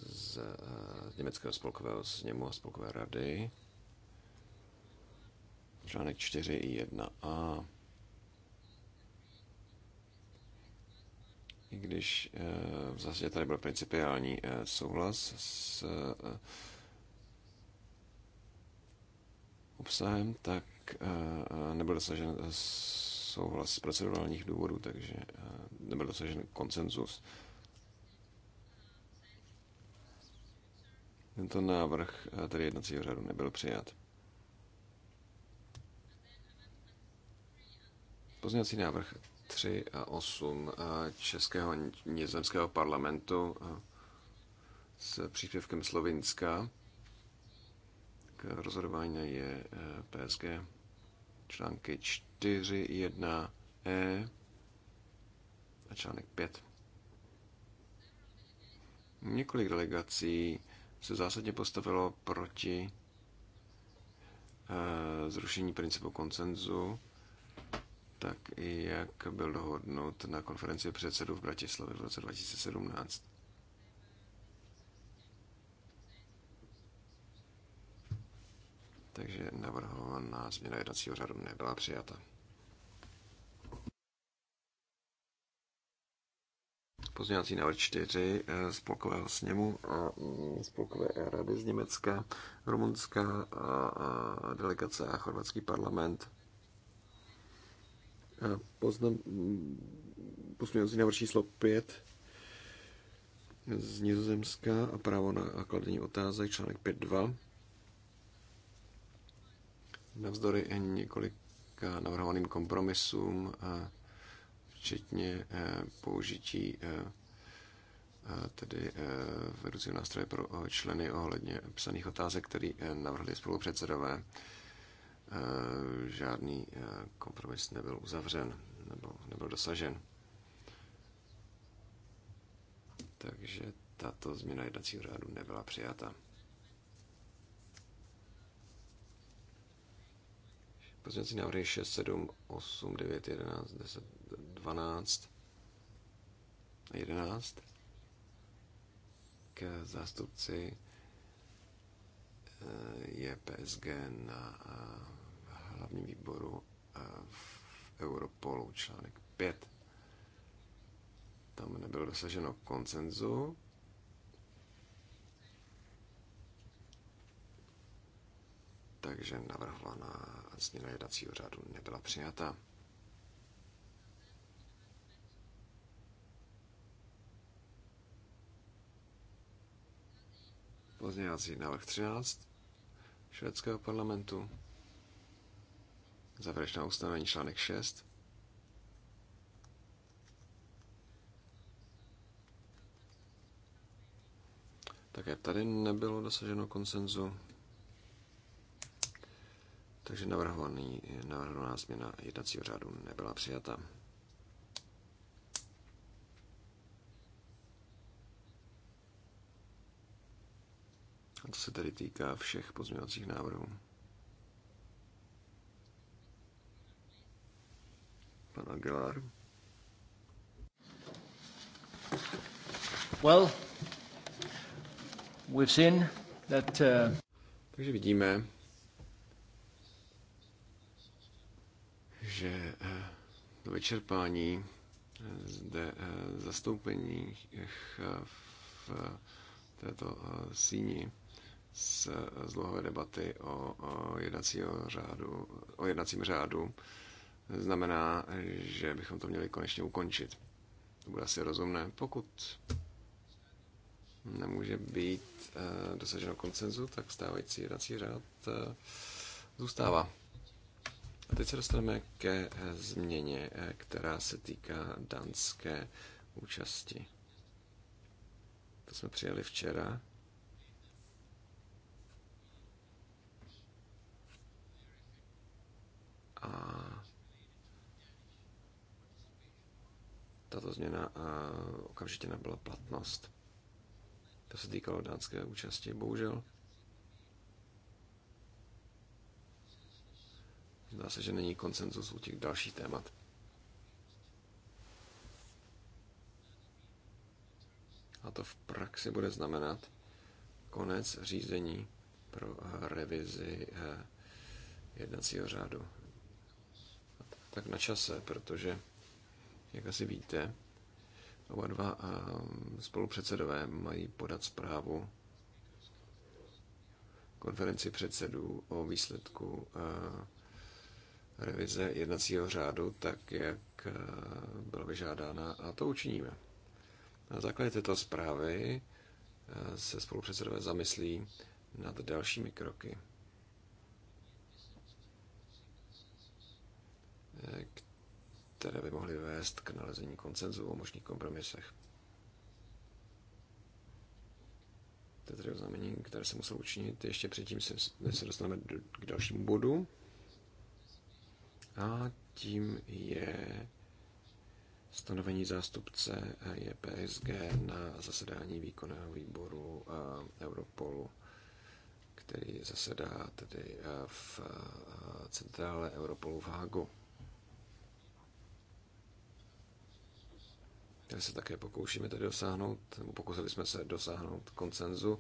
z, eh, z Německého spolkového sněmu a spolkové rady. Článek 4 i 1a. I když eh, v zásadě tady byl principiální souhlas s obsahem, tak nebyl dosažen souhlas z procedurálních důvodů, takže eh, nebyl dosažen konsenzus. Tento návrh eh, tedy jednacího řádu nebyl přijat. Pozměňovací návrh 3 a 8 eh, Českého nizozemského parlamentu s příspěvkem Slovinska k rozhodování je PSG články 4 1, E a článek 5. Několik delegací se zásadně postavilo proti eh, zrušení principu koncenzu, tak i jak byl dohodnut na konferenci předsedů v Bratislavě v roce 2017. takže navrhovaná změna jednacího řádu nebyla přijata. Pozměňovací návrh 4 eh, spolkového sněmu a mm, spolkové rady z Německa, Rumunská a delegace a chorvatský parlament. Poznam, mm, pozměňovací návrh číslo 5 z Nizozemska a právo na kladení otázek, článek 5.2 Navzdory několika navrhovaným kompromisům, eh, včetně eh, použití eh, tedy vedoucího nástroje pro členy ohledně psaných otázek, který navrhli spolupředsedové, žádný kompromis nebyl uzavřen nebo nebyl dosažen. Takže tato změna jednacího řádu nebyla přijata. Pozměňovací návrhy 6, 7, 8, 9, 11, 10, 12 a 11 k zástupci eh, je PSG na eh, hlavním výboru eh, v Europolu článek 5. Tam nebylo dosaženo koncenzu. takže navrhovaná změna jednacího řádu nebyla přijata. Pozměňovací návrh 13 švédského parlamentu. Závěrečná ustanovení článek 6. Také tady nebylo dosaženo konsenzu. Takže navrhovaný, navrhovaná změna jednacího řádu nebyla přijata. A to se tedy týká všech pozměňovacích návrhů. Pan Aguilar. Well, we've seen that, uh... Takže vidíme, Takže eh, to vyčerpání eh, zde eh, zastoupení v této síni z zlohové debaty o, o, jednacího řádu, o jednacím řádu znamená, že bychom to měli konečně ukončit. To bude asi rozumné. Pokud nemůže být dosaženo koncenzu, tak stávající jednací řád zůstává. A teď se dostaneme ke eh, změně, eh, která se týká dánské účasti. To jsme přijeli včera. A tato změna a eh, okamžitě nabyla platnost. To se týkalo dánské účasti, bohužel. Zdá se, že není konsenzus u těch dalších témat. A to v praxi bude znamenat konec řízení pro eh, revizi eh, jednacího řádu. Tak na čase, protože, jak asi víte, oba dva eh, spolupředsedové mají podat zprávu konferenci předsedů o výsledku revize jednacího řádu tak, jak eh, byla vyžádána a to učiníme. Na základě této zprávy eh, se spolupředsedové zamyslí nad dalšími kroky, eh, které by mohly vést k nalezení koncenzu o možných kompromisech. To je tedy oznámení, které se muselo učinit. Ještě předtím se, se dostaneme k dalšímu bodu. A tím je stanovení zástupce je PSG na zasedání výkonného výboru eh, Europolu, který zasedá tedy eh, v eh, centrále Europolu v Hagu. Tady se také pokoušíme tady dosáhnout, nebo pokusili jsme se dosáhnout koncenzu.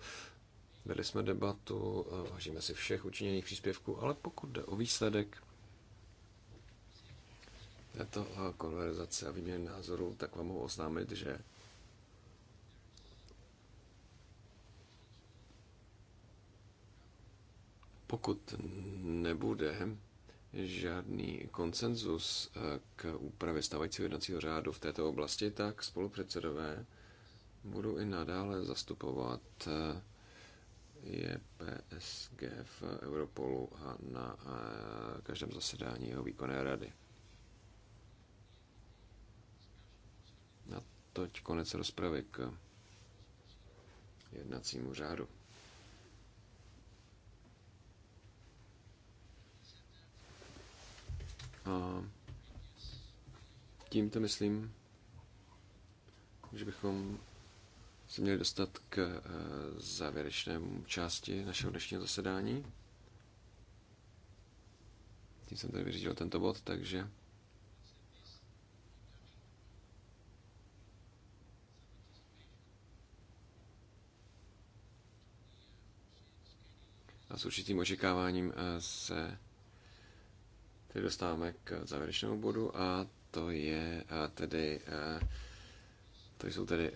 Vedli jsme debatu, vážíme si všech učiněných příspěvků, ale pokud jde o výsledek, této eh, konverzace a výměny názorů, tak vám mohu oznámit, že pokud nebude žádný konsenzus eh, k úpravě stávajícího jednacího řádu v této oblasti, tak spolupředsedové budou i nadále zastupovat eh, PSG v Europolu a na každém zasedání jeho výkonné rady. na toť konec rozpravy k jednacímu řádu. A tímto myslím, že bychom se měli dostat k eh, závěrečnému části našeho dnešního zasedání. Tím jsem tady vyřídil tento bod, takže A s určitým očekáváním eh, se tedy dostáváme k závěrečnému bodu a to je eh, tedy eh, to jsou tedy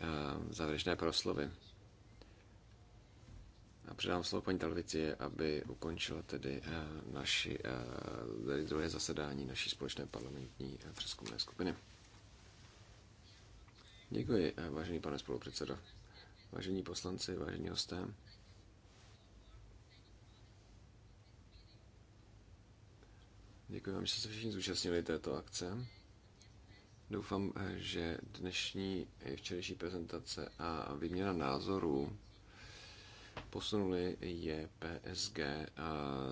závěrečné proslovy. A předám slovo paní Talvici, aby ukončila tedy naši, tedy druhé zasedání naší společné parlamentní přeskumné skupiny. Děkuji, vážený pane spolupředsedo. Vážení poslanci, vážení hosté. Děkuji vám, že jste se všichni zúčastnili této akce. Doufám, že dnešní i včerejší prezentace a výměna názorů posunuli je PSG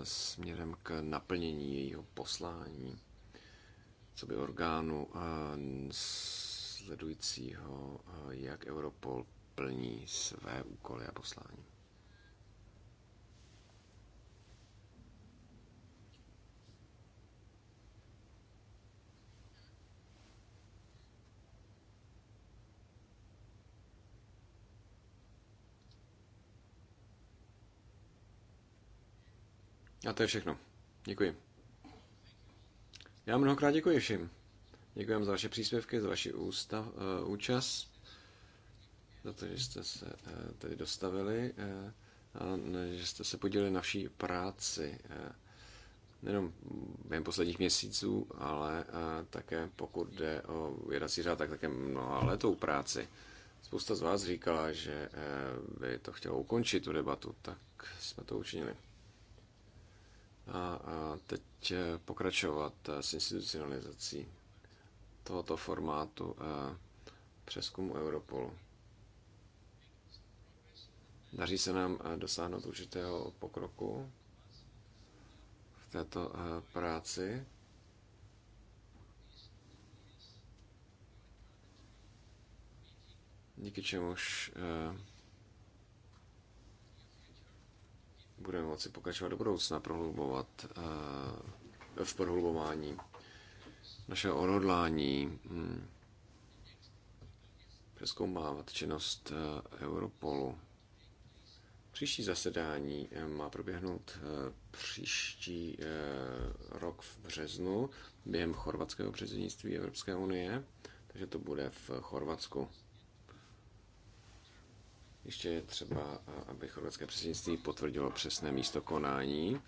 směrem k naplnění jejího poslání, co by orgánu sledujícího, jak Europol plní své úkoly a poslání. A to je všechno. Děkuji. Já mnohokrát děkuji všem. vám za vaše příspěvky, za vaši ústav, uh, eh, účast, za to, že jste se uh, tady dostavili uh, a že jste se podělili na vší práci. Uh, nejenom během posledních měsíců, ale uh, také pokud jde o jednací řád, tak také mnoha letou práci. Spousta z vás říkala, že uh, by to chtělo ukončit tu debatu, tak jsme to učinili a, teď eh, pokračovat eh, s institucionalizací tohoto formátu a eh, přeskumu Europolu. Daří se nám dosáhnout určitého pokroku v této práci. Díky čemuž budeme moci pokračovat do budoucna, prohlubovat eh, v prohlubování našeho odhodlání hm, přeskoumávat činnost eh, Europolu. Příští zasedání eh, má proběhnout příští rok v březnu během chorvatského předsednictví Evropské unie, takže to bude v Chorvatsku. Ještě je třeba, aby chorvatské předsednictví potvrdilo přesné místo konání.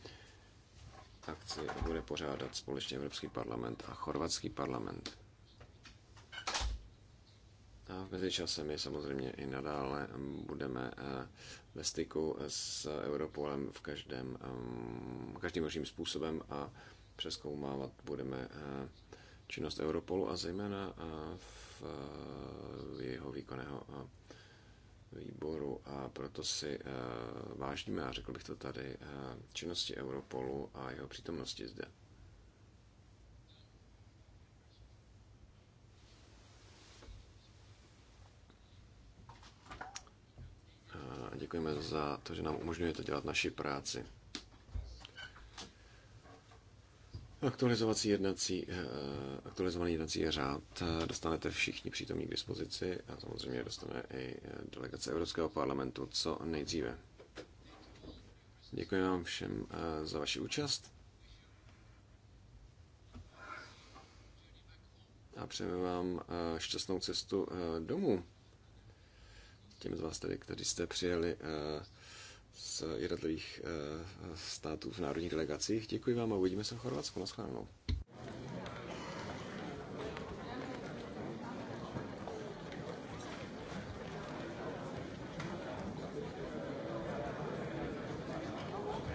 Akci bude pořádat společně Evropský parlament a chorvatský parlament. A v mezičasem je samozřejmě i nadále budeme e, ve styku s Europolem v každém, každým možným způsobem a přeskoumávat budeme e, činnost Europolu a zejména e, v jeho výkonného výboru a proto si uh, vážíme, a řekl bych to tady, uh, činnosti Europolu a jeho přítomnosti zde. Eh, a děkujeme za to, že nám umožňuje to dělat naši práci. Aktualizovací jednací, eh, aktualizovaný jednací řád eh, dostanete všichni přítomní k dispozici a samozřejmě dostane i eh, delegace Evropského parlamentu co nejdříve. Děkuji vám všem za vaši účast a přejeme vám šťastnou cestu domů. Těm z vás tedy, kteří jste přijeli z jednotlivých eh, států v národních delegacích. Děkuji vám a uvidíme se v Chorvatsku. Naschledanou.